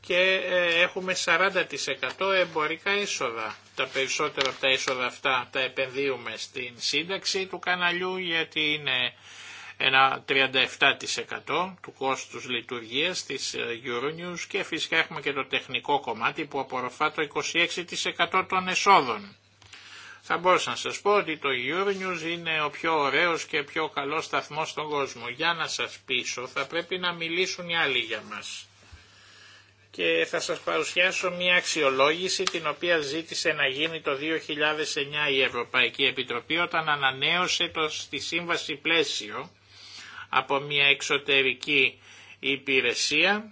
S5: και ε, έχουμε 40% εμπορικά έσοδα. Τα περισσότερα από τα έσοδα αυτά τα επενδύουμε στην σύνταξη του καναλιού γιατί είναι ένα 37% του κόστους λειτουργίας της ε, Euronews και φυσικά έχουμε και το τεχνικό κομμάτι που απορροφά το 26% των εσόδων. Θα μπορούσα να σας πω ότι το Euronews είναι ο πιο ωραίος και πιο καλός σταθμός στον κόσμο. Για να σας πείσω θα πρέπει να μιλήσουν οι άλλοι για μας. Και θα σας παρουσιάσω μια αξιολόγηση την οποία ζήτησε να γίνει το 2009 η Ευρωπαϊκή Επιτροπή όταν ανανέωσε το, στη σύμβαση πλαίσιο από μια εξωτερική υπηρεσία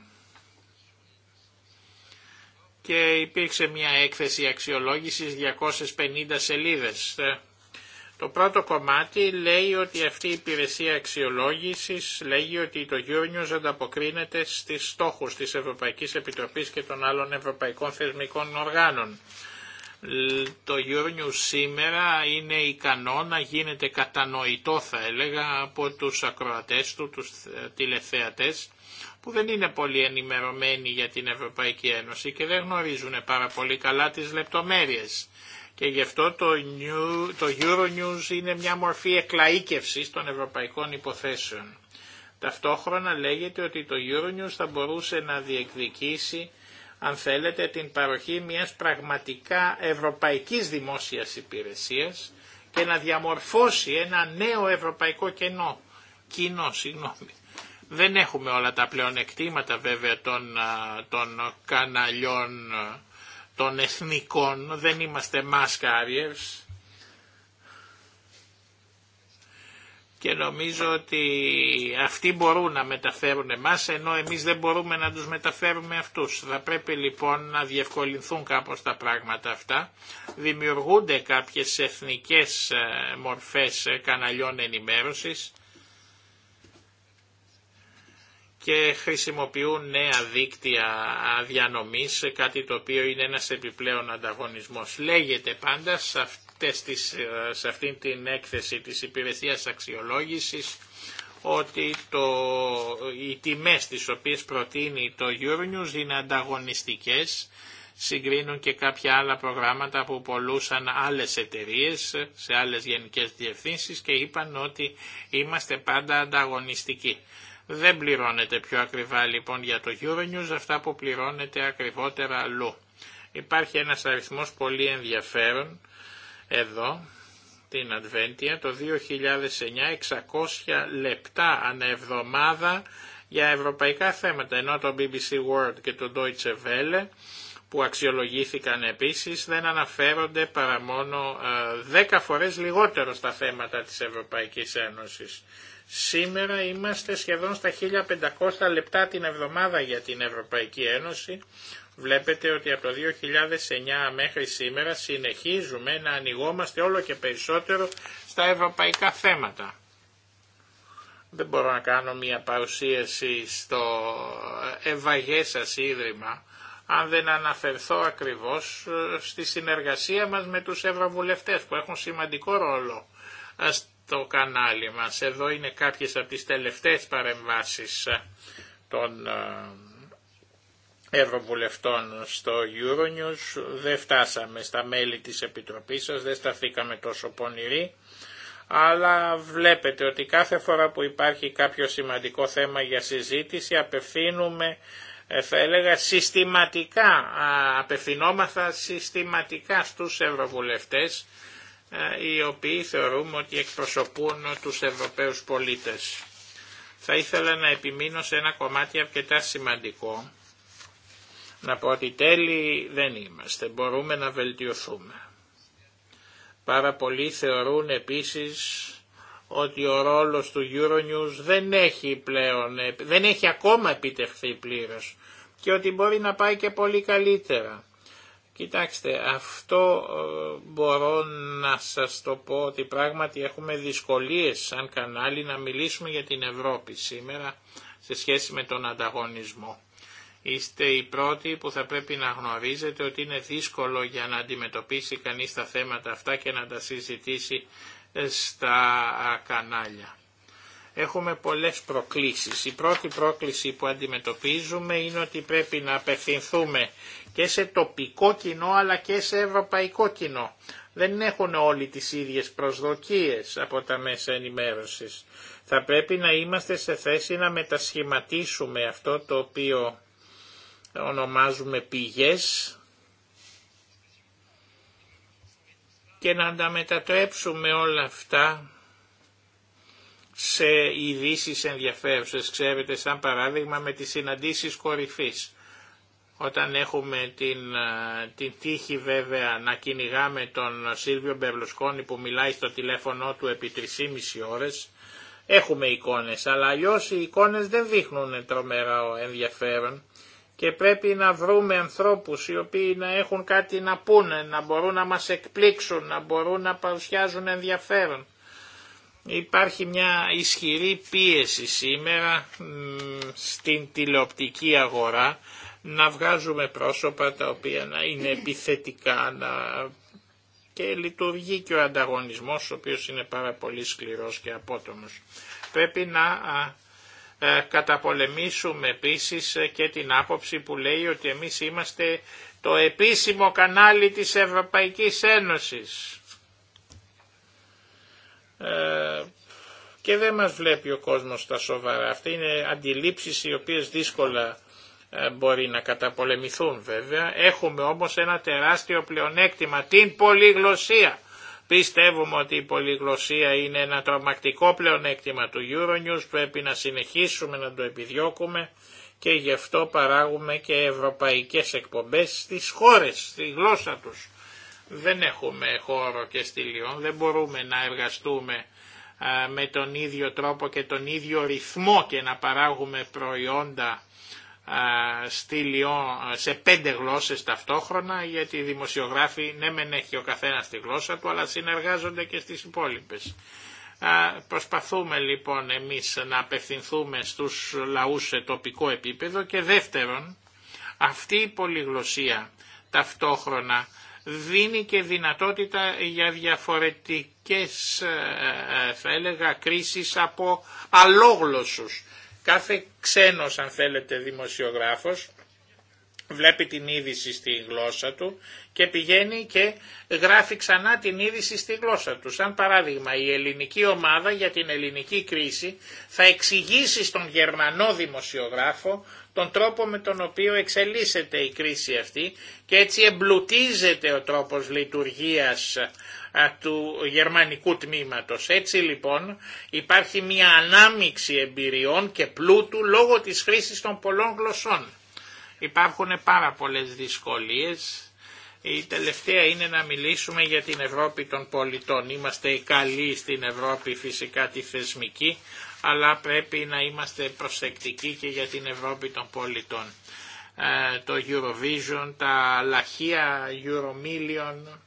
S5: και υπήρξε μια έκθεση αξιολόγησης 250 σελίδες. Το πρώτο κομμάτι λέει ότι αυτή η υπηρεσία αξιολόγησης λέγει ότι το Euronews ανταποκρίνεται στις στόχους της Ευρωπαϊκής Επιτροπής και των άλλων ευρωπαϊκών θεσμικών οργάνων. Το Euronews σήμερα είναι ικανό να γίνεται κατανοητό θα έλεγα από τους ακροατές του, τους τηλεθεατές που δεν είναι πολύ ενημερωμένοι για την Ευρωπαϊκή Ένωση και δεν γνωρίζουν πάρα πολύ καλά τις λεπτομέρειες. Και γι' αυτό το, New, το Euronews είναι μια μορφή εκλαΐκευσης των ευρωπαϊκών υποθέσεων. Ταυτόχρονα λέγεται ότι το Euronews θα μπορούσε να διεκδικήσει αν θέλετε, την παροχή μιας πραγματικά ευρωπαϊκής δημόσιας υπηρεσίας και να διαμορφώσει ένα νέο ευρωπαϊκό κενό, κοινό, συγγνώμη. Δεν έχουμε όλα τα πλεονεκτήματα βέβαια των, των καναλιών των εθνικών, δεν είμαστε μάσκαριες, και νομίζω ότι αυτοί μπορούν να μεταφέρουν εμάς ενώ εμείς δεν μπορούμε να τους μεταφέρουμε αυτούς. Θα πρέπει λοιπόν να διευκολυνθούν κάπως τα πράγματα αυτά. Δημιουργούνται κάποιες εθνικές ε, μορφές ε, καναλιών ενημέρωσης και χρησιμοποιούν νέα δίκτυα διανομής, κάτι το οποίο είναι ένας επιπλέον ανταγωνισμός. Λέγεται πάντα σε ε, σε αυτήν την έκθεση της υπηρεσίας αξιολόγησης ότι το, οι τιμές τις οποίες προτείνει το Euronews είναι ανταγωνιστικές, συγκρίνουν και κάποια άλλα προγράμματα που πολλούσαν άλλες εταιρείες σε άλλες γενικές διευθύνσεις και είπαν ότι είμαστε πάντα ανταγωνιστικοί. Δεν πληρώνεται πιο ακριβά λοιπόν για το Euronews αυτά που πληρώνεται ακριβότερα αλλού. Υπάρχει ένας αριθμός πολύ ενδιαφέρον εδώ την Adventia το 2009 600 λεπτά ανεβδομάδα για ευρωπαϊκά θέματα, ενώ το BBC World και το Deutsche Welle που αξιολογήθηκαν επίσης δεν αναφέρονται παρά μόνο 10 ε, φορές λιγότερο στα θέματα της Ευρωπαϊκής Ένωσης. Σήμερα είμαστε σχεδόν στα 1500 λεπτά την εβδομάδα για την Ευρωπαϊκή Ένωση, Βλέπετε ότι από το 2009 μέχρι σήμερα συνεχίζουμε να ανοιγόμαστε όλο και περισσότερο στα ευρωπαϊκά θέματα. Δεν μπορώ να κάνω μια παρουσίαση στο ευαγέ σας ίδρυμα αν δεν αναφερθώ ακριβώς ε, στη συνεργασία μας με τους ευρωβουλευτές που έχουν σημαντικό ρόλο ε, στο κανάλι μας. Εδώ είναι κάποιες από τις τελευταίες παρεμβάσεις ε, των Ευρωβουλευτών στο Euronews. Δεν φτάσαμε στα μέλη της Επιτροπής σας, δεν σταθήκαμε τόσο πονηροί. Αλλά βλέπετε ότι κάθε φορά που υπάρχει κάποιο σημαντικό θέμα για συζήτηση απευθύνουμε, ε, θα έλεγα συστηματικά, απευθυνόμαθα συστηματικά στους Ευρωβουλευτές ε, οι οποίοι θεωρούμε ότι εκπροσωπούν τους Ευρωπαίους πολίτες. Θα ήθελα να επιμείνω σε ένα κομμάτι αρκετά σημαντικό να πω ότι τέλει δεν είμαστε, μπορούμε να βελτιωθούμε. Πάρα πολλοί θεωρούν επίσης ότι ο ρόλος του Euronews δεν έχει πλέον, δεν έχει ακόμα επιτευχθεί πλήρως και ότι μπορεί να πάει και πολύ καλύτερα. Κοιτάξτε, αυτό ε, μπορώ να σας το πω ότι πράγματι έχουμε δυσκολίες σαν κανάλι να μιλήσουμε για την Ευρώπη σήμερα σε σχέση με τον ανταγωνισμό. Είστε οι πρώτοι που θα πρέπει να γνωρίζετε ότι είναι δύσκολο για να αντιμετωπίσει κανείς τα θέματα αυτά και να τα συζητήσει ε, στα κανάλια. Έχουμε πολλές προκλήσεις. Η πρώτη πρόκληση που αντιμετωπίζουμε είναι ότι πρέπει να απευθυνθούμε και σε τοπικό κοινό αλλά και σε ευρωπαϊκό κοινό. Δεν έχουν όλοι τις ίδιες προσδοκίες από τα μέσα ενημέρωσης. Θα πρέπει να είμαστε σε θέση να μετασχηματίσουμε αυτό το οποίο ονομάζουμε πηγές και να τα όλα αυτά σε ειδήσει ενδιαφέρουσες, ξέρετε, σαν παράδειγμα με τις συναντήσεις κορυφής. Όταν έχουμε την, την τύχη βέβαια να κυνηγάμε τον Σίλβιο Μπερλουσκόνη που μιλάει στο τηλέφωνο του επί 3,5 ώρες, έχουμε εικόνες, αλλά αλλιώς οι εικόνες δεν δείχνουν τρομερά ενδιαφέρον και πρέπει να βρούμε ανθρώπους οι οποίοι να έχουν κάτι να πούνε, να μπορούν να μας εκπλήξουν, να μπορούν να παρουσιάζουν ενδιαφέρον. Υπάρχει μια ισχυρή πίεση σήμερα στην τηλεοπτική αγορά να βγάζουμε πρόσωπα τα οποία να είναι επιθετικά να... και λειτουργεί και ο ανταγωνισμός ο οποίος είναι πάρα πολύ σκληρός και απότομος. Πρέπει να ε, καταπολεμήσουμε επίσης ε, και την άποψη που λέει ότι εμείς είμαστε το επίσημο κανάλι της Ευρωπαϊκής Ένωσης. Ε, και δεν μας βλέπει ο κόσμος τα σοβαρά. Αυτή είναι αντιλήψεις οι οποίες δύσκολα μπορεί να καταπολεμηθούν βέβαια. Έχουμε όμως ένα τεράστιο πλεονέκτημα, την πολυγλωσία. Πιστεύουμε ότι η πολυγλωσία είναι ένα τρομακτικό πλεονέκτημα του Euronews, πρέπει να συνεχίσουμε να το επιδιώκουμε και γι' αυτό παράγουμε και ευρωπαϊκές εκπομπές στις χώρες, στη γλώσσα τους. Δεν έχουμε χώρο και στη Λιόν, δεν μπορούμε να εργαστούμε με τον ίδιο τρόπο και τον ίδιο ρυθμό και να παράγουμε προϊόντα στη Λιόν σε πέντε γλώσσες ταυτόχρονα γιατί οι δημοσιογράφοι ναι μεν έχει ο καθένας τη γλώσσα του αλλά συνεργάζονται και στις υπόλοιπες. Προσπαθούμε λοιπόν εμείς να απευθυνθούμε στους λαούς σε τοπικό επίπεδο και δεύτερον αυτή η πολυγλωσία ταυτόχρονα δίνει και δυνατότητα για διαφορετικές θα έλεγα κρίσεις από αλόγλωσσους κάθε ξένος αν θέλετε δημοσιογράφος βλέπει την είδηση στη γλώσσα του και πηγαίνει και γράφει ξανά την είδηση στη γλώσσα του. Σαν παράδειγμα η ελληνική ομάδα για την ελληνική κρίση θα εξηγήσει στον γερμανό δημοσιογράφο τον τρόπο με τον οποίο εξελίσσεται η κρίση αυτή και έτσι εμπλουτίζεται ο τρόπος λειτουργίας του γερμανικού τμήματος. Έτσι λοιπόν υπάρχει μια ανάμιξη εμπειριών και πλούτου λόγω της χρήσης των πολλών γλωσσών. Υπάρχουν πάρα πολλές δυσκολίες. Η τελευταία είναι να μιλήσουμε για την Ευρώπη των πολιτών. Είμαστε καλοί στην Ευρώπη φυσικά τη θεσμική, αλλά πρέπει να είμαστε προσεκτικοί και για την Ευρώπη των πολιτών. Ε, το Eurovision, τα λαχεία Euromillion,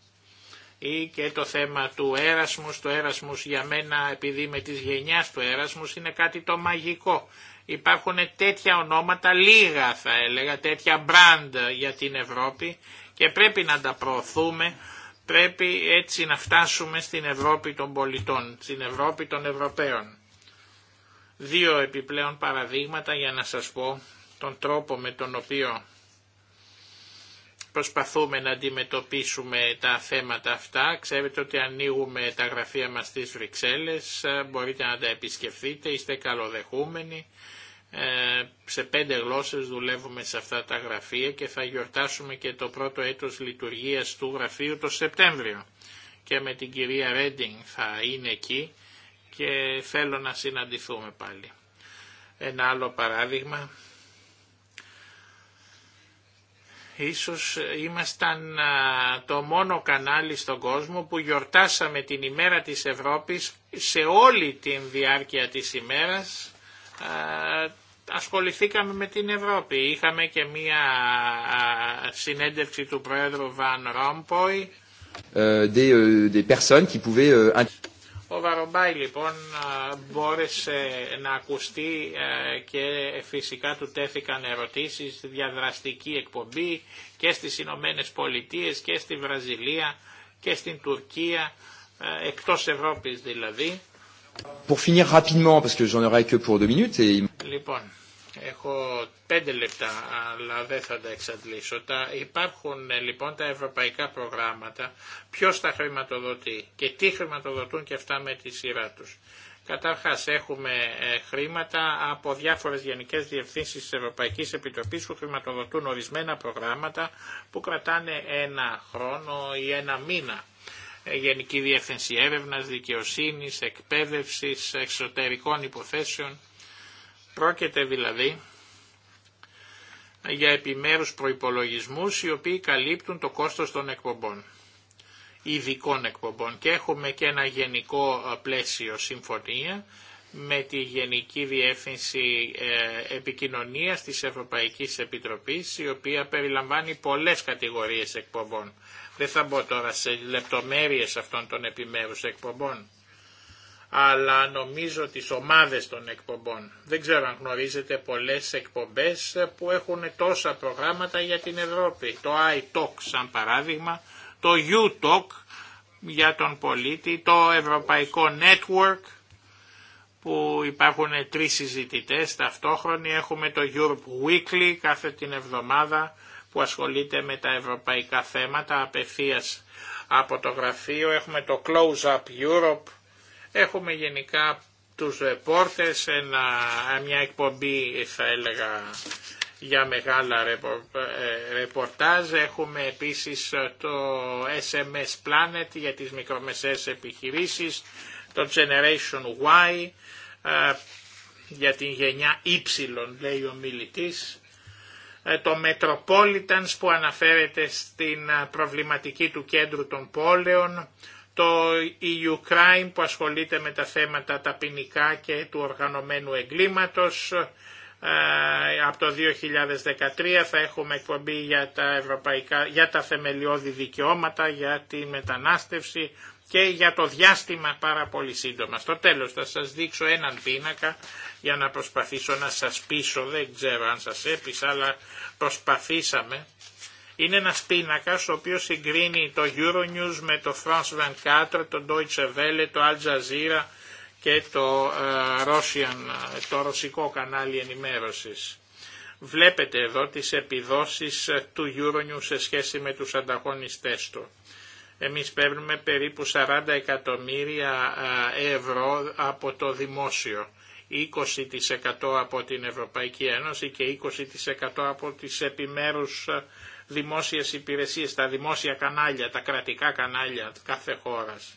S5: ή και το θέμα του έρασμου, το έρασμους για μένα επειδή με της γενιάς του έρασμου είναι κάτι το μαγικό. Υπάρχουν τέτοια ονόματα, λίγα θα έλεγα, τέτοια μπραντ για την Ευρώπη και πρέπει να τα προωθούμε, πρέπει έτσι να φτάσουμε στην Ευρώπη των πολιτών, στην Ευρώπη των Ευρωπαίων. Δύο επιπλέον παραδείγματα για να σας πω τον τρόπο με τον οποίο Προσπαθούμε να αντιμετωπίσουμε τα θέματα αυτά. Ξέρετε ότι ανοίγουμε τα γραφεία μας στις Βρυξέλλες, ε, μπορείτε να τα επισκεφθείτε, είστε καλοδεχούμενοι. Ε, σε πέντε γλώσσες δουλεύουμε σε αυτά τα γραφεία και θα γιορτάσουμε και το πρώτο έτος λειτουργίας του γραφείου το Σεπτέμβριο. Και με την κυρία Ρέντινγκ θα είναι εκεί και θέλω να συναντηθούμε πάλι. Ένα άλλο παράδειγμα Ίσως ήμασταν το μόνο κανάλι στον κόσμο που γιορτάσαμε την ημέρα της Ευρώπης σε όλη την διάρκεια της ημέρας ασχοληθήκαμε με την Ευρώπη. Είχαμε και μία συνέντευξη του Πρόεδρου Βαν Ρόμποϊ. Ε, des, euh, des personnes qui euh, ο Βαρομπάη λοιπόν μπόρεσε να ακουστεί και φυσικά του τέθηκαν ερωτήσεις, διαδραστική εκπομπή και στις Ηνωμένε Πολιτείες και στη Βραζιλία και στην Τουρκία, εκτός Ευρώπης δηλαδή. Έχω πέντε λεπτά, αλλά δεν θα τα εξαντλήσω. Τα υπάρχουν ε, λοιπόν τα ευρωπαϊκά προγράμματα, ποιος τα χρηματοδοτεί και τι χρηματοδοτούν και αυτά με τη σειρά τους. Κατάρχας έχουμε ε, χρήματα από διάφορες γενικές διευθύνσεις της Ευρωπαϊκής Επιτροπής που χρηματοδοτούν ορισμένα προγράμματα που κρατάνε ένα χρόνο ή ένα μήνα. Ε, Γενική Διεύθυνση Έρευνας, Δικαιοσύνης, Εκπαίδευσης, Εξωτερικών Υποθέσεων Πρόκειται δηλαδή για επιμέρους προϋπολογισμούς οι οποίοι καλύπτουν το κόστος των εκπομπών, ειδικών εκπομπών. Και έχουμε και ένα γενικό ε, πλαίσιο συμφωνία με τη Γενική Διεύθυνση ε, Επικοινωνίας της Ευρωπαϊκής Επιτροπής, η οποία περιλαμβάνει πολλές κατηγορίες εκπομπών. Δεν θα μπω τώρα σε λεπτομέρειες αυτών των επιμέρους εκπομπών αλλά νομίζω τις ομάδες των εκπομπών. Δεν ξέρω αν γνωρίζετε πολλές εκπομπές που έχουν τόσα προγράμματα για την Ευρώπη. Το iTalk σαν παράδειγμα, το UTalk για τον πολίτη, το Ευρωπαϊκό Network που υπάρχουν τρεις συζητητές Ταυτόχρονα Έχουμε το Europe Weekly κάθε την εβδομάδα που ασχολείται με τα ευρωπαϊκά θέματα απευθείας από το γραφείο. Έχουμε το Close Up Europe Έχουμε γενικά τους ρεπόρτες, ένα, μια εκπομπή θα έλεγα για μεγάλα ε, ρεπορτάζ. Έχουμε επίσης το SMS Planet για τις μικρομεσαίες επιχειρήσεις, το Generation Y ε, για την γενιά Y λέει ο μιλητής, ε, το Metropolitans που αναφέρεται στην προβληματική του κέντρου των πόλεων, το EU Crime που ασχολείται με τα θέματα τα ποινικά και του οργανωμένου εγκλήματος. Ε, από το 2013 θα έχουμε εκπομπή για τα, ευρωπαϊκά, για τα θεμελιώδη δικαιώματα, για τη μετανάστευση και για το διάστημα πάρα πολύ σύντομα. Στο τέλος θα σας δείξω έναν πίνακα για να προσπαθήσω να σας πείσω, δεν ξέρω αν σας έπεισα, αλλά προσπαθήσαμε είναι ένας πίνακας ο οποίος συγκρίνει το Euronews με το France 24, το Deutsche Welle, το Al Jazeera και το, ε, Russian, ε, το ρωσικό κανάλι ενημέρωσης. Βλέπετε εδώ τις επιδόσεις ε, του Euronews σε σχέση με τους ανταγωνιστές του. Εμείς παίρνουμε περίπου 40 εκατομμύρια ευρώ από το δημόσιο, 20% από την Ευρωπαϊκή Ένωση και 20% από τις επιμέρους δημόσιες υπηρεσίες, τα δημόσια κανάλια, τα κρατικά κανάλια κάθε χώρας.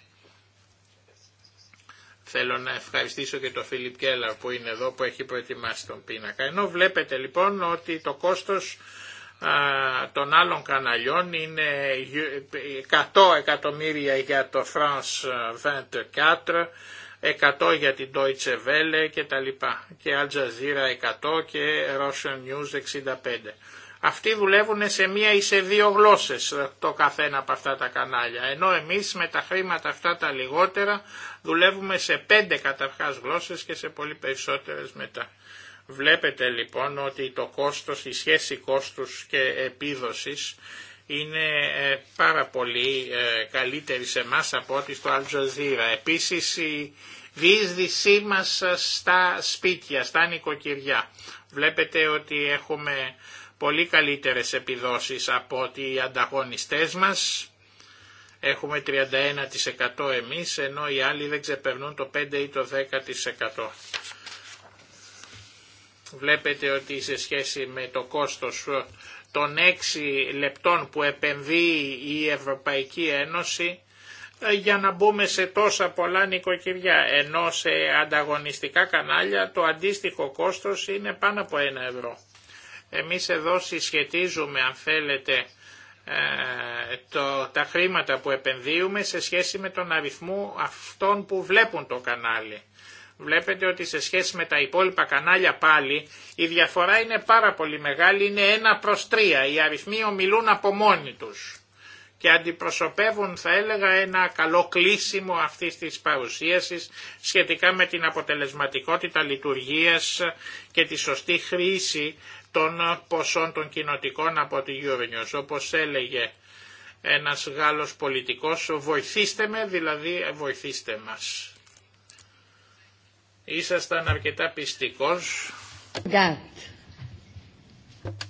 S5: Θέλω να ευχαριστήσω και τον Φίλιπ Κέλλαρ που είναι εδώ που έχει προετοιμάσει τον πίνακα. Ενώ βλέπετε λοιπόν ότι το κόστος των άλλων καναλιών είναι 100 εκατομμύρια για το France 24, 100 για την Deutsche Welle και τα και Al Jazeera 100 και Russian News 65 αυτοί δουλεύουν σε μία ή σε δύο γλώσσες το καθένα από αυτά τα κανάλια. Ενώ εμείς με τα χρήματα αυτά τα λιγότερα δουλεύουμε σε πέντε καταρχάς γλώσσες και σε πολύ περισσότερες μετά. Βλέπετε λοιπόν ότι το κόστος, η σχέση κόστους και επίδοσης είναι ε, πάρα πολύ ε, καλύτερη σε εμά από ό,τι στο Αλτζαζίρα. Επίσης η διείσδυσή μας στα σπίτια, στα νοικοκυριά. Βλέπετε ότι έχουμε πολύ καλύτερες επιδόσεις από ότι οι ανταγωνιστές μας. Έχουμε 31% εμείς, ενώ οι άλλοι δεν ξεπερνούν το 5 ή το 10%. Βλέπετε ότι σε σχέση με το κόστος των 6 λεπτών που επενδύει η Ευρωπαϊκή Ένωση ε, για να μπούμε σε τόσα πολλά νοικοκυριά, ενώ σε ανταγωνιστικά κανάλια το αντίστοιχο κόστος είναι πάνω από 1 ευρώ. Εμείς εδώ συσχετίζουμε αν θέλετε ε, το, τα χρήματα που επενδύουμε σε σχέση με τον αριθμό αυτών που βλέπουν το κανάλι. Βλέπετε ότι σε σχέση με τα υπόλοιπα κανάλια πάλι η διαφορά είναι πάρα πολύ μεγάλη, είναι ένα προς τρία. Οι αριθμοί ομιλούν από μόνοι τους και αντιπροσωπεύουν θα έλεγα ένα καλό κλείσιμο αυτής της παρουσίασης σχετικά με την αποτελεσματικότητα λειτουργίας και τη σωστή χρήση των ποσών των κοινοτικών από τη Euronews. Όπως έλεγε ένας Γάλλος πολιτικός, βοηθήστε με, δηλαδή βοηθήστε μας. Ήσασταν αρκετά πιστικός.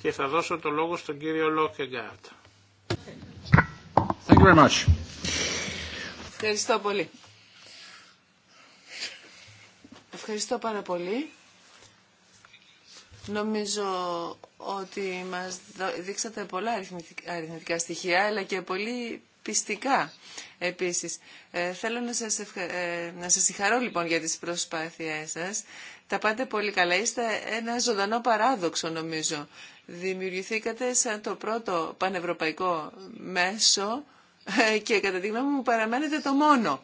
S5: Και θα δώσω το λόγο στον κύριο Λόκεγκάρτ. Thank you very much.
S3: Ευχαριστώ πολύ. Ευχαριστώ πάρα πολύ. Νομίζω ότι μας δείξατε πολλά αριθμητικά στοιχεία, αλλά και πολύ πιστικά επίσης. Ε, θέλω να σας, ε, να σας συγχαρώ λοιπόν για τις προσπάθειές σας. Τα πάτε πολύ καλά. Είστε ένα ζωντανό παράδοξο νομίζω. Δημιουργηθήκατε σαν το πρώτο πανευρωπαϊκό μέσο ε, και κατά τη γνώμη μου παραμένετε το μόνο.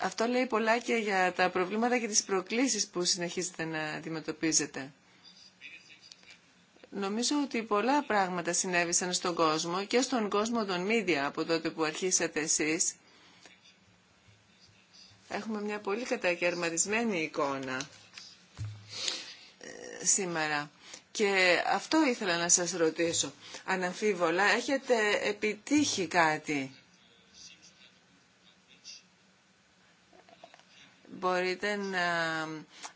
S3: Αυτό λέει πολλά και για τα προβλήματα και τις προκλήσεις που συνεχίζετε να αντιμετωπίζετε. Νομίζω ότι πολλά πράγματα συνέβησαν στον κόσμο και στον κόσμο των μίδια από τότε που αρχίσατε εσείς. Έχουμε μια πολύ κατακαιρματισμένη εικόνα ε, σήμερα. Και αυτό ήθελα να σας ρωτήσω. Αναμφίβολα έχετε επιτύχει κάτι μπορείτε να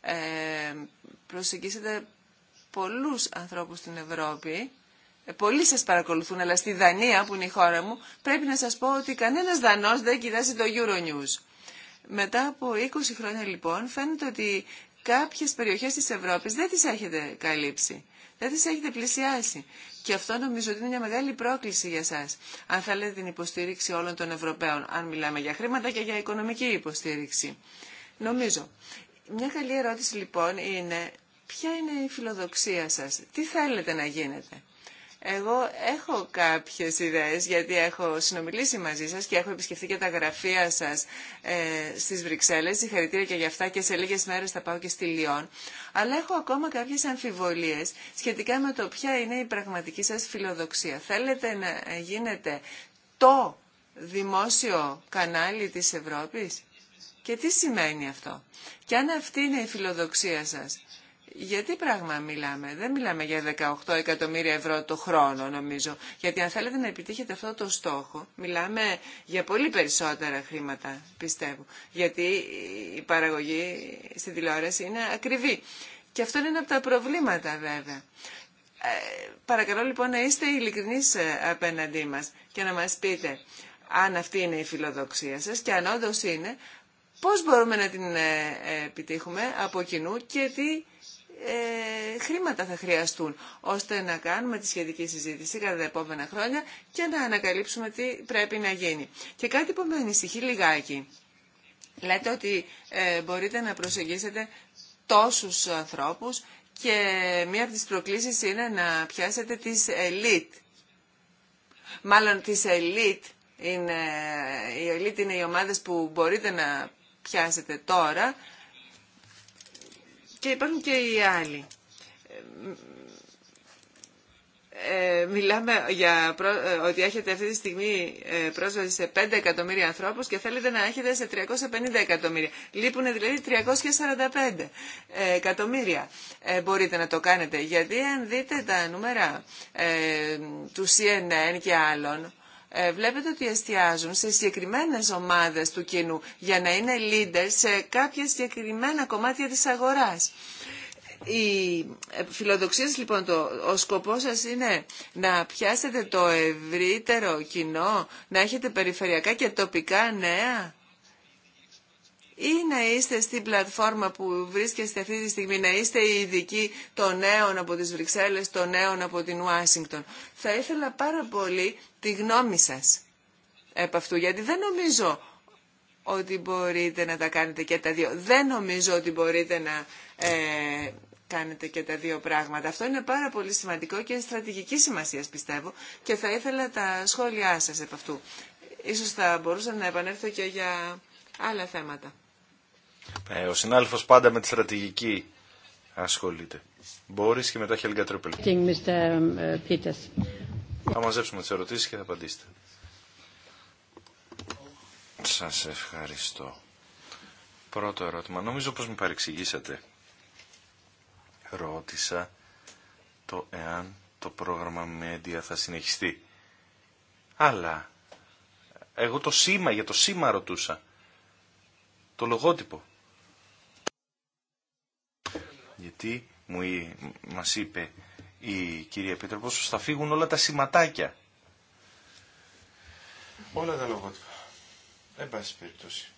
S3: ε, προσεγγίσετε πολλούς ανθρώπους στην Ευρώπη. Ε, πολλοί σας παρακολουθούν, αλλά στη Δανία, που είναι η χώρα μου, πρέπει να σας πω ότι κανένας Δανός δεν κοιτάζει το Euronews. Μετά από 20 χρόνια, λοιπόν, φαίνεται ότι κάποιες περιοχές της Ευρώπης δεν τις έχετε καλύψει. Δεν τις έχετε πλησιάσει. Και αυτό νομίζω ότι είναι μια μεγάλη πρόκληση για σας. Αν θέλετε την υποστήριξη όλων των Ευρωπαίων, αν μιλάμε για χρήματα και για οικονομική υποστήριξη. Νομίζω. Μια καλή ερώτηση λοιπόν είναι ποια είναι η φιλοδοξία σας, τι θέλετε να γίνετε. Εγώ έχω κάποιες ιδέες γιατί έχω συνομιλήσει μαζί σας και έχω επισκεφθεί και τα γραφεία σας ε, στις Βρυξέλλες. Συγχαρητήρια και για αυτά και σε λίγες μέρες θα πάω και στη Λιόν. Αλλά έχω ακόμα κάποιες αμφιβολίες σχετικά με το ποια είναι η πραγματική σας φιλοδοξία. Θέλετε να ε, γίνετε το δημόσιο κανάλι της Ευρώπης. Και τι σημαίνει αυτό. Και αν αυτή είναι η φιλοδοξία σας, για πράγμα μιλάμε. Δεν μιλάμε για 18 εκατομμύρια ευρώ το χρόνο νομίζω. Γιατί αν θέλετε να επιτύχετε αυτό το στόχο, μιλάμε για πολύ περισσότερα χρήματα πιστεύω. Γιατί η παραγωγή στη τηλεόραση είναι ακριβή. Και αυτό είναι από τα προβλήματα βέβαια. Ε, παρακαλώ λοιπόν να είστε ειλικρινείς ε, απέναντί μας και να μας πείτε αν αυτή είναι η φιλοδοξία σας και αν όντω είναι, πώς μπορούμε να την ε, ε, επιτύχουμε από κοινού και τι ε, χρήματα θα χρειαστούν, ώστε να κάνουμε τη σχετική συζήτηση κατά τα επόμενα χρόνια και να ανακαλύψουμε τι πρέπει να γίνει. Και κάτι που με ανησυχεί λιγάκι. Λέτε ότι μπορείτε να προσεγγίσετε τόσους ανθρώπους και μία από τις προκλήσεις είναι να πιάσετε τις ελίτ. Μάλλον τις ελίτ είναι, οι είναι οι ομάδες που μπορείτε να πιάσετε τώρα. Και υπάρχουν και οι άλλοι. Ε, μιλάμε για ε, ότι έχετε αυτή τη στιγμή ε, πρόσβαση σε 5 εκατομμύρια ανθρώπους και θέλετε να έχετε σε 350 εκατομμύρια. Λείπουν δηλαδή 345 ε, εκατομμύρια. μπορείτε να το κάνετε. Γιατί αν δείτε τα νούμερα του CNN και άλλων, ε, βλέπετε ότι εστιάζουν σε συγκεκριμένες ομάδες του κοινού για να είναι leaders σε κάποια συγκεκριμένα κομμάτια της αγοράς. Ε, φιλοδοξία σας λοιπόν, το, ο σκοπός σας είναι να πιάσετε το ευρύτερο κοινό, να έχετε περιφερειακά και τοπικά νέα ή να είστε στην πλατφόρμα που βρίσκεστε αυτή τη στιγμή, να είστε οι ειδικοί των νέων από τις Βρυξέλλες, των νέων από την Ουάσιγκτον. Θα ήθελα πάρα πολύ τη γνώμη σας επ' αυτού, γιατί δεν νομίζω ότι μπορείτε να τα κάνετε και τα δύο. Δεν νομίζω ότι μπορείτε να ε, κάνετε και τα δύο πράγματα. Αυτό είναι πάρα πολύ σημαντικό και στρατηγική σημασία πιστεύω και θα ήθελα τα σχόλιά σας επ' αυτού. Ίσως θα μπορούσα να επανέλθω και για άλλα θέματα.
S2: Ε, ο συνάδελφος πάντα με τη στρατηγική ασχολείται. Μπορείς και μετά Χέλγκα Τρίπελ. Um,
S1: ε,
S2: θα μαζέψουμε τι ερωτήσει και θα απαντήσετε. Σα ευχαριστώ. Πρώτο ερώτημα. Νομίζω πως με παρεξηγήσατε. Ρώτησα το εάν το πρόγραμμα Media θα συνεχιστεί. Αλλά εγώ το σήμα, για το σήμα ρωτούσα. Το λογότυπο γιατί μου, μας είπε η κυρία Επίτροπος θα φύγουν όλα τα σηματάκια. Όλα τα λογότυπα. Εν πάση περιπτώσει.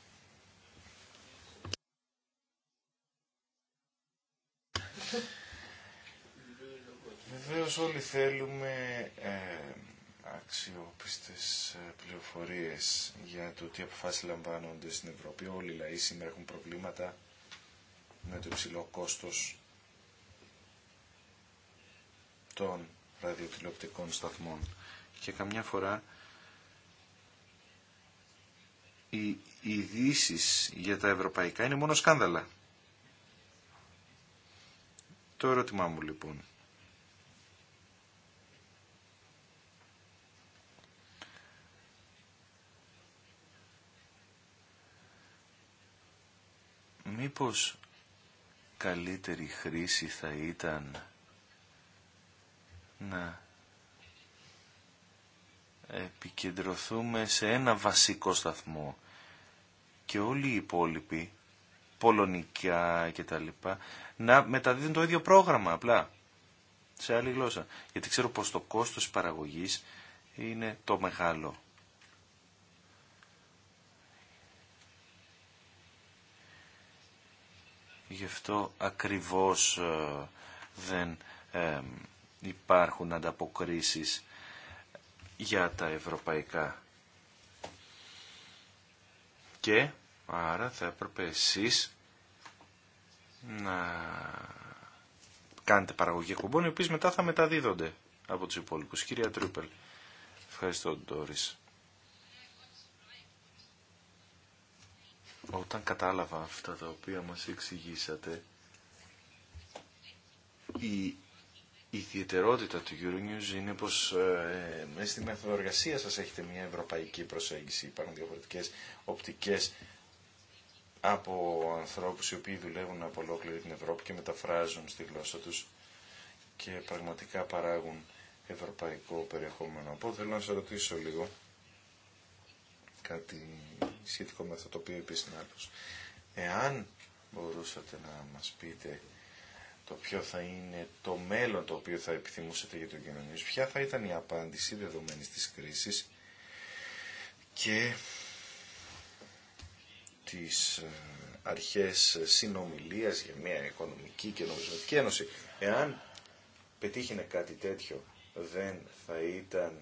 S2: Βεβαίω όλοι θέλουμε ε, αξιόπιστες ε, πληροφορίες για το τι αποφάσεις λαμβάνονται στην Ευρώπη. Όλοι οι λαοί σήμερα έχουν προβλήματα με το υψηλό κόστος των ραδιοτηλεοπτικών σταθμών. Και καμιά φορά οι ειδήσει για τα ευρωπαϊκά είναι μόνο σκάνδαλα. Το ερώτημά μου λοιπόν. Μήπως καλύτερη χρήση θα ήταν να επικεντρωθούμε σε ένα βασικό σταθμό και όλοι οι υπόλοιποι, πολωνικά και τα λοιπά, να μεταδίδουν το ίδιο πρόγραμμα απλά, σε άλλη γλώσσα. Γιατί ξέρω πως το κόστος παραγωγής είναι το μεγάλο Γι' αυτό ακριβώς ε, δεν ε, υπάρχουν ανταποκρίσεις για τα ευρωπαϊκά. Και άρα θα έπρεπε εσείς να κάνετε παραγωγή εκπομπών οι οποίες μετά θα μεταδίδονται από τους υπόλοιπους. Κυρία Τρούπελ, ευχαριστώ τόρς. Όταν κατάλαβα αυτά τα οποία μας εξηγήσατε, η ιδιαιτερότητα του Euronews είναι πως ε, μέσα στη μεθοδοργασία σας έχετε μια ευρωπαϊκή προσέγγιση. Υπάρχουν διαφορετικές οπτικές από ανθρώπους οι οποίοι δουλεύουν από ολόκληρη την Ευρώπη και μεταφράζουν στη γλώσσα τους και πραγματικά παράγουν ευρωπαϊκό περιεχόμενο. Οπότε θέλω να σας ρωτήσω λίγο κάτι σχετικό με αυτό το οποίο είπε άλλος Εάν μπορούσατε να μας πείτε το ποιο θα είναι το μέλλον το οποίο θα επιθυμούσατε για τον κοινωνίο, ποια θα ήταν η απάντηση δεδομένης της κρίσης και τις ε, αρχές συνομιλίας για μια οικονομική και νομισματική ένωση. Εάν πετύχαινε κάτι τέτοιο, δεν θα ήταν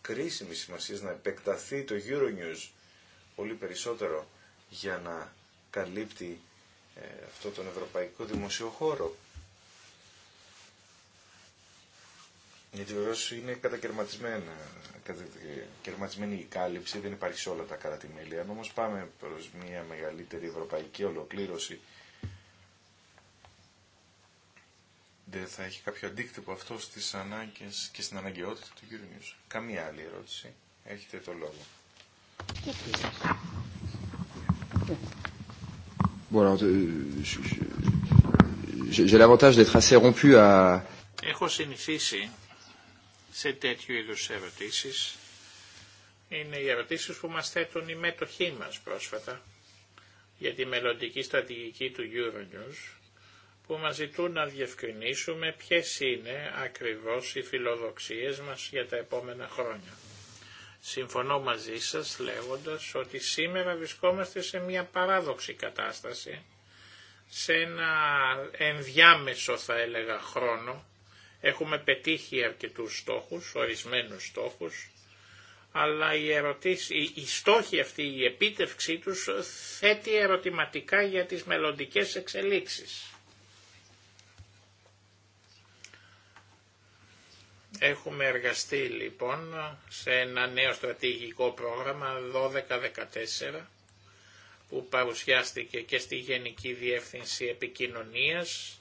S2: κρίσιμη σημασία να επεκταθεί το Euronews πολύ περισσότερο για να καλύπτει ε, αυτό τον ευρωπαϊκό χώρο Γιατί βεβαίω είναι κατακαιρματισμένη η κάλυψη, δεν υπάρχει σε όλα τα κράτη-μέλη. Αν όμω πάμε προ μια μεγαλύτερη ευρωπαϊκή ολοκλήρωση, δεν θα έχει κάποιο αντίκτυπο αυτό στι ανάγκε και στην αναγκαιότητα του κύριου Καμία άλλη ερώτηση. Έχετε το λόγο.
S5: Έχω συνηθίσει σε τέτοιου είδους ερωτήσεις. Είναι οι ερωτήσεις που μας θέτουν οι μέτοχοί μας πρόσφατα για τη μελλοντική στρατηγική του Euronews που μας ζητούν να διευκρινίσουμε ποιες είναι ακριβώς οι φιλοδοξίες μας για τα επόμενα χρόνια. Συμφωνώ μαζί σας λέγοντας ότι σήμερα βρισκόμαστε σε μια παράδοξη κατάσταση, σε ένα ενδιάμεσο θα έλεγα χρόνο. Έχουμε πετύχει αρκετούς στόχους, ορισμένους στόχους, αλλά η η στόχη αυτή, η επίτευξή τους θέτει ερωτηματικά για τις μελλοντικές εξελίξεις. Έχουμε εργαστεί λοιπόν σε ένα νέο στρατηγικό πρόγραμμα 12-14 που παρουσιάστηκε και στη Γενική Διεύθυνση Επικοινωνίας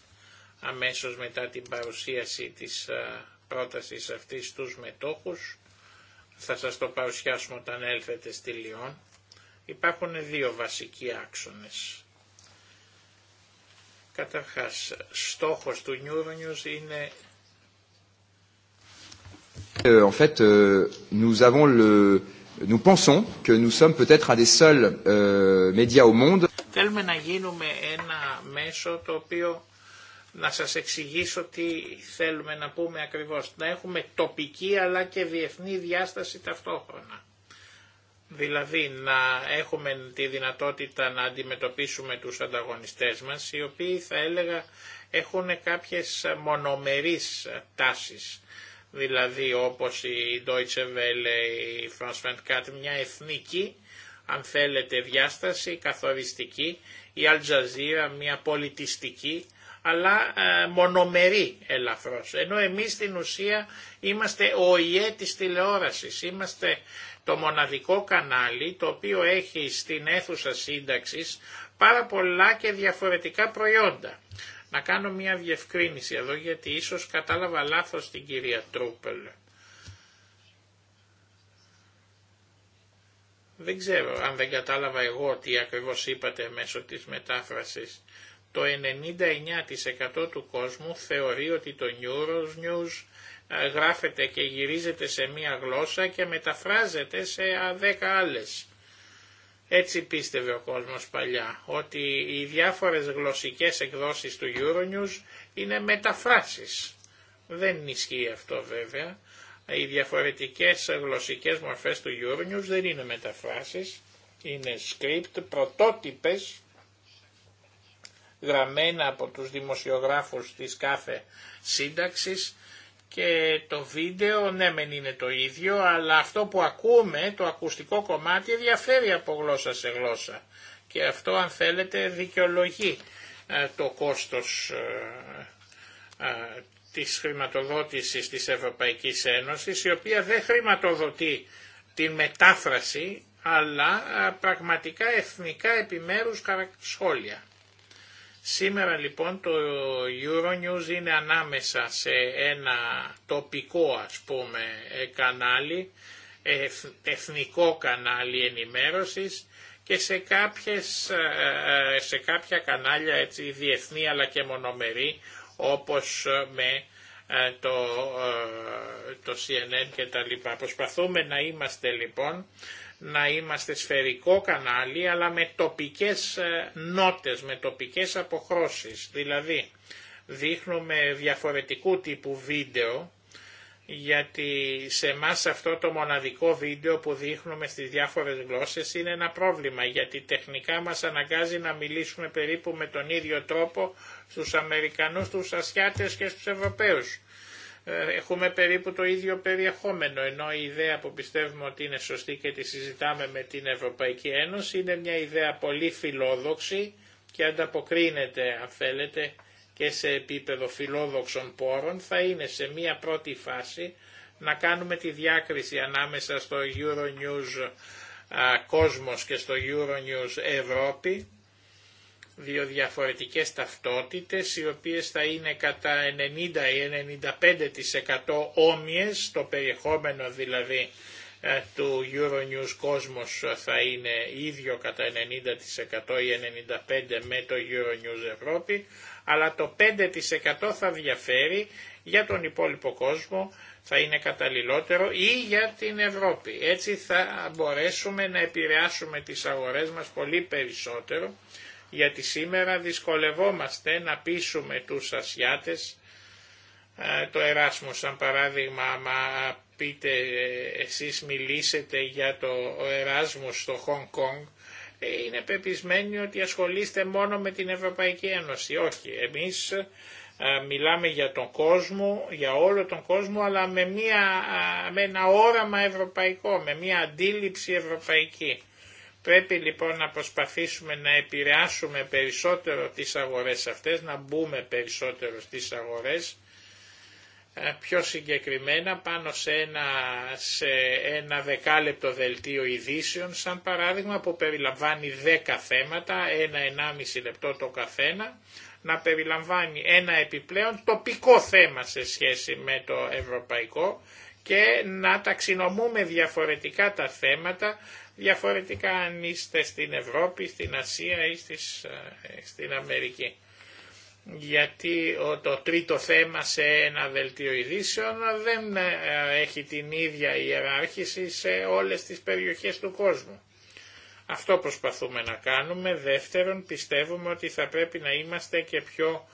S5: αμέσως μετά την παρουσίαση της ε, πρότασης αυτής στους μετόχους. Θα σας το παρουσιάσουμε όταν έλθετε στη Λιόν. Υπάρχουν δύο βασικοί άξονες. Καταρχάς, στόχος του Νιούρνιους είναι
S2: En fait, euh, que nous sommes
S5: peut-être euh, Θέλουμε να γίνουμε ένα μέσο το οποίο να σας εξηγήσω τι θέλουμε να πούμε ακριβώς. Να έχουμε τοπική αλλά και διεθνή διάσταση ταυτόχρονα. Δηλαδή να έχουμε τη δυνατότητα να αντιμετωπίσουμε τους ανταγωνιστές μας, οι οποίοι θα έλεγα έχουν κάποιες μονομερείς τάσεις δηλαδή όπως η Deutsche Welle, η France 24, μια εθνική, αν θέλετε, διάσταση, καθοριστική, η Al Jazeera μια πολιτιστική, αλλά ε, μονομερή ελαφρώς. Ενώ εμείς στην ουσία είμαστε ο ΙΕ της τηλεόρασης, είμαστε το μοναδικό κανάλι το οποίο έχει στην αίθουσα σύνταξης πάρα πολλά και διαφορετικά προϊόντα. Να κάνω μια διευκρίνηση εδώ γιατί ίσως κατάλαβα λάθος την κυρία Τρούπελ. Δεν ξέρω αν δεν κατάλαβα εγώ τι ακριβώς είπατε μέσω της μετάφρασης. Το 99% του κόσμου θεωρεί ότι το News» ε, γράφεται και γυρίζεται σε μία γλώσσα και μεταφράζεται σε 10 άλλες. Έτσι πίστευε ο κόσμος παλιά, ότι οι διάφορες γλωσσικές εκδόσεις του Euronews είναι μεταφράσεις. Δεν ισχύει αυτό βέβαια. Οι διαφορετικές γλωσσικές μορφές του Euronews δεν είναι μεταφράσεις, είναι script, πρωτότυπες, γραμμένα από τους δημοσιογράφους της κάθε σύνταξης και το βίντεο ναι μεν είναι το ίδιο αλλά αυτό που ακούμε, το ακουστικό κομμάτι διαφέρει από γλώσσα σε γλώσσα και αυτό αν θέλετε δικαιολογεί ε, το κόστος ε, ε, της χρηματοδότησης της Ευρωπαϊκής Ένωσης η οποία δεν χρηματοδοτεί την μετάφραση αλλά πραγματικά εθνικά επιμέρους σχόλια. Σήμερα λοιπόν το Euronews είναι ανάμεσα σε ένα τοπικό ας πούμε ε, κανάλι, εθνικό κανάλι ενημέρωσης και σε, κάποιες, ε, ε, σε κάποια κανάλια έτσι, διεθνή αλλά και μονομερή όπως με το, το CNN και τα λοιπά. Προσπαθούμε να είμαστε λοιπόν να είμαστε σφαιρικό κανάλι αλλά με τοπικές ε, νότες, με τοπικές αποχρώσεις. Δηλαδή δείχνουμε διαφορετικού τύπου βίντεο γιατί σε εμά αυτό το μοναδικό βίντεο που δείχνουμε στις διάφορες γλώσσες είναι ένα πρόβλημα γιατί τεχνικά μας αναγκάζει να μιλήσουμε περίπου με τον ίδιο τρόπο στους Αμερικανούς, τους Ασιάτες και στους Ευρωπαίους έχουμε περίπου το ίδιο περιεχόμενο, ενώ η ιδέα που πιστεύουμε ότι είναι σωστή και τη συζητάμε με την Ευρωπαϊκή Ένωση είναι μια ιδέα πολύ φιλόδοξη και ανταποκρίνεται, αν θέλετε, και σε επίπεδο φιλόδοξων πόρων, θα είναι σε μια πρώτη φάση να κάνουμε τη διάκριση ανάμεσα στο Euronews κόσμος και στο Euronews Ευρώπη, δύο διαφορετικές ταυτότητες οι οποίες θα είναι κατά 90 ή 95% όμοιες, το περιεχόμενο δηλαδή ε, του Euronews κόσμος θα είναι ίδιο κατά 90% ή 95% με το Euronews Ευρώπη, αλλά το 5% θα διαφέρει για τον υπόλοιπο κόσμο, θα είναι καταλληλότερο ή για την Ευρώπη. Έτσι θα μπορέσουμε να επηρεάσουμε τις αγορές μας πολύ περισσότερο γιατί σήμερα δυσκολευόμαστε να πείσουμε τους Ασιάτες το Εράσμο σαν παράδειγμα άμα πείτε ε, εσείς μιλήσετε για το Εράσμο στο Χονγκ Κονγκ ε, είναι πεπισμένοι ότι ασχολείστε μόνο με την Ευρωπαϊκή Ένωση. Όχι, εμείς μιλάμε για τον κόσμο, για όλο τον κόσμο, αλλά με, μια, με ένα όραμα ευρωπαϊκό, με μια αντίληψη ευρωπαϊκή. Πρέπει λοιπόν να προσπαθήσουμε να επηρεάσουμε περισσότερο τις αγορές αυτές, να μπούμε περισσότερο στις αγορές, ε, πιο συγκεκριμένα πάνω σε ένα, σε ένα δεκάλεπτο δελτίο ειδήσεων, σαν παράδειγμα που περιλαμβάνει 10 θέματα, ένα-ενάμιση λεπτό το καθένα, να περιλαμβάνει ένα επιπλέον τοπικό θέμα σε σχέση με το ευρωπαϊκό και να ταξινομούμε διαφορετικά τα θέματα διαφορετικά αν είστε στην Ευρώπη, στην Ασία ή ε, στην Αμερική. Γιατί το τρίτο θέμα σε ένα δελτίο ειδήσεων δεν ε, έχει την ίδια ιεράρχηση σε όλες τις περιοχές του κόσμου. Αυτό προσπαθούμε να κάνουμε. Δεύτερον, πιστεύουμε ότι θα πρέπει να είμαστε και πιο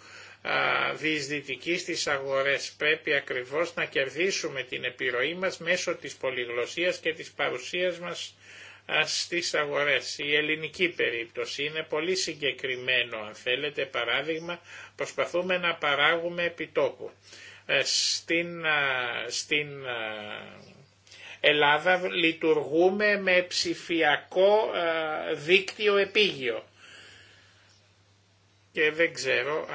S5: διεισδυτικοί στις αγορές. Πρέπει ακριβώς να κερδίσουμε την επιρροή μας μέσω της πολυγλωσσίας και της παρουσίας μας στις αγορές. Η ελληνική περίπτωση είναι πολύ συγκεκριμένο, αν θέλετε, παράδειγμα, προσπαθούμε να παράγουμε επιτόπου. Ε, στην, στην Ελλάδα λειτουργούμε με ψηφιακό δίκτυο επίγειο. Και δεν ξέρω,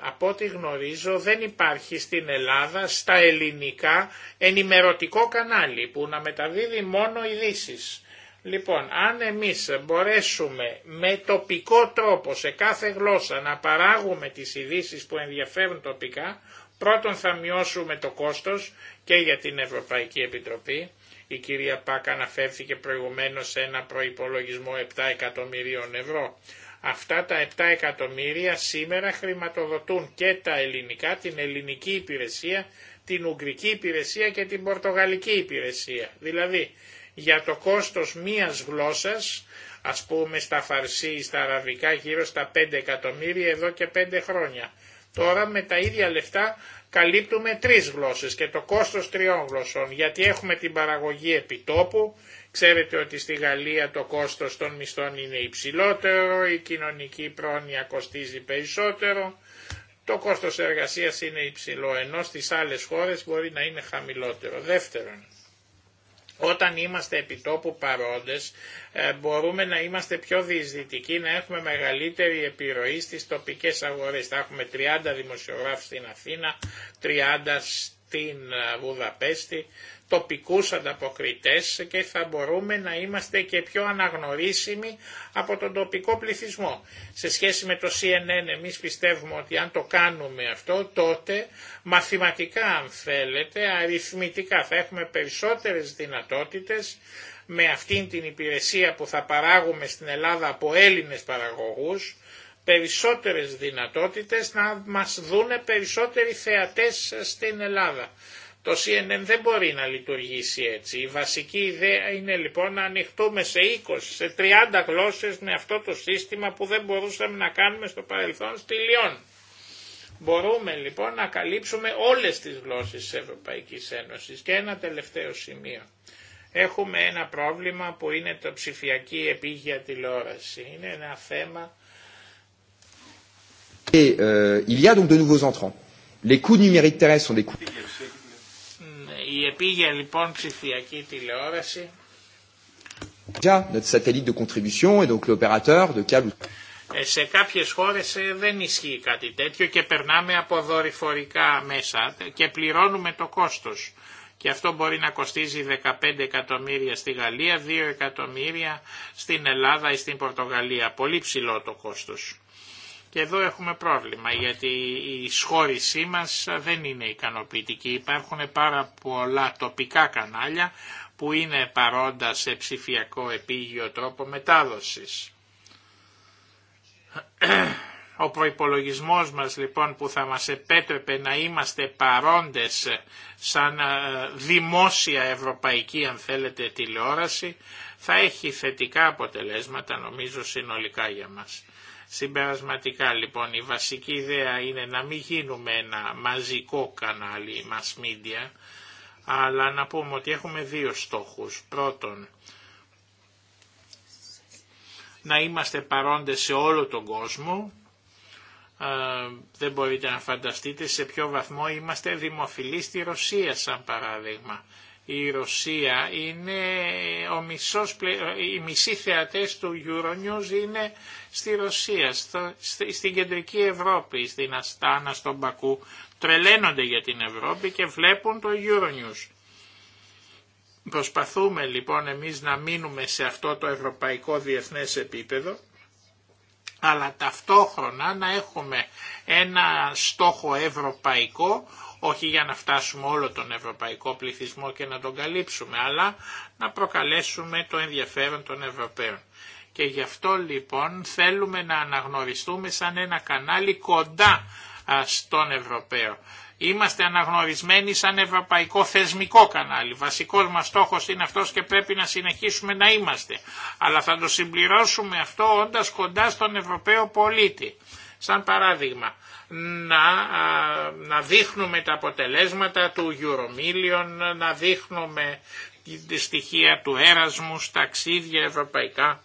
S5: από ό,τι γνωρίζω δεν υπάρχει στην Ελλάδα στα ελληνικά ενημερωτικό κανάλι που να μεταδίδει μόνο ειδήσει. Λοιπόν, αν εμείς μπορέσουμε με τοπικό τρόπο σε κάθε γλώσσα να παράγουμε τις ειδήσει που ενδιαφέρουν τοπικά, πρώτον θα μειώσουμε το κόστος και για την Ευρωπαϊκή Επιτροπή. Η κυρία Πάκα αναφέρθηκε προηγουμένως σε ένα προϋπολογισμό 7 εκατομμυρίων ευρώ. Αυτά τα 7 εκατομμύρια σήμερα χρηματοδοτούν και τα ελληνικά, την ελληνική υπηρεσία, την ουγγρική υπηρεσία και την πορτογαλική υπηρεσία. Δηλαδή για το κόστος μίας γλώσσας, ας πούμε στα φαρσί ή στα αραβικά γύρω στα 5 εκατομμύρια εδώ και 5 χρόνια. Τώρα με τα ίδια λεφτά καλύπτουμε τρεις γλώσσες και το κόστος τριών γλωσσών γιατί έχουμε την παραγωγή επιτόπου, ξέρετε ότι στη Γαλλία το κόστος των μισθών είναι υψηλότερο, η κοινωνική πρόνοια κοστίζει περισσότερο, το κόστος εργασίας είναι υψηλό ενώ στις άλλες χώρες μπορεί να είναι χαμηλότερο. Δεύτερον, όταν είμαστε επιτόπου παρόντες ε, μπορούμε να είμαστε πιο διεισδυτικοί, να έχουμε μεγαλύτερη επιρροή στις τοπικές αγορές. Θα έχουμε 30 δημοσιογράφους στην Αθήνα, 30 στην ε, Βουδαπέστη, τοπικούς ανταποκριτές και θα μπορούμε να είμαστε και πιο αναγνωρίσιμοι από τον τοπικό πληθυσμό. Σε σχέση με το CNN εμείς πιστεύουμε ότι αν το κάνουμε αυτό τότε μαθηματικά αν θέλετε, αριθμητικά θα έχουμε περισσότερες δυνατότητες με αυτήν την υπηρεσία που θα παράγουμε στην Ελλάδα από Έλληνες παραγωγούς, περισσότερες δυνατότητες να μας δούνε περισσότεροι θεατές στην Ελλάδα. Το CNN δεν μπορεί να λειτουργήσει έτσι. Η βασική ιδέα είναι λοιπόν να ανοιχτούμε σε 20, σε 30 γλώσσες με αυτό το σύστημα που δεν μπορούσαμε να κάνουμε στο παρελθόν στη Λιόν. Μπορούμε λοιπόν να καλύψουμε όλες τις γλώσσες της Ευρωπαϊκής Ένωσης. Και ένα τελευταίο σημείο. Έχουμε ένα πρόβλημα που είναι το ψηφιακή επίγεια τηλεόραση. Είναι ένα θέμα...
S4: Et,
S2: ε, ε, il y a donc de nouveaux entrants.
S5: Η επίγεια λοιπόν ψηφιακή τηλεόραση σε κάποιες χώρες ε, δεν ισχύει κάτι τέτοιο και περνάμε από δορυφορικά μέσα και πληρώνουμε το κόστος. Και αυτό μπορεί να κοστίζει 15 εκατομμύρια στη Γαλλία, 2 εκατομμύρια στην Ελλάδα ή στην Πορτογαλία. Πολύ ψηλό το κόστος. Και εδώ έχουμε πρόβλημα γιατί η σχόρησή μας δεν είναι ικανοποιητική. Υπάρχουν πάρα πολλά τοπικά κανάλια που είναι παρόντα σε ψηφιακό επίγειο τρόπο μετάδοσης. Ο προϋπολογισμός μας λοιπόν που θα μας επέτρεπε να είμαστε παρόντες σαν ε, δημόσια ευρωπαϊκή αν θέλετε τηλεόραση θα έχει θετικά αποτελέσματα νομίζω συνολικά για μας. Συμπερασματικά λοιπόν η βασική ιδέα είναι να μην γίνουμε ένα μαζικό κανάλι mass media, αλλά να πούμε ότι έχουμε δύο στόχους. Πρώτον, να είμαστε παρόντες σε όλο τον κόσμο. Ε, δεν μπορείτε να φανταστείτε σε ποιο βαθμό είμαστε δημοφιλείς στη Ρωσία σαν παράδειγμα η Ρωσία είναι ο μισός, οι μισοί θεατές του Euronews είναι στη Ρωσία, στην κεντρική Ευρώπη, στην Αστάνα, στον Πακού. Τρελαίνονται για την Ευρώπη και βλέπουν το Euronews. Προσπαθούμε λοιπόν εμείς να μείνουμε σε αυτό το ευρωπαϊκό διεθνές επίπεδο, αλλά ταυτόχρονα να έχουμε ένα στόχο ευρωπαϊκό όχι για να φτάσουμε όλο τον ευρωπαϊκό πληθυσμό και να τον καλύψουμε, αλλά να προκαλέσουμε το ενδιαφέρον των Ευρωπαίων. Και γι' αυτό λοιπόν θέλουμε να αναγνωριστούμε σαν ένα κανάλι κοντά στον Ευρωπαίο. Είμαστε αναγνωρισμένοι σαν ευρωπαϊκό θεσμικό κανάλι. Βασικός μας στόχος είναι αυτός και πρέπει να συνεχίσουμε να είμαστε. Αλλά θα το συμπληρώσουμε αυτό όντας κοντά στον Ευρωπαίο πολίτη. Σαν παράδειγμα, να, να δείχνουμε τα αποτελέσματα του Euromillion, να δείχνουμε τη στοιχεία του έρασμου, ταξίδια ευρωπαϊκά.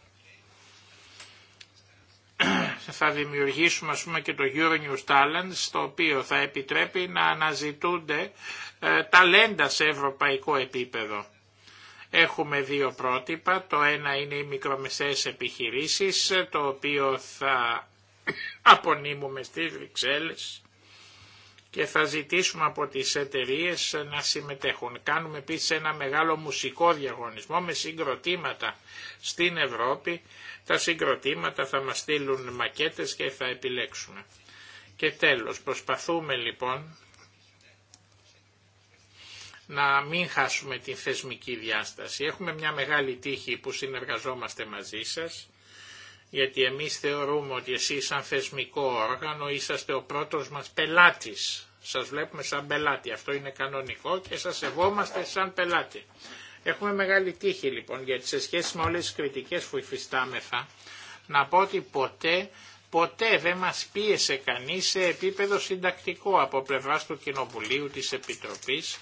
S5: θα δημιουργήσουμε ας πούμε και το Euronews Talents, το οποίο θα επιτρέπει να αναζητούνται ε, ταλέντα σε ευρωπαϊκό επίπεδο. Έχουμε δύο πρότυπα, το ένα είναι οι μικρομεσαίες επιχειρήσεις, το οποίο θα απονείμουμε στις Βρυξέλλες και θα ζητήσουμε από τις εταιρείε να συμμετέχουν. Κάνουμε επίσης ένα μεγάλο μουσικό διαγωνισμό με συγκροτήματα στην Ευρώπη. Τα συγκροτήματα θα μας στείλουν μακέτες και θα επιλέξουμε. Και τέλος, προσπαθούμε λοιπόν να μην χάσουμε την θεσμική διάσταση. Έχουμε μια μεγάλη τύχη που συνεργαζόμαστε μαζί σας γιατί εμείς θεωρούμε ότι εσείς σαν θεσμικό όργανο είσαστε ο πρώτος μας πελάτης. Σας βλέπουμε σαν πελάτη, αυτό είναι κανονικό και σας σεβόμαστε σαν πελάτη. Έχουμε μεγάλη τύχη λοιπόν, γιατί σε σχέση με όλες τις κριτικές που υφιστάμεθα, να πω ότι ποτέ, ποτέ δεν μας πίεσε κανείς σε επίπεδο συντακτικό από πλευράς του Κοινοβουλίου, της Επιτροπής,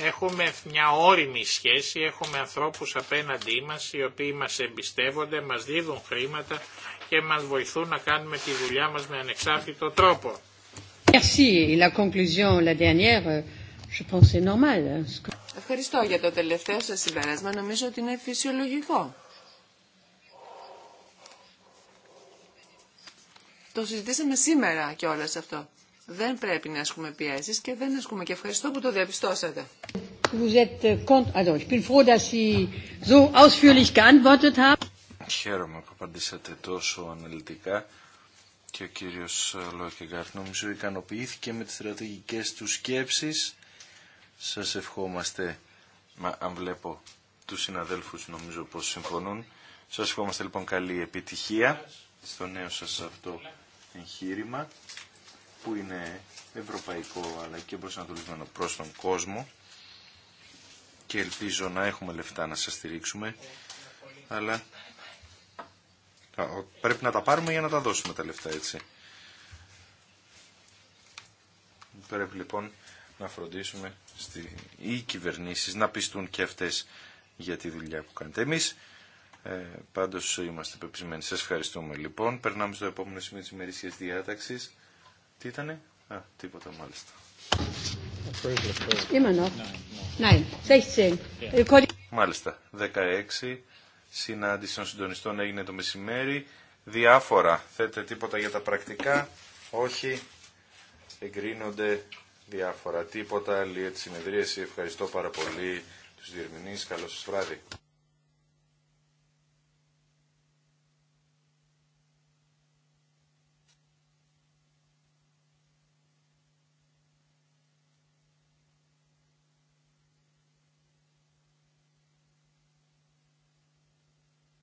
S5: Έχουμε μια όριμη σχέση, έχουμε ανθρώπους απέναντί μας οι οποίοι μας εμπιστεύονται, μας δίδουν χρήματα και μας βοηθούν να κάνουμε τη δουλειά μας με ανεξάρτητο τρόπο.
S3: Ευχαριστώ για το τελευταίο σας συμπέρασμα. Νομίζω ότι είναι φυσιολογικό. Το συζητήσαμε σήμερα και σε αυτό. Δεν πρέπει να ασκούμε πιέσει και δεν ασκούμε. Και ευχαριστώ που το διαπιστώσατε.
S2: Χαίρομαι που απαντήσατε τόσο αναλυτικά και ο κύριος Λόκεγκαρτ νομίζω ικανοποιήθηκε με τις στρατηγικές του σκέψεις. Σας ευχόμαστε, μα, αν βλέπω τους συναδέλφους νομίζω πως συμφωνούν. Σας ευχόμαστε λοιπόν καλή επιτυχία στο νέο σας αυτό εγχείρημα που είναι ευρωπαϊκό αλλά και προσανατολισμένο προς τον κόσμο και ελπίζω να έχουμε λεφτά να σας στηρίξουμε αλλά πρέπει να τα πάρουμε για να τα δώσουμε τα λεφτά έτσι. Πρέπει λοιπόν να φροντίσουμε στη... οι κυβερνήσεις να πιστούν και αυτές για τη δουλειά που κάνετε εμείς. Ε, πάντως είμαστε πεπισμένοι. Σας ευχαριστούμε λοιπόν. Περνάμε στο επόμενο σημείο της ημερήσιας διάταξης. Τι ήτανε? Α, τίποτα μάλιστα.
S1: Είμαι ναι, ε,
S2: Μάλιστα, 16. Συνάντηση των συντονιστών έγινε το μεσημέρι. Διάφορα. Θέτε τίποτα για τα πρακτικά. Όχι. Εγκρίνονται διάφορα. Τίποτα τη συνεδρίαση. Ευχαριστώ πάρα πολύ τους διερμηνείς. Καλώς σας βράδυ.